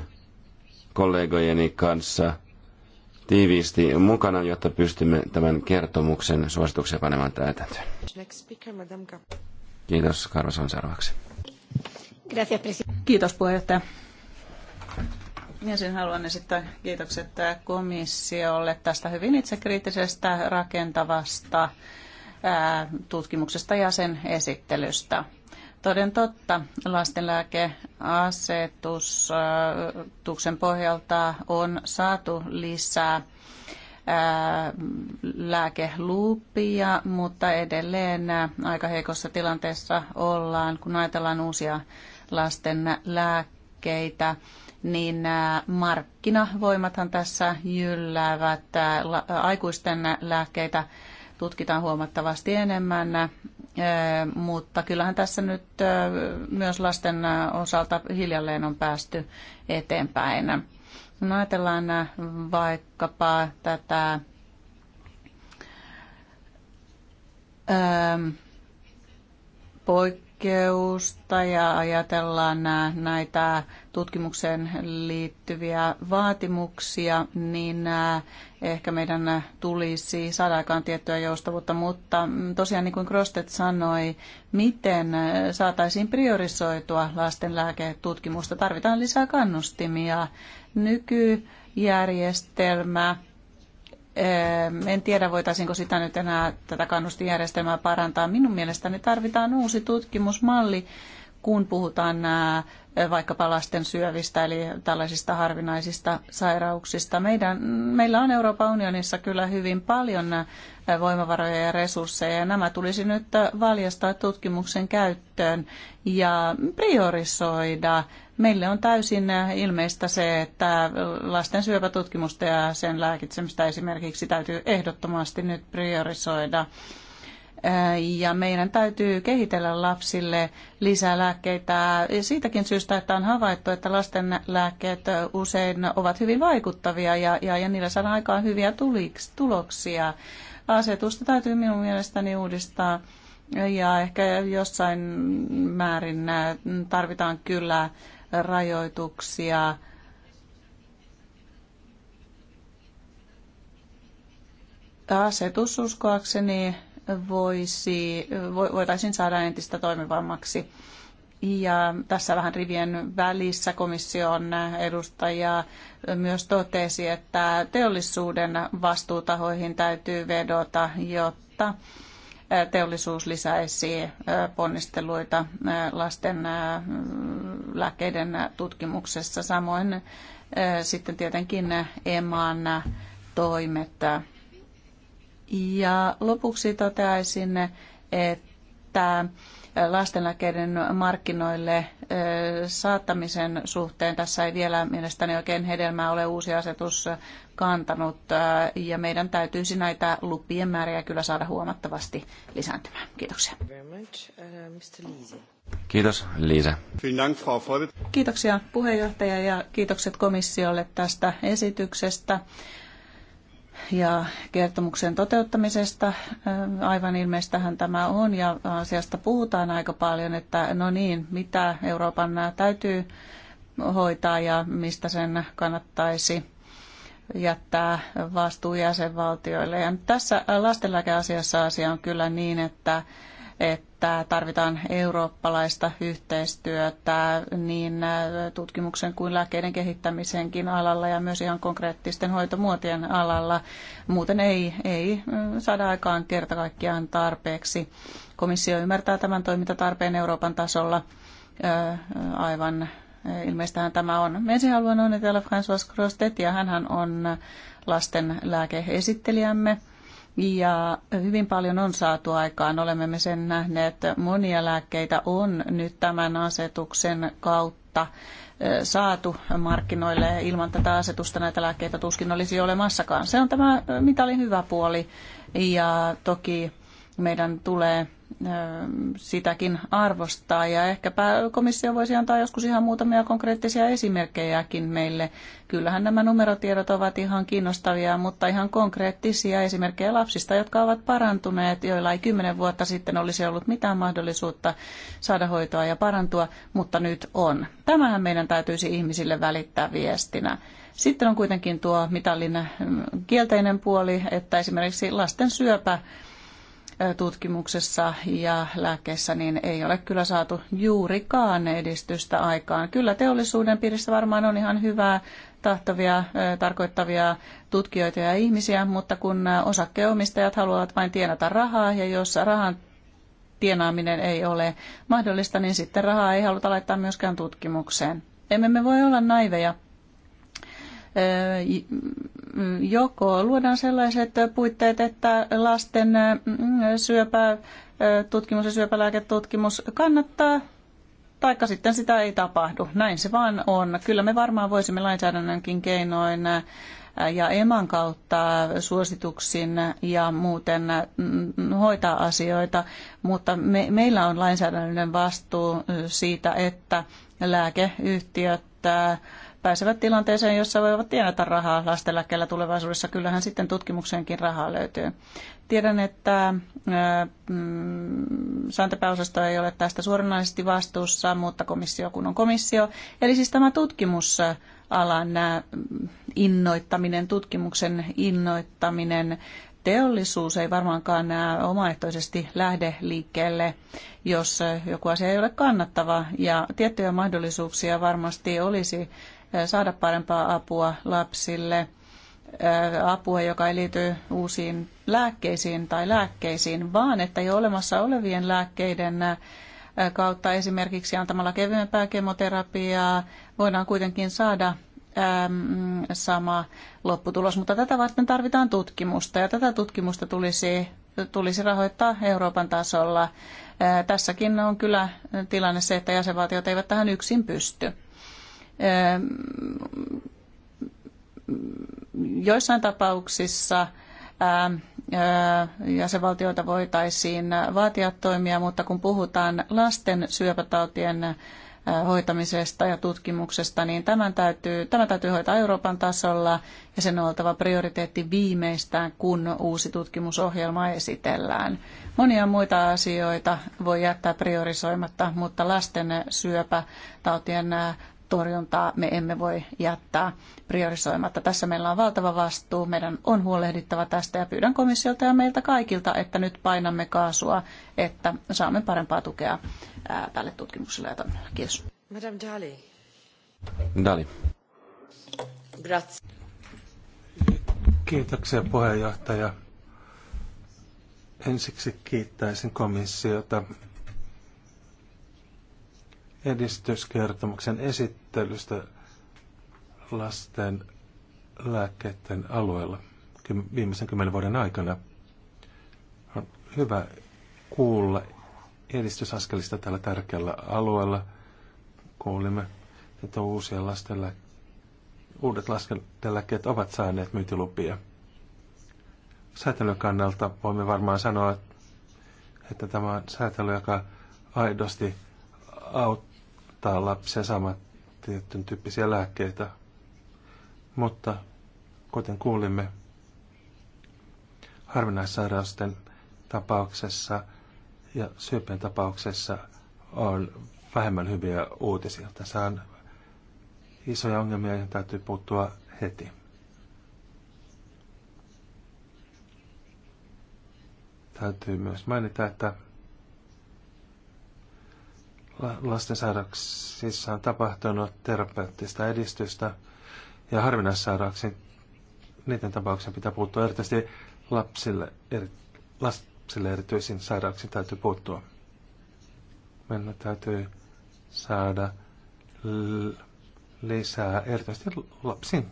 kollegojeni kanssa tiiviisti mukana, jotta pystymme tämän kertomuksen suosituksia panemaan täytäntöön. Kiitos, Karvas seuraavaksi. Kiitos puheenjohtaja. Ensin haluan esittää kiitokset komissiolle tästä hyvin itsekriittisestä, rakentavasta tutkimuksesta ja sen esittelystä. Toden totta, lastenlääkeasetuksen pohjalta on saatu lisää lääkelupia, mutta edelleen aika heikossa tilanteessa ollaan, kun ajatellaan uusia lasten lääkkeitä niin markkinavoimathan tässä jylläävät. Aikuisten lääkkeitä tutkitaan huomattavasti enemmän mutta kyllähän tässä nyt myös lasten osalta hiljalleen on päästy eteenpäin. No ajatellaan vaikkapa tätä poik- oikeusta ja ajatellaan näitä tutkimukseen liittyviä vaatimuksia, niin äh, ehkä meidän tulisi saada aikaan tiettyä joustavuutta, mutta mm, tosiaan niin kuin Krostet sanoi, miten äh, saataisiin priorisoitua lasten lääketutkimusta? Tarvitaan lisää kannustimia. Nykyjärjestelmä en tiedä, voitaisiinko sitä nyt enää tätä kannustinjärjestelmää parantaa. Minun mielestäni tarvitaan uusi tutkimusmalli, kun puhutaan vaikkapa lasten syövistä eli tällaisista harvinaisista sairauksista. Meidän, meillä on Euroopan unionissa kyllä hyvin paljon voimavaroja ja resursseja ja nämä tulisi nyt valjastaa tutkimuksen käyttöön ja priorisoida. Meille on täysin ilmeistä se, että lasten syöpätutkimusta ja sen lääkitsemistä esimerkiksi täytyy ehdottomasti nyt priorisoida ja meidän täytyy kehitellä lapsille lisää lääkkeitä. Siitäkin syystä, että on havaittu, että lasten lääkkeet usein ovat hyvin vaikuttavia ja, ja, ja niillä saadaan aikaan hyviä tuliks, tuloksia. Asetusta täytyy minun mielestäni uudistaa ja ehkä jossain määrin tarvitaan kyllä rajoituksia. Asetus uskoakseni voisi, voitaisiin saada entistä toimivammaksi. Ja tässä vähän rivien välissä komission edustaja myös totesi, että teollisuuden vastuutahoihin täytyy vedota, jotta teollisuus lisäisi ponnisteluita lasten lääkkeiden tutkimuksessa. Samoin sitten tietenkin EMAan toimet ja lopuksi toteaisin, että lastenlääkkeiden markkinoille saattamisen suhteen. Tässä ei vielä mielestäni oikein hedelmää ole uusi asetus kantanut ja meidän täytyisi näitä lupien määriä kyllä saada huomattavasti lisääntymään. Kiitoksia. Kiitos, Liisa. Kiitoksia puheenjohtaja ja kiitokset komissiolle tästä esityksestä ja kertomuksen toteuttamisesta. Aivan ilmeistähän tämä on ja asiasta puhutaan aika paljon, että no niin, mitä Euroopan täytyy hoitaa ja mistä sen kannattaisi jättää vastuu jäsenvaltioille. Ja tässä lastenlääkeasiassa asia on kyllä niin, että että tarvitaan eurooppalaista yhteistyötä niin tutkimuksen kuin lääkkeiden kehittämisenkin alalla ja myös ihan konkreettisten hoitomuotien alalla. Muuten ei, ei saada aikaan kerta kaikkiaan tarpeeksi. Komissio ymmärtää tämän toimintatarpeen Euroopan tasolla aivan Ilmeistähän tämä on. ensin haluan onnitella François Crostetia. hän on lasten lääkeesittelijämme. Ja hyvin paljon on saatu aikaan, olemme me sen nähneet. Monia lääkkeitä on nyt tämän asetuksen kautta saatu markkinoille. Ilman tätä asetusta näitä lääkkeitä tuskin olisi olemassakaan. Se on tämä mitalin hyvä puoli ja toki meidän tulee sitäkin arvostaa ja ehkäpä komissio voisi antaa joskus ihan muutamia konkreettisia esimerkkejäkin meille. Kyllähän nämä numerotiedot ovat ihan kiinnostavia, mutta ihan konkreettisia esimerkkejä lapsista, jotka ovat parantuneet, joilla ei kymmenen vuotta sitten olisi ollut mitään mahdollisuutta saada hoitoa ja parantua, mutta nyt on. Tämähän meidän täytyisi ihmisille välittää viestinä. Sitten on kuitenkin tuo mitallin kielteinen puoli, että esimerkiksi lasten syöpä tutkimuksessa ja lääkkeissä, niin ei ole kyllä saatu juurikaan edistystä aikaan. Kyllä teollisuuden piirissä varmaan on ihan hyvää tahtovia, tarkoittavia tutkijoita ja ihmisiä, mutta kun osakkeenomistajat haluavat vain tienata rahaa ja jos rahan tienaaminen ei ole mahdollista, niin sitten rahaa ei haluta laittaa myöskään tutkimukseen. Emme me voi olla naiveja joko luodaan sellaiset puitteet, että lasten syöpä, tutkimus ja syöpälääketutkimus kannattaa, taikka sitten sitä ei tapahdu. Näin se vaan on. Kyllä me varmaan voisimme lainsäädännönkin keinoin ja eman kautta suosituksin ja muuten mm, hoitaa asioita, mutta me, meillä on lainsäädännöllinen vastuu siitä, että lääkeyhtiöt pääsevät tilanteeseen, jossa voivat tienata rahaa lastenlääkkeellä tulevaisuudessa. Kyllähän sitten tutkimukseenkin rahaa löytyy. Tiedän, että mm, sääntöpääosasto ei ole tästä suoranaisesti vastuussa, mutta komissio kun on komissio. Eli siis tämä tutkimus alan innoittaminen, tutkimuksen innoittaminen, teollisuus ei varmaankaan omaehtoisesti lähde liikkeelle, jos joku asia ei ole kannattava. Ja tiettyjä mahdollisuuksia varmasti olisi saada parempaa apua lapsille, apua, joka ei liity uusiin lääkkeisiin tai lääkkeisiin, vaan että jo olemassa olevien lääkkeiden kautta esimerkiksi antamalla kevyempää kemoterapiaa voidaan kuitenkin saada sama lopputulos, mutta tätä varten tarvitaan tutkimusta ja tätä tutkimusta tulisi, tulisi rahoittaa Euroopan tasolla. Tässäkin on kyllä tilanne se, että jäsenvaltiot eivät tähän yksin pysty joissain tapauksissa ähm, äh, jäsenvaltioita voitaisiin vaatia toimia, mutta kun puhutaan lasten syöpätautien äh, hoitamisesta ja tutkimuksesta, niin tämän täytyy, tämä täytyy hoitaa Euroopan tasolla ja sen on oltava prioriteetti viimeistään, kun uusi tutkimusohjelma esitellään. Monia muita asioita voi jättää priorisoimatta, mutta lasten syöpätautien äh, torjuntaa me emme voi jättää priorisoimatta. Tässä meillä on valtava vastuu, meidän on huolehdittava tästä ja pyydän komissiolta ja meiltä kaikilta, että nyt painamme kaasua, että saamme parempaa tukea tälle tutkimukselle. Kiitos. Madame Dali. Dali. Grazie. Kiitoksia puheenjohtaja. Ensiksi kiittäisin komissiota edistyskertomuksen esittelystä lasten lääkkeiden alueella viimeisen kymmenen vuoden aikana. On hyvä kuulla edistysaskelista tällä tärkeällä alueella. Kuulimme, että uusia lastenlä... uudet lastenlääkkeet ovat saaneet myyntilupia. Säätelyn kannalta voimme varmaan sanoa, että tämä on säätely, joka aidosti auttaa ottaa lapsia saamaan tietyn tyyppisiä lääkkeitä. Mutta kuten kuulimme, harvinaissairausten tapauksessa ja syöpien tapauksessa on vähemmän hyviä uutisia. Tässä on isoja ongelmia, joihin täytyy puuttua heti. Täytyy myös mainita, että lastensairauksissa on tapahtunut terapeuttista edistystä ja harvinaissairauksien niiden tapauksen pitää puuttua erityisesti lapsille, eri, lapsille erityisiin sairauksiin täytyy puuttua. Meidän täytyy saada lisää erityisesti lapsiin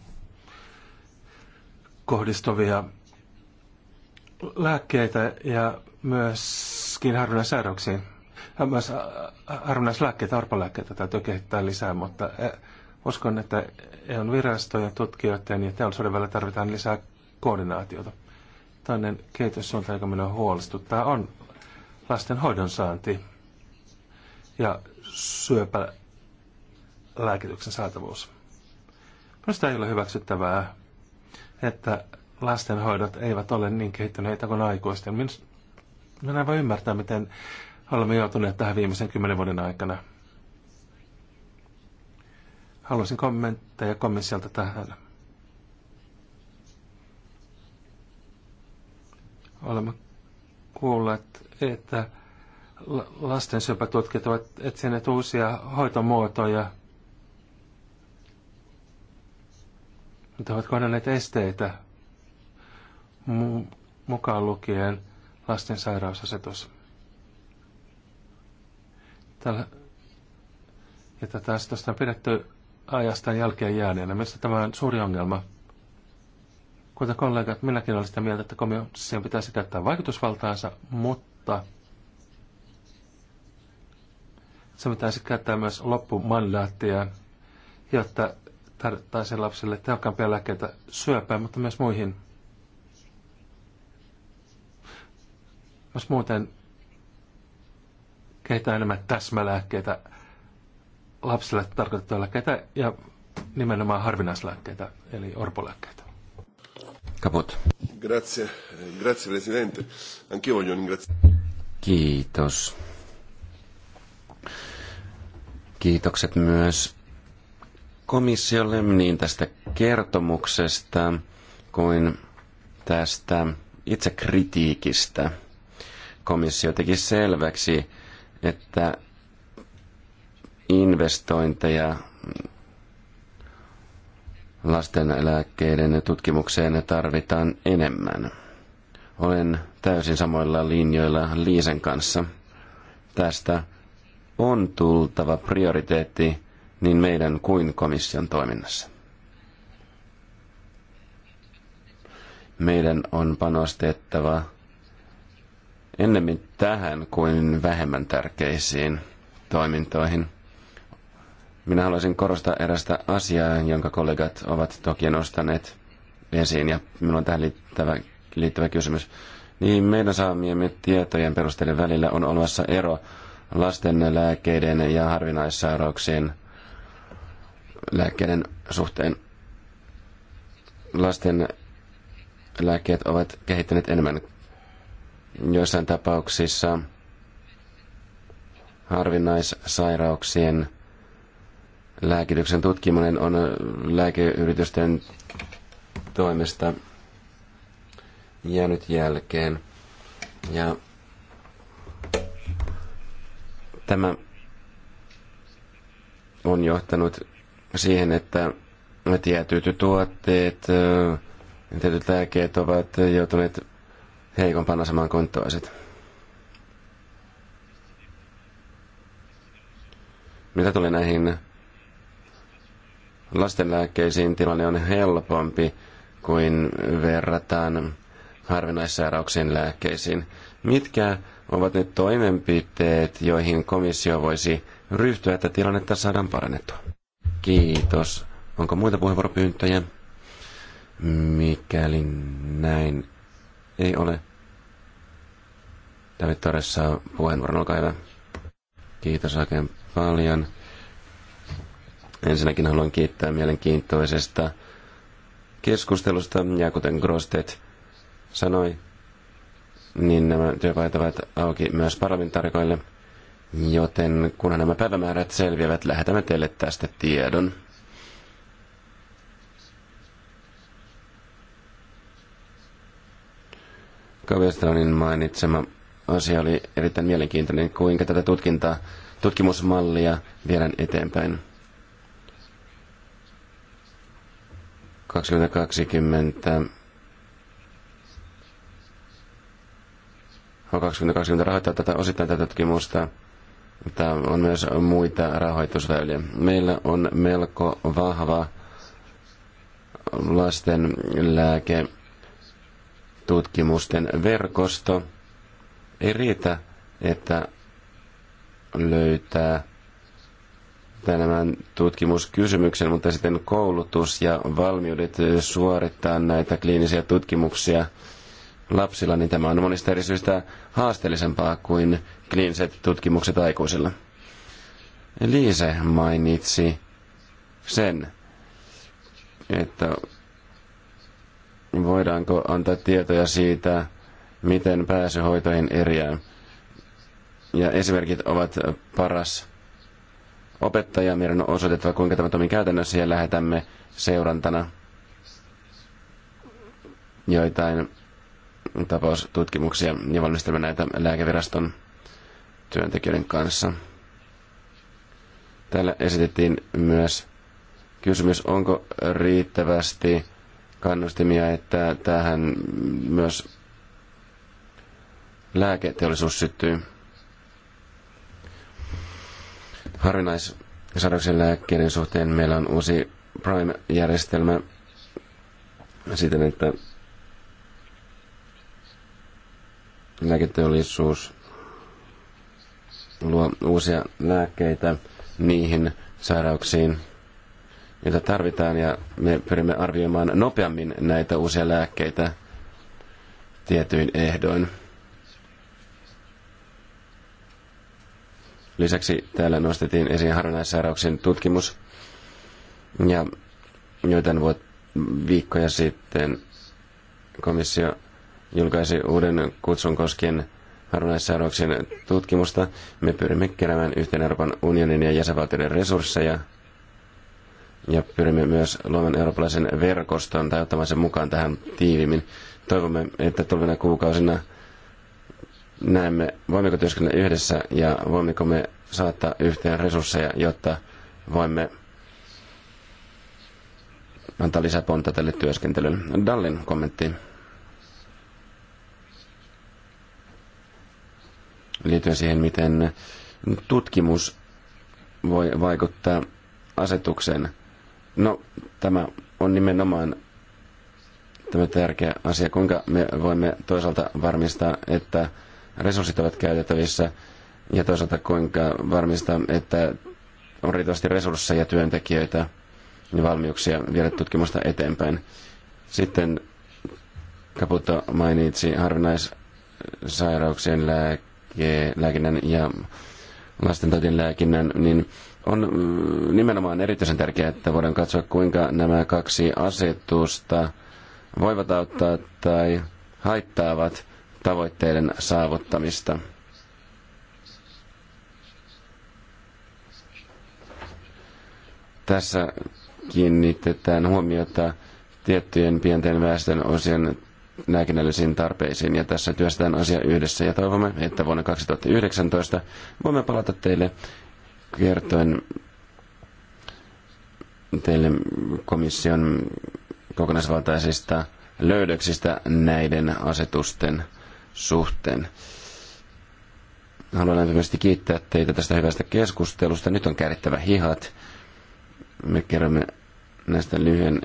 kohdistuvia lääkkeitä ja myöskin harvinaissairauksiin myös äh, harvinaislääkkeitä, arpalääkkeitä täytyy kehittää lisää, mutta äh, uskon, että on virastojen, tutkijoiden ja teollisuuden välillä tarvitaan lisää koordinaatiota. Toinen kehityssuunta, joka minua huolestuttaa, on lasten hoidon saanti ja syöpälääkityksen saatavuus. Minusta ei ole hyväksyttävää, että lastenhoidot eivät ole niin kehittyneitä kuin aikuisten. Minä en voi ymmärtää, miten olemme joutuneet tähän viimeisen kymmenen vuoden aikana. Haluaisin kommentteja komissiolta tähän. Olemme kuulleet, että lastensyöpätutkijat ovat etsineet uusia hoitomuotoja, mutta ovat kohdanneet esteitä mukaan lukien lastensairausasetus. Tällä, ja tätä tästä on pidetty ajastaan jälkeen jääneenä. Mielestäni tämä on suuri ongelma. Kuten kollegat, minäkin olen sitä mieltä, että komission pitäisi käyttää vaikutusvaltaansa, mutta se pitäisi käyttää myös loppumandaattia, jotta tarvittaisiin lapsille tehokkaampia lääkkeitä syöpään, mutta myös muihin. Jos muuten kehittää enemmän täsmälääkkeitä lapsille tarkoitettuja lääkkeitä ja nimenomaan harvinaislääkkeitä, eli orpolääkkeitä. Kaput. Grazie, grazie presidente. Anch'io voglio ringraziare. Kiitos. Kiitokset myös komissiolle niin tästä kertomuksesta kuin tästä itse kritiikistä. Komissio teki selväksi, että investointeja lasten eläkkeiden tutkimukseen tarvitaan enemmän. Olen täysin samoilla linjoilla Liisen kanssa. Tästä on tultava prioriteetti niin meidän kuin komission toiminnassa. Meidän on panostettava ennemmin tähän kuin vähemmän tärkeisiin toimintoihin. Minä haluaisin korostaa erästä asiaa, jonka kollegat ovat toki nostaneet esiin, ja minulla on tähän liittyvä, liittyvä kysymys. Niin meidän saamiemme tietojen perusteiden välillä on olemassa ero lasten lääkkeiden ja harvinaissairauksien lääkkeiden suhteen. Lasten lääkkeet ovat kehittyneet enemmän joissain tapauksissa harvinaissairauksien lääkityksen tutkiminen on lääkeyritysten toimesta jäänyt jälkeen. Ja tämä on johtanut siihen, että tietyt tuotteet, tietyt lääkeet ovat joutuneet heikompaan asemaan kuin toiset. Mitä tulee näihin lastenlääkkeisiin, tilanne on helpompi kuin verrataan harvinaissairauksien lääkkeisiin. Mitkä ovat ne toimenpiteet, joihin komissio voisi ryhtyä, että tilannetta saadaan parannettua? Kiitos. Onko muita puheenvuoropyyntöjä? Mikäli näin ei ole. David Torres saa puheenvuoron, olkaa hyvä. Kiitos oikein paljon. Ensinnäkin haluan kiittää mielenkiintoisesta keskustelusta, ja kuten Grostet sanoi, niin nämä työpaikat ovat auki myös parlamentaarikoille, joten kunhan nämä päivämäärät selviävät, lähetämme teille tästä tiedon. Kaviostranin mainitsema asia oli erittäin mielenkiintoinen, kuinka tätä tutkintaa, tutkimusmallia viedään eteenpäin. 2020 H2020 rahoittaa tätä osittain tätä tutkimusta, mutta on myös muita rahoitusväyliä. Meillä on melko vahva lasten lääke tutkimusten verkosto. Ei riitä, että löytää tämän tutkimuskysymyksen, mutta sitten koulutus ja valmiudet suorittaa näitä kliinisiä tutkimuksia lapsilla, niin tämä on monista eri syistä haasteellisempaa kuin kliiniset tutkimukset aikuisilla. Liise mainitsi sen, että niin voidaanko antaa tietoja siitä, miten hoitoihin eriää. Ja esimerkit ovat paras opettaja. Meidän on osoitettava, kuinka tämä toimii käytännössä ja lähetämme seurantana joitain tapaustutkimuksia ja valmistelemme näitä lääkeviraston työntekijöiden kanssa. Täällä esitettiin myös kysymys, onko riittävästi kannustimia, että tähän myös lääketeollisuus syttyy. Harvinaissadoksen lääkkeiden suhteen meillä on uusi Prime-järjestelmä siten, että lääketeollisuus luo uusia lääkkeitä niihin sairauksiin, joita tarvitaan ja me pyrimme arvioimaan nopeammin näitä uusia lääkkeitä tietyin ehdoin. Lisäksi täällä nostettiin esiin harvinaissairauksien tutkimus. Ja joitain vuot, viikkoja sitten komissio julkaisi uuden kutsun koskien harvinaissairauksien tutkimusta. Me pyrimme keräämään yhteen Euroopan unionin ja jäsenvaltioiden resursseja – ja pyrimme myös luomaan eurooppalaisen verkoston tai ottamaan sen mukaan tähän tiiviimmin. Toivomme, että tulevina kuukausina näemme, voimmeko työskennellä yhdessä ja voimmeko me saattaa yhteen resursseja, jotta voimme antaa lisäponta tälle työskentelylle. Dallin kommentti. Liittyen siihen, miten tutkimus voi vaikuttaa asetuksen No, tämä on nimenomaan tämä tärkeä asia, kuinka me voimme toisaalta varmistaa, että resurssit ovat käytettävissä ja toisaalta kuinka varmistaa, että on riittävästi resursseja, työntekijöitä ja valmiuksia viedä tutkimusta eteenpäin. Sitten Caputo mainitsi harvinaissairauksien lääke, lääkinnän ja lastentautien lääkinnän, niin on mm, nimenomaan erityisen tärkeää, että voidaan katsoa, kuinka nämä kaksi asetusta voivat auttaa tai haittaavat tavoitteiden saavuttamista. Tässä kiinnitetään huomiota tiettyjen pienten väestön osien lääkinnällisiin tarpeisiin ja tässä työstetään asia yhdessä ja toivomme, että vuonna 2019 voimme palata teille kertoin teille komission kokonaisvaltaisista löydöksistä näiden asetusten suhteen. Haluan lämpimästi kiittää teitä tästä hyvästä keskustelusta. Nyt on käärittävä hihat. Me kerromme näistä lyhyen,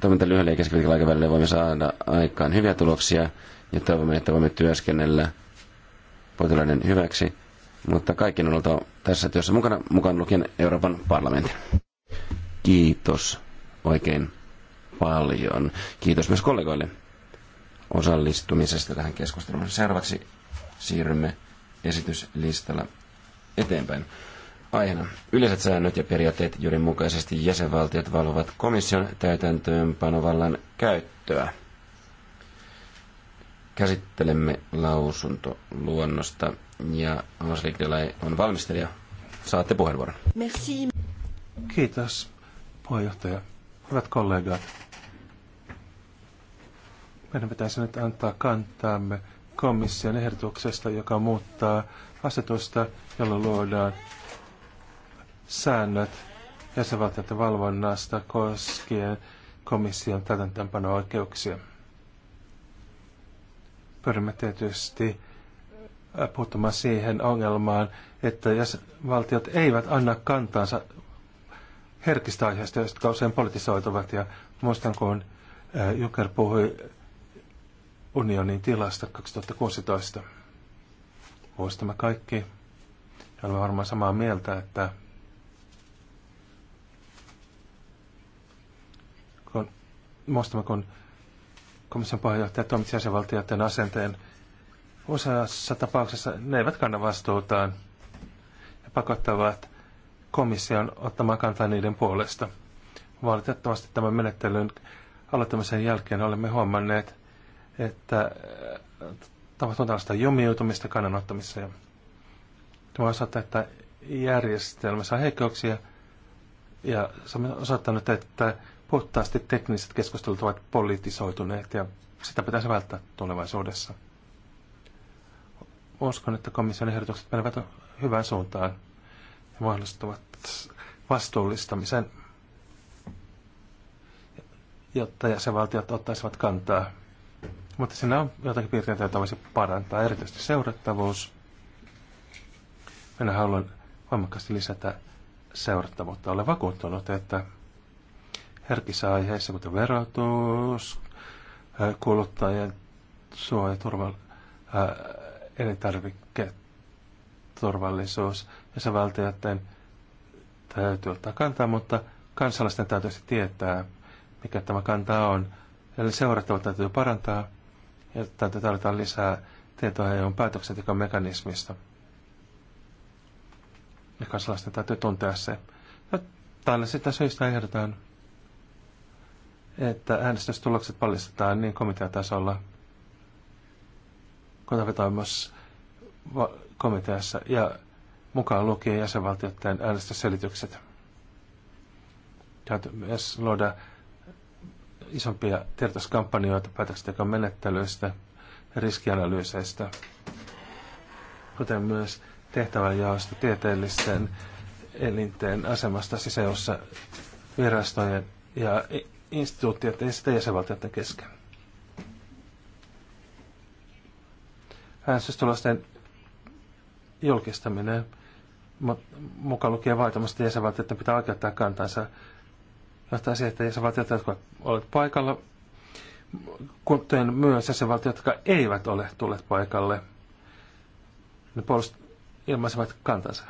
toiminta lyhyellä ja keskipitkällä aikavälillä voimme saada aikaan hyviä tuloksia ja toivomme, että voimme työskennellä potilaiden hyväksi mutta kaikki on oltava tässä työssä mukana, mukaan lukien Euroopan parlamentin. Kiitos oikein paljon. Kiitos myös kollegoille osallistumisesta tähän keskusteluun. Seuraavaksi siirrymme esityslistalla eteenpäin. Aiheena yleiset säännöt ja periaatteet, joiden mukaisesti jäsenvaltiot valvovat komission täytäntöönpanovallan käyttöä. Käsittelemme lausuntoluonnosta ja Vaslik Delay on valmistelija. Saatte puheenvuoron. Merci. Kiitos, puheenjohtaja. Hyvät kollegat, meidän pitäisi nyt antaa kantaamme komission ehdotuksesta, joka muuttaa asetusta, jolla luodaan säännöt jäsenvaltioiden valvonnasta koskien komission täytäntöönpano-oikeuksia. Pyrimme tietysti Äh, puuttumaan siihen ongelmaan, että valtiot eivät anna kantaansa herkistä aiheista, jotka usein politisoituvat. Ja muistan, kun äh, Juncker puhui unionin tilasta 2016. Muistamme kaikki ja olemme varmaan samaa mieltä, että kun, muistamme, kun komission puheenjohtaja toimitsi jäsenvaltioiden asenteen – Useassa tapauksessa ne eivät kanna vastuutaan ja pakottavat komission ottamaan kantaa niiden puolesta. Valitettavasti tämän menettelyn aloittamisen jälkeen olemme huomanneet, että äh, tapahtuu tällaista jumiutumista kannanottamissa. Ja tämä osoittaa, että järjestelmässä on heikkouksia ja se on osoittanut, että puhtaasti tekniset keskustelut ovat politisoituneet ja sitä pitäisi välttää tulevaisuudessa uskon, että komission ehdotukset menevät hyvään suuntaan ja mahdollistavat vastuullistamisen, jotta jäsenvaltiot ottaisivat kantaa. Mutta siinä on jotakin piirteitä, joita voisi parantaa, erityisesti seurattavuus. Minä haluan voimakkaasti lisätä seurattavuutta. Olen vakuuttunut, että herkissä aiheissa, kuten verotus, kuluttajien suoja, turva, elintarviketurvallisuus ja se valtioiden täytyy ottaa kantaa, mutta kansalaisten täytyisi tietää, mikä tämä kanta on. Eli seurattava täytyy parantaa ja täytyy tarjota lisää tietoa EUn päätöksentekomekanismista. Ja kansalaisten täytyy tuntea se. täällä sitä syystä ehdotan, että äänestystulokset paljastetaan niin komiteatasolla – kuntavetoimus komiteassa ja mukaan lukien jäsenvaltioiden äänestysselitykset. täytyy myös luoda isompia tiedotuskampanjoita päätöksentekon menettelyistä ja riskianalyyseistä, kuten myös tehtävänjaosta tieteellisten elinten asemasta sisäjossa virastojen ja instituutioiden ja jäsenvaltioiden kesken. äänestystulosten julkistaminen, mukaan lukien vaatimasta jäsenvaltioiden pitää oikeuttaa kantansa, johtaa siihen, että jäsenvaltiot, jotka olivat paikalla, kuten myös jäsenvaltiot, jotka eivät ole tulleet paikalle, ne puolust ilmaisevat kantansa.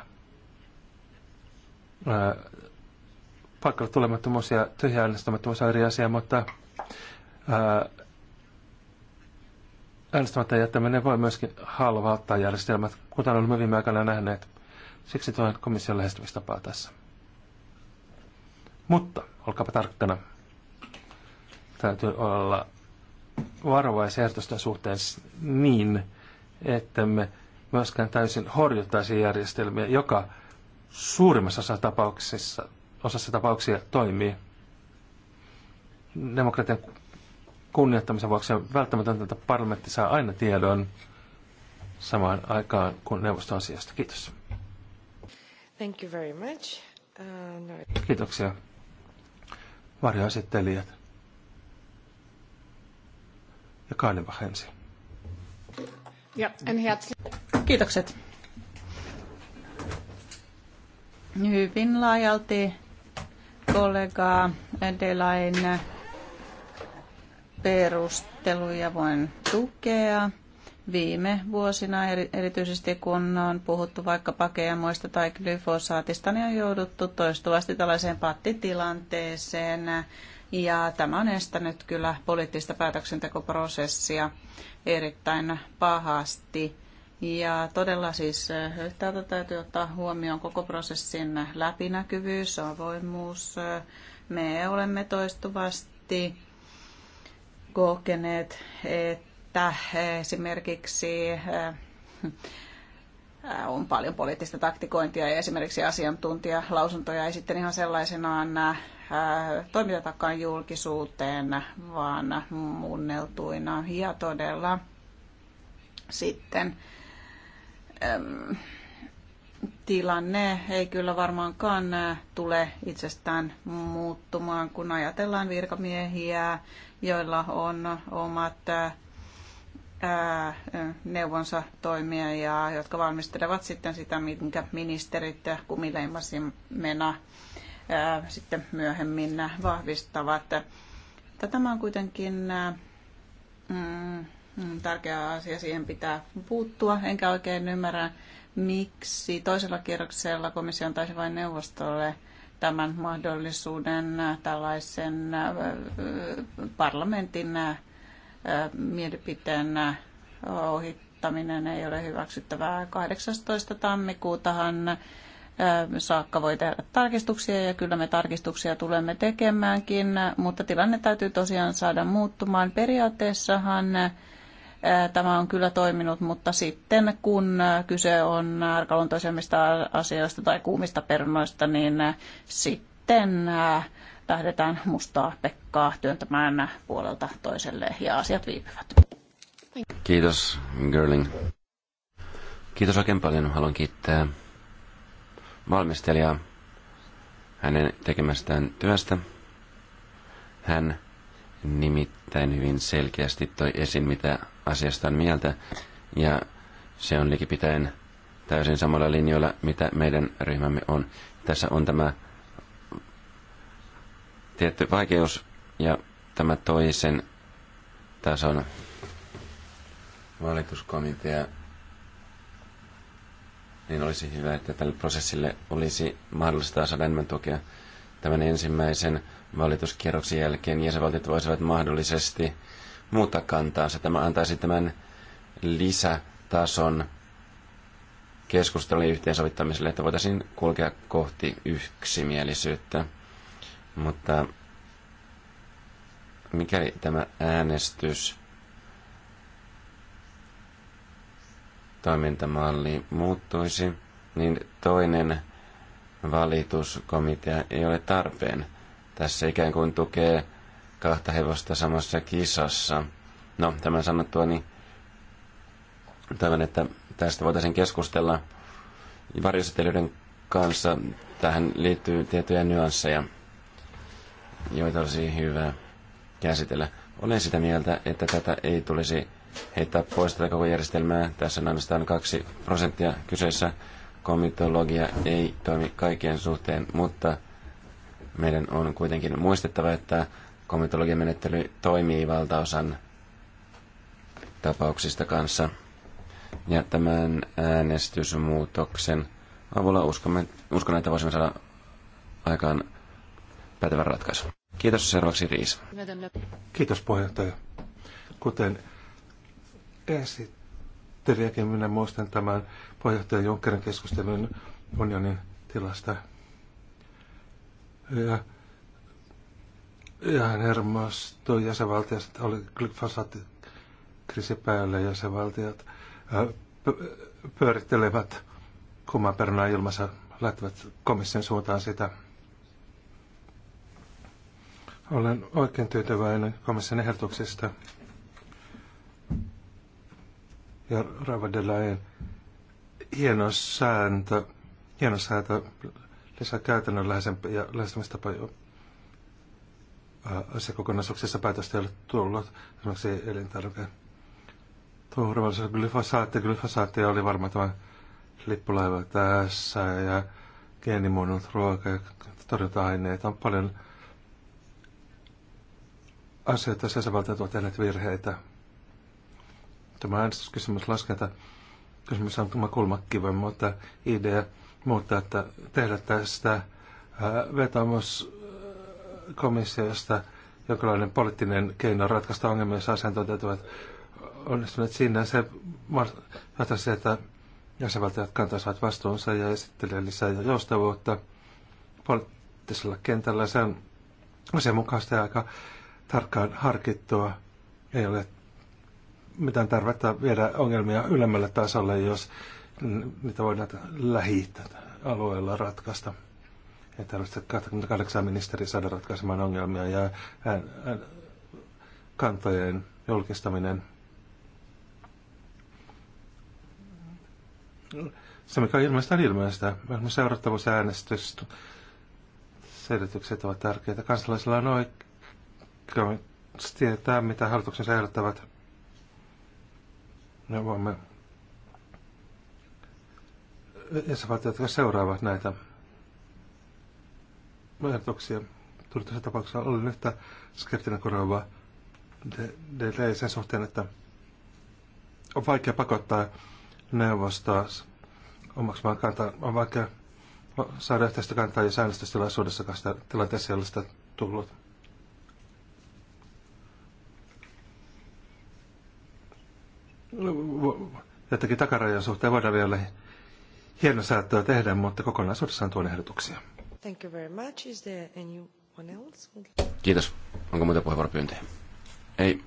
Paikalla tulemattomuus ja tyhjäännestämättömyys on eri asia, mutta ää, Äänestämättä jättäminen voi myöskin halvauttaa järjestelmät, kuten olemme viime aikoina nähneet. Siksi tuen komission lähestymistapaa tässä. Mutta, olkaapa tarkkana. Täytyy olla varovaisia suhteen niin, että me myöskään täysin horjuttaisiin järjestelmiä, joka suurimmassa osassa tapauksissa, osassa tapauksia toimii. Demokratian kunnioittamisen vuoksi välttämätöntä, että parlamentti saa aina tiedon samaan aikaan kuin neuvoston asiasta. Kiitos. Thank you very much. Uh, no. Kiitoksia. Varjoesittelijät. Ja Kaanenbach ensin. Ja, en Kiitokset. Hyvin laajalti kollega Delain perusteluja voin tukea. Viime vuosina, erityisesti kun on puhuttu vaikka pakeamoista tai glyfosaatista, niin on jouduttu toistuvasti tällaiseen pattitilanteeseen. Ja tämä on estänyt kyllä poliittista päätöksentekoprosessia erittäin pahasti. Ja todella siis eh, täältä täytyy ottaa huomioon koko prosessin läpinäkyvyys, avoimuus. Me olemme toistuvasti kokeneet, että esimerkiksi äh, on paljon poliittista taktikointia ja esimerkiksi asiantuntijalausuntoja ei sitten ihan sellaisenaan äh, toimitetakaan julkisuuteen, vaan muunneltuina ja todella sitten ähm, tilanne ei kyllä varmaankaan äh, tule itsestään muuttumaan, kun ajatellaan virkamiehiä, joilla on omat neuvonsa toimia ja jotka valmistelevat sitten sitä, minkä ministerit kumileimasimena sitten myöhemmin vahvistavat. Tämä on kuitenkin mm, tärkeä asia, siihen pitää puuttua. Enkä oikein ymmärrä, miksi toisella kierroksella komission taisi vain neuvostolle tämän mahdollisuuden tällaisen parlamentin mielipiteen ohittaminen ei ole hyväksyttävää. 18. tammikuutahan saakka voi tehdä tarkistuksia ja kyllä me tarkistuksia tulemme tekemäänkin, mutta tilanne täytyy tosiaan saada muuttumaan. Periaatteessahan tämä on kyllä toiminut, mutta sitten kun kyse on arkaluontoisemmista asioista tai kuumista perunoista, niin sitten lähdetään mustaa Pekkaa työntämään puolelta toiselle ja asiat viipyvät. Kiitos, Girling. Kiitos oikein paljon. Haluan kiittää valmistelijaa hänen tekemästään työstä. Hän nimittäin hyvin selkeästi toi esiin, mitä asiastaan mieltä, ja se on likipitäen täysin samalla linjoilla, mitä meidän ryhmämme on. Tässä on tämä tietty vaikeus ja tämä toisen tason valituskomitea, niin olisi hyvä, että tälle prosessille olisi mahdollista saada enemmän tukea. Tämän ensimmäisen valituskierroksen jälkeen jäsenvaltiot voisivat mahdollisesti muuta kantaansa. Tämä antaisi tämän lisätason keskustelun yhteensovittamiselle, että voitaisiin kulkea kohti yksimielisyyttä. Mutta mikäli tämä äänestys toimintamalli muuttuisi, niin toinen valituskomitea ei ole tarpeen. Tässä ikään kuin tukee kahta hevosta samassa kisassa. No, tämän sanottua, niin toivon, että tästä voitaisiin keskustella varjosetelijöiden kanssa. Tähän liittyy tiettyjä nyansseja, joita olisi hyvä käsitellä. Olen sitä mieltä, että tätä ei tulisi heittää pois tätä koko järjestelmää. Tässä on ainoastaan kaksi prosenttia kyseessä. Komitologia ei toimi kaikkien suhteen, mutta meidän on kuitenkin muistettava, että komitologiamenettely toimii valtaosan tapauksista kanssa. Ja tämän äänestysmuutoksen avulla uskomme, uskon, että voisimme saada aikaan pätevän ratkaisun. Kiitos seuraavaksi Riis. Kiitos puheenjohtaja. Kuten esittelijäkin minä muistan tämän puheenjohtajan Junckerin keskustelun unionin tilasta. Ja ihan hermostui jäsenvaltiot, oli glyfosaattikriisi päällä jäsenvaltiot pyörittelevät kumman perunaa ilmassa, lähtevät komission suuntaan sitä. Olen oikein tyytyväinen komission ehdotuksesta ja Ravadelain hieno sääntö, hieno sääntö lisää käytännönläheisempi ja lähestymistapa se kokonaisuuksessa päätöstä ei ole tullut. Esimerkiksi elintarvikeen. turvallisuus, glyfosaatti, glyfosaatti oli varmaan tämä lippulaiva tässä ja geenimuunnut ruoka ja torjunta-aineet. On paljon asioita, joissa jäsenvaltiot ovat tehneet virheitä. Tämä äänestyskysymys laskenta kysymys on tämä kulmakiven, mutta idea muuttaa, että tehdä tästä vetomus komissiosta jonkinlainen poliittinen keino ratkaista ongelmia, jos asiantuntijat ovat onnistuneet siinä. Se johtaisi se, että jäsenvaltiot kantaisivat vastuunsa ja esittelee lisää joustavuutta poliittisella kentällä. Se on asianmukaista ja aika tarkkaan harkittua. Ei ole mitään tarvetta viedä ongelmia ylemmälle tasolle, jos niitä voidaan lähi alueella ratkaista. Ei tarvitse 28 ministeriä saada ratkaisemaan ongelmia ja kantojen julkistaminen. Se, mikä on ilmeistä, on ilmeistä. Seurattavuusäänestys, selitykset ovat tärkeitä. Kansalaisilla on oikeus tietää, mitä hallituksen seurattavat. Me voimme jäsenvaltiot, jotka seuraavat näitä vertauksia turvallisessa tapauksessa olin yhtä skeptinä kuin DLE sen suhteen, että on vaikea pakottaa neuvostoa omaksumaan kantaa. On vaikea saada yhteistä kantaa, säännöstöstilaisuudessa kanssa tilanteessa ei ole sitä tullut. Jotakin takarajan suhteen voidaan vielä säätöä tehdä, mutta kokonaisuudessaan tuon ehdotuksia. Thank you very much. Is there anyone else? Kiitos. Onko muita puheenvuoropyyntöjä? Ei.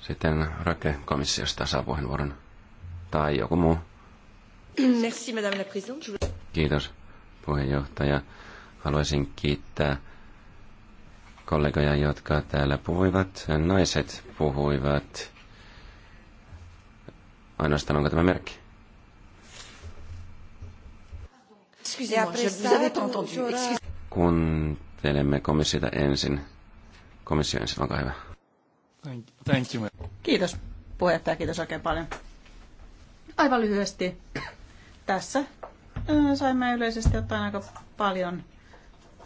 Sitten Rake komissiosta saa puheenvuoron. Tai joku muu. Merci, madame la présidente. Kiitos, puheenjohtaja. Haluaisin kiittää kollegoja, jotka täällä puhuivat. Naiset puhuivat. Ainoastaan onko tämä merkki? Kuuntelemme komissiota ensin. Komissio ensin, olkaa hyvä. Thank you. Kiitos puheenjohtaja, kiitos oikein paljon. Aivan lyhyesti tässä äh, saimme yleisesti ottaen aika paljon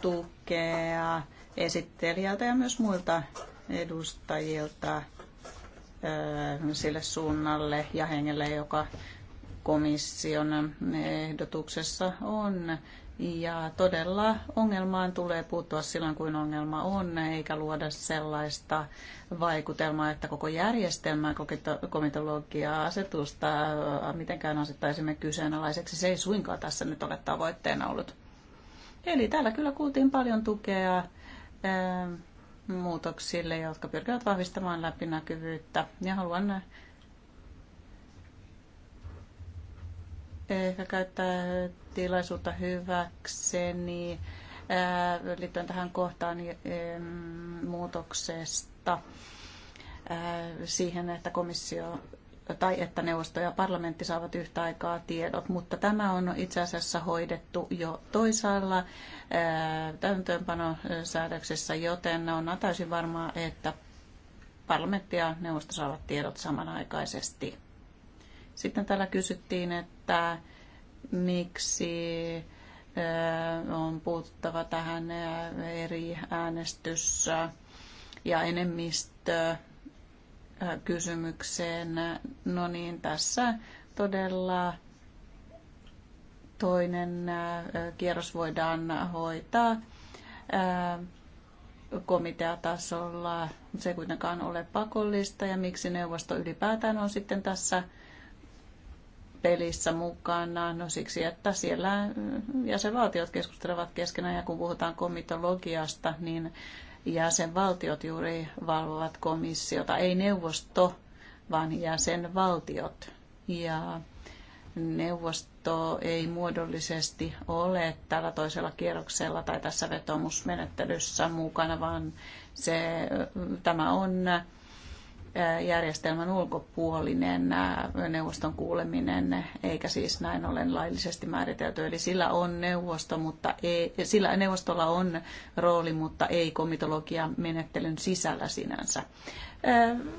tukea esittelijältä ja myös muilta edustajilta äh, sille suunnalle ja hengelle, joka komission ehdotuksessa on. Ja todella ongelmaan tulee puuttua silloin, kun ongelma on, eikä luoda sellaista vaikutelmaa, että koko järjestelmää, komitologiaa, asetusta mitenkään asettaisimme kyseenalaiseksi. Se ei suinkaan tässä nyt ole tavoitteena ollut. Eli täällä kyllä kuultiin paljon tukea muutoksille, jotka pyrkivät vahvistamaan läpinäkyvyyttä. Ja haluan ehkä käyttää tilaisuutta hyväkseni äh, liittyen tähän kohtaan muutoksesta äh, siihen, että komissio tai että neuvosto ja parlamentti saavat yhtä aikaa tiedot, mutta tämä on itse asiassa hoidettu jo toisaalla äh, täytäntöönpanosäädöksessä, joten on täysin varmaa, että parlamentti ja neuvosto saavat tiedot samanaikaisesti. Sitten täällä kysyttiin, että miksi on puuttava tähän eri äänestys- ja enemmistö kysymykseen. No niin, tässä todella toinen kierros voidaan hoitaa komiteatasolla. Se ei kuitenkaan ole pakollista ja miksi neuvosto ylipäätään on sitten tässä pelissä mukana. No siksi, että siellä mm, jäsenvaltiot keskustelevat keskenään ja kun puhutaan komitologiasta, niin jäsenvaltiot juuri valvovat komissiota, ei neuvosto, vaan jäsenvaltiot. Ja neuvosto ei muodollisesti ole tällä toisella kierroksella tai tässä vetomusmenettelyssä mukana, vaan se, mm, tämä on järjestelmän ulkopuolinen neuvoston kuuleminen, eikä siis näin ollen laillisesti määritelty. Eli sillä on neuvosto, mutta ei, sillä neuvostolla on rooli, mutta ei komitologia menettelyn sisällä sinänsä.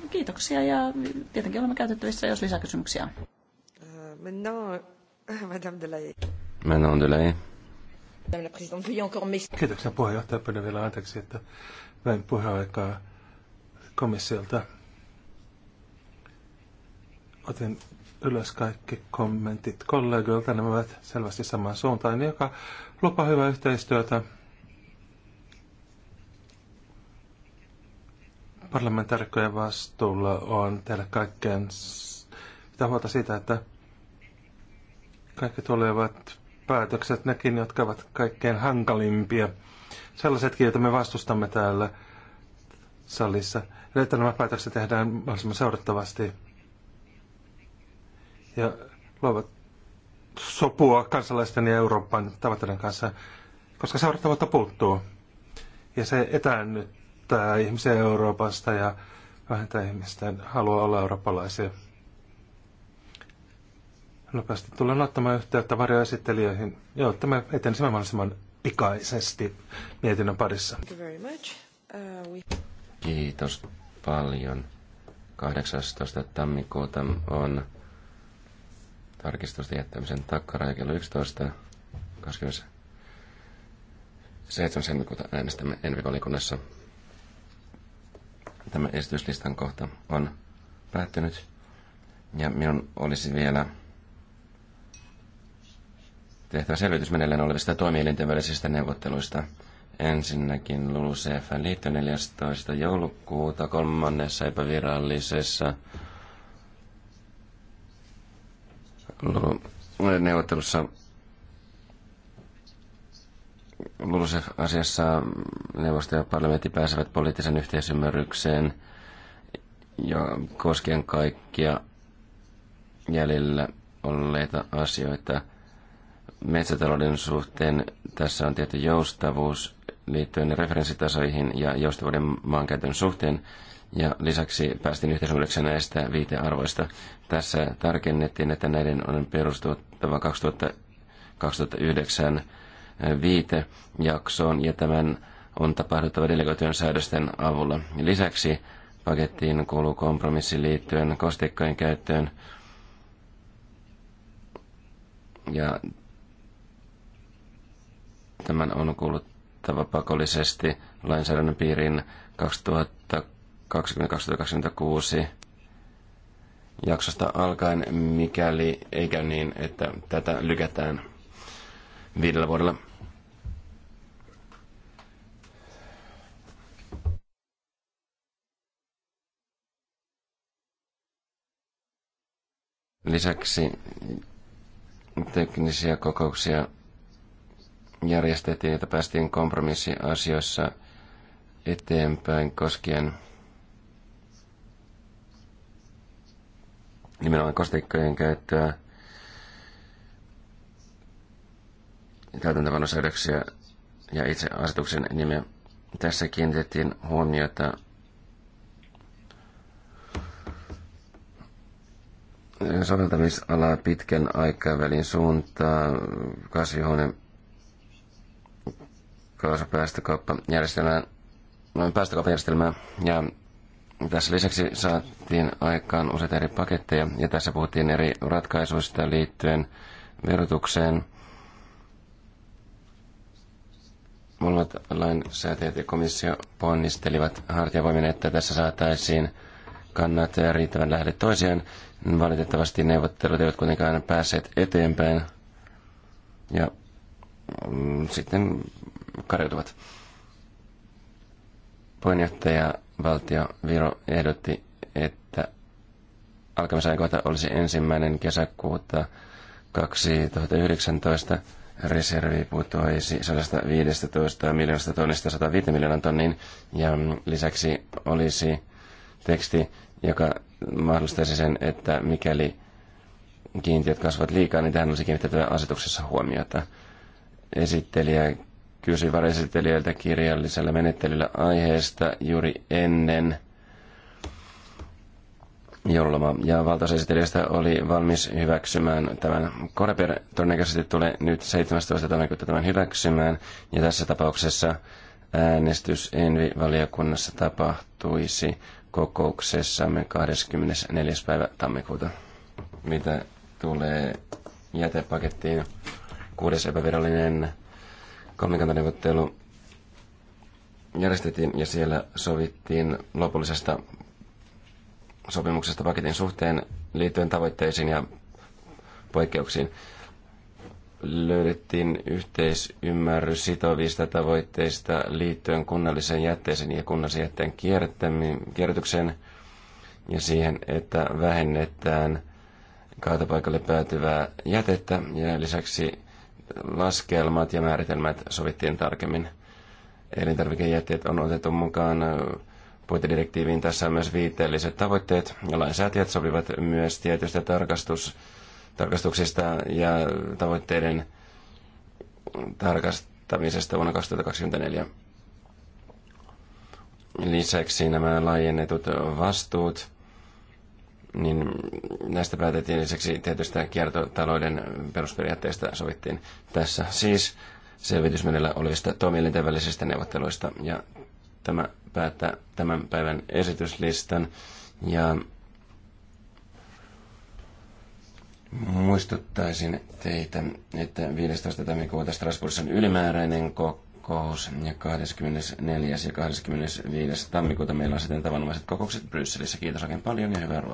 Kiitoksia ja tietenkin olemme käytettävissä, jos lisäkysymyksiä on. Madame Madame la Kiitoksia puheenjohtaja. Pyydän vielä anteeksi, että vain puheenaikaa komissiolta otin ylös kaikki kommentit kollegoilta. ne ovat selvästi samaan suuntaan, niin joka lupaa hyvää yhteistyötä. Parlamentaarikkojen vastuulla on teille kaikkeen sitä huolta siitä, että kaikki tulevat päätökset, nekin, jotka ovat kaikkein hankalimpia. Sellaisetkin, joita me vastustamme täällä salissa. Ja että nämä päätökset tehdään mahdollisimman seurattavasti ja luovat sopua kansalaisten ja Euroopan tavoitteiden kanssa, koska seurattavuutta puuttuu. Ja se etäännyttää ihmisiä Euroopasta ja vähentää ihmisten halua olla eurooppalaisia. Nopeasti tullaan ottamaan yhteyttä varjoesittelijöihin, jotta me etenisimme mahdollisimman pikaisesti mietinnön parissa. Uh, Kiitos paljon. 18. tammikuuta on tarkistusten jättämisen takkaraja kello 11. 27. helmikuuta äänestämme Envi-valikunnassa. Tämä esityslistan kohta on päättynyt. Ja minun olisi vielä tehtävä selvitys meneillään olevista toimielinten välisistä neuvotteluista. Ensinnäkin LULUCFn liitto 14. joulukuuta kolmannessa epävirallisessa neuvottelussa LULUSEF-asiassa neuvosto ja parlamentti pääsevät poliittisen yhteisymmärrykseen ja koskien kaikkia jäljellä olleita asioita metsätalouden suhteen. Tässä on tietty joustavuus liittyen referenssitasoihin ja joustavuuden maankäytön suhteen. Ja lisäksi päästiin yhteisymmärrykseen näistä viitearvoista. Tässä tarkennettiin, että näiden on perustuttava 2000, 2009 viitejaksoon ja tämän on tapahduttava delegoitujen säädösten avulla. Lisäksi pakettiin kuuluu kompromissi liittyen kosteikkojen käyttöön ja tämän on kuuluttava pakollisesti lainsäädännön piiriin 2000 2026 jaksosta alkaen, mikäli ei käy niin, että tätä lykätään viidellä vuodella. Lisäksi teknisiä kokouksia järjestettiin, että päästiin kompromissiasioissa eteenpäin koskien nimenomaan kosteikkojen käyttöä, täytäntöpanosäädöksiä ja itse asetuksen nime Tässä kiinnitettiin huomiota soveltamisalaa pitkän aikavälin suuntaa, kasvihuone, kaasupäästökauppajärjestelmää, päästökauppajärjestelmää ja tässä lisäksi saatiin aikaan useita eri paketteja, ja tässä puhuttiin eri ratkaisuista liittyen verotukseen. Molemmat lainsäätäjät ja komissio ponnistelivat hartiavoimin, että tässä saataisiin kannat riittävän lähde toisiaan. Valitettavasti neuvottelut eivät kuitenkaan päässeet eteenpäin, ja mm, sitten karjoituvat. Puheenjohtaja valtio Viro ehdotti, että alkamisaikoita olisi ensimmäinen kesäkuuta 2019 reservi putoisi 115 miljoonasta tonnista 105 miljoonan tonniin ja mm, lisäksi olisi teksti, joka mahdollistaisi sen, että mikäli kiintiöt kasvavat liikaa, niin tähän olisi kiinnitettävä asetuksessa huomiota. Esittelijä kysyi varesitelijöiltä kirjallisella menettelyllä aiheesta juuri ennen jouloma. Ja valtausesittelijästä oli valmis hyväksymään tämän. Koreper todennäköisesti tulee nyt 17. tammikuuta tämän hyväksymään. Ja tässä tapauksessa äänestys Envi-valiokunnassa tapahtuisi kokouksessamme 24. päivä tammikuuta. Mitä tulee jätepakettiin, kuudes epävirallinen kolmikantaneuvottelu järjestettiin ja siellä sovittiin lopullisesta sopimuksesta paketin suhteen liittyen tavoitteisiin ja poikkeuksiin. Löydettiin yhteisymmärrys sitovista tavoitteista liittyen kunnalliseen jätteeseen ja kunnallisen jätteen kierrätykseen ja siihen, että vähennetään kaatopaikalle päätyvää jätettä ja lisäksi laskelmat ja määritelmät sovittiin tarkemmin. Elintarvikejätteet on otettu mukaan puitedirektiiviin. Tässä on myös viitteelliset tavoitteet. Lainsäätiöt sopivat myös tietystä tarkastus, tarkastuksista ja tavoitteiden tarkastamisesta vuonna 2024. Lisäksi nämä laajennetut vastuut – niin näistä päätettiin lisäksi tietystä kiertotalouden perusperiaatteista sovittiin tässä. Siis selvitys oli sitä toimielinten välisistä neuvotteluista ja tämä päättää tämän päivän esityslistan ja muistuttaisin teitä, että 15. tammikuuta Strasbourgissa on ylimääräinen kokous ja 24. ja 25. tammikuuta meillä on sitten tavanomaiset kokoukset Brysselissä. Kiitos oikein paljon ja hyvää ruokaa.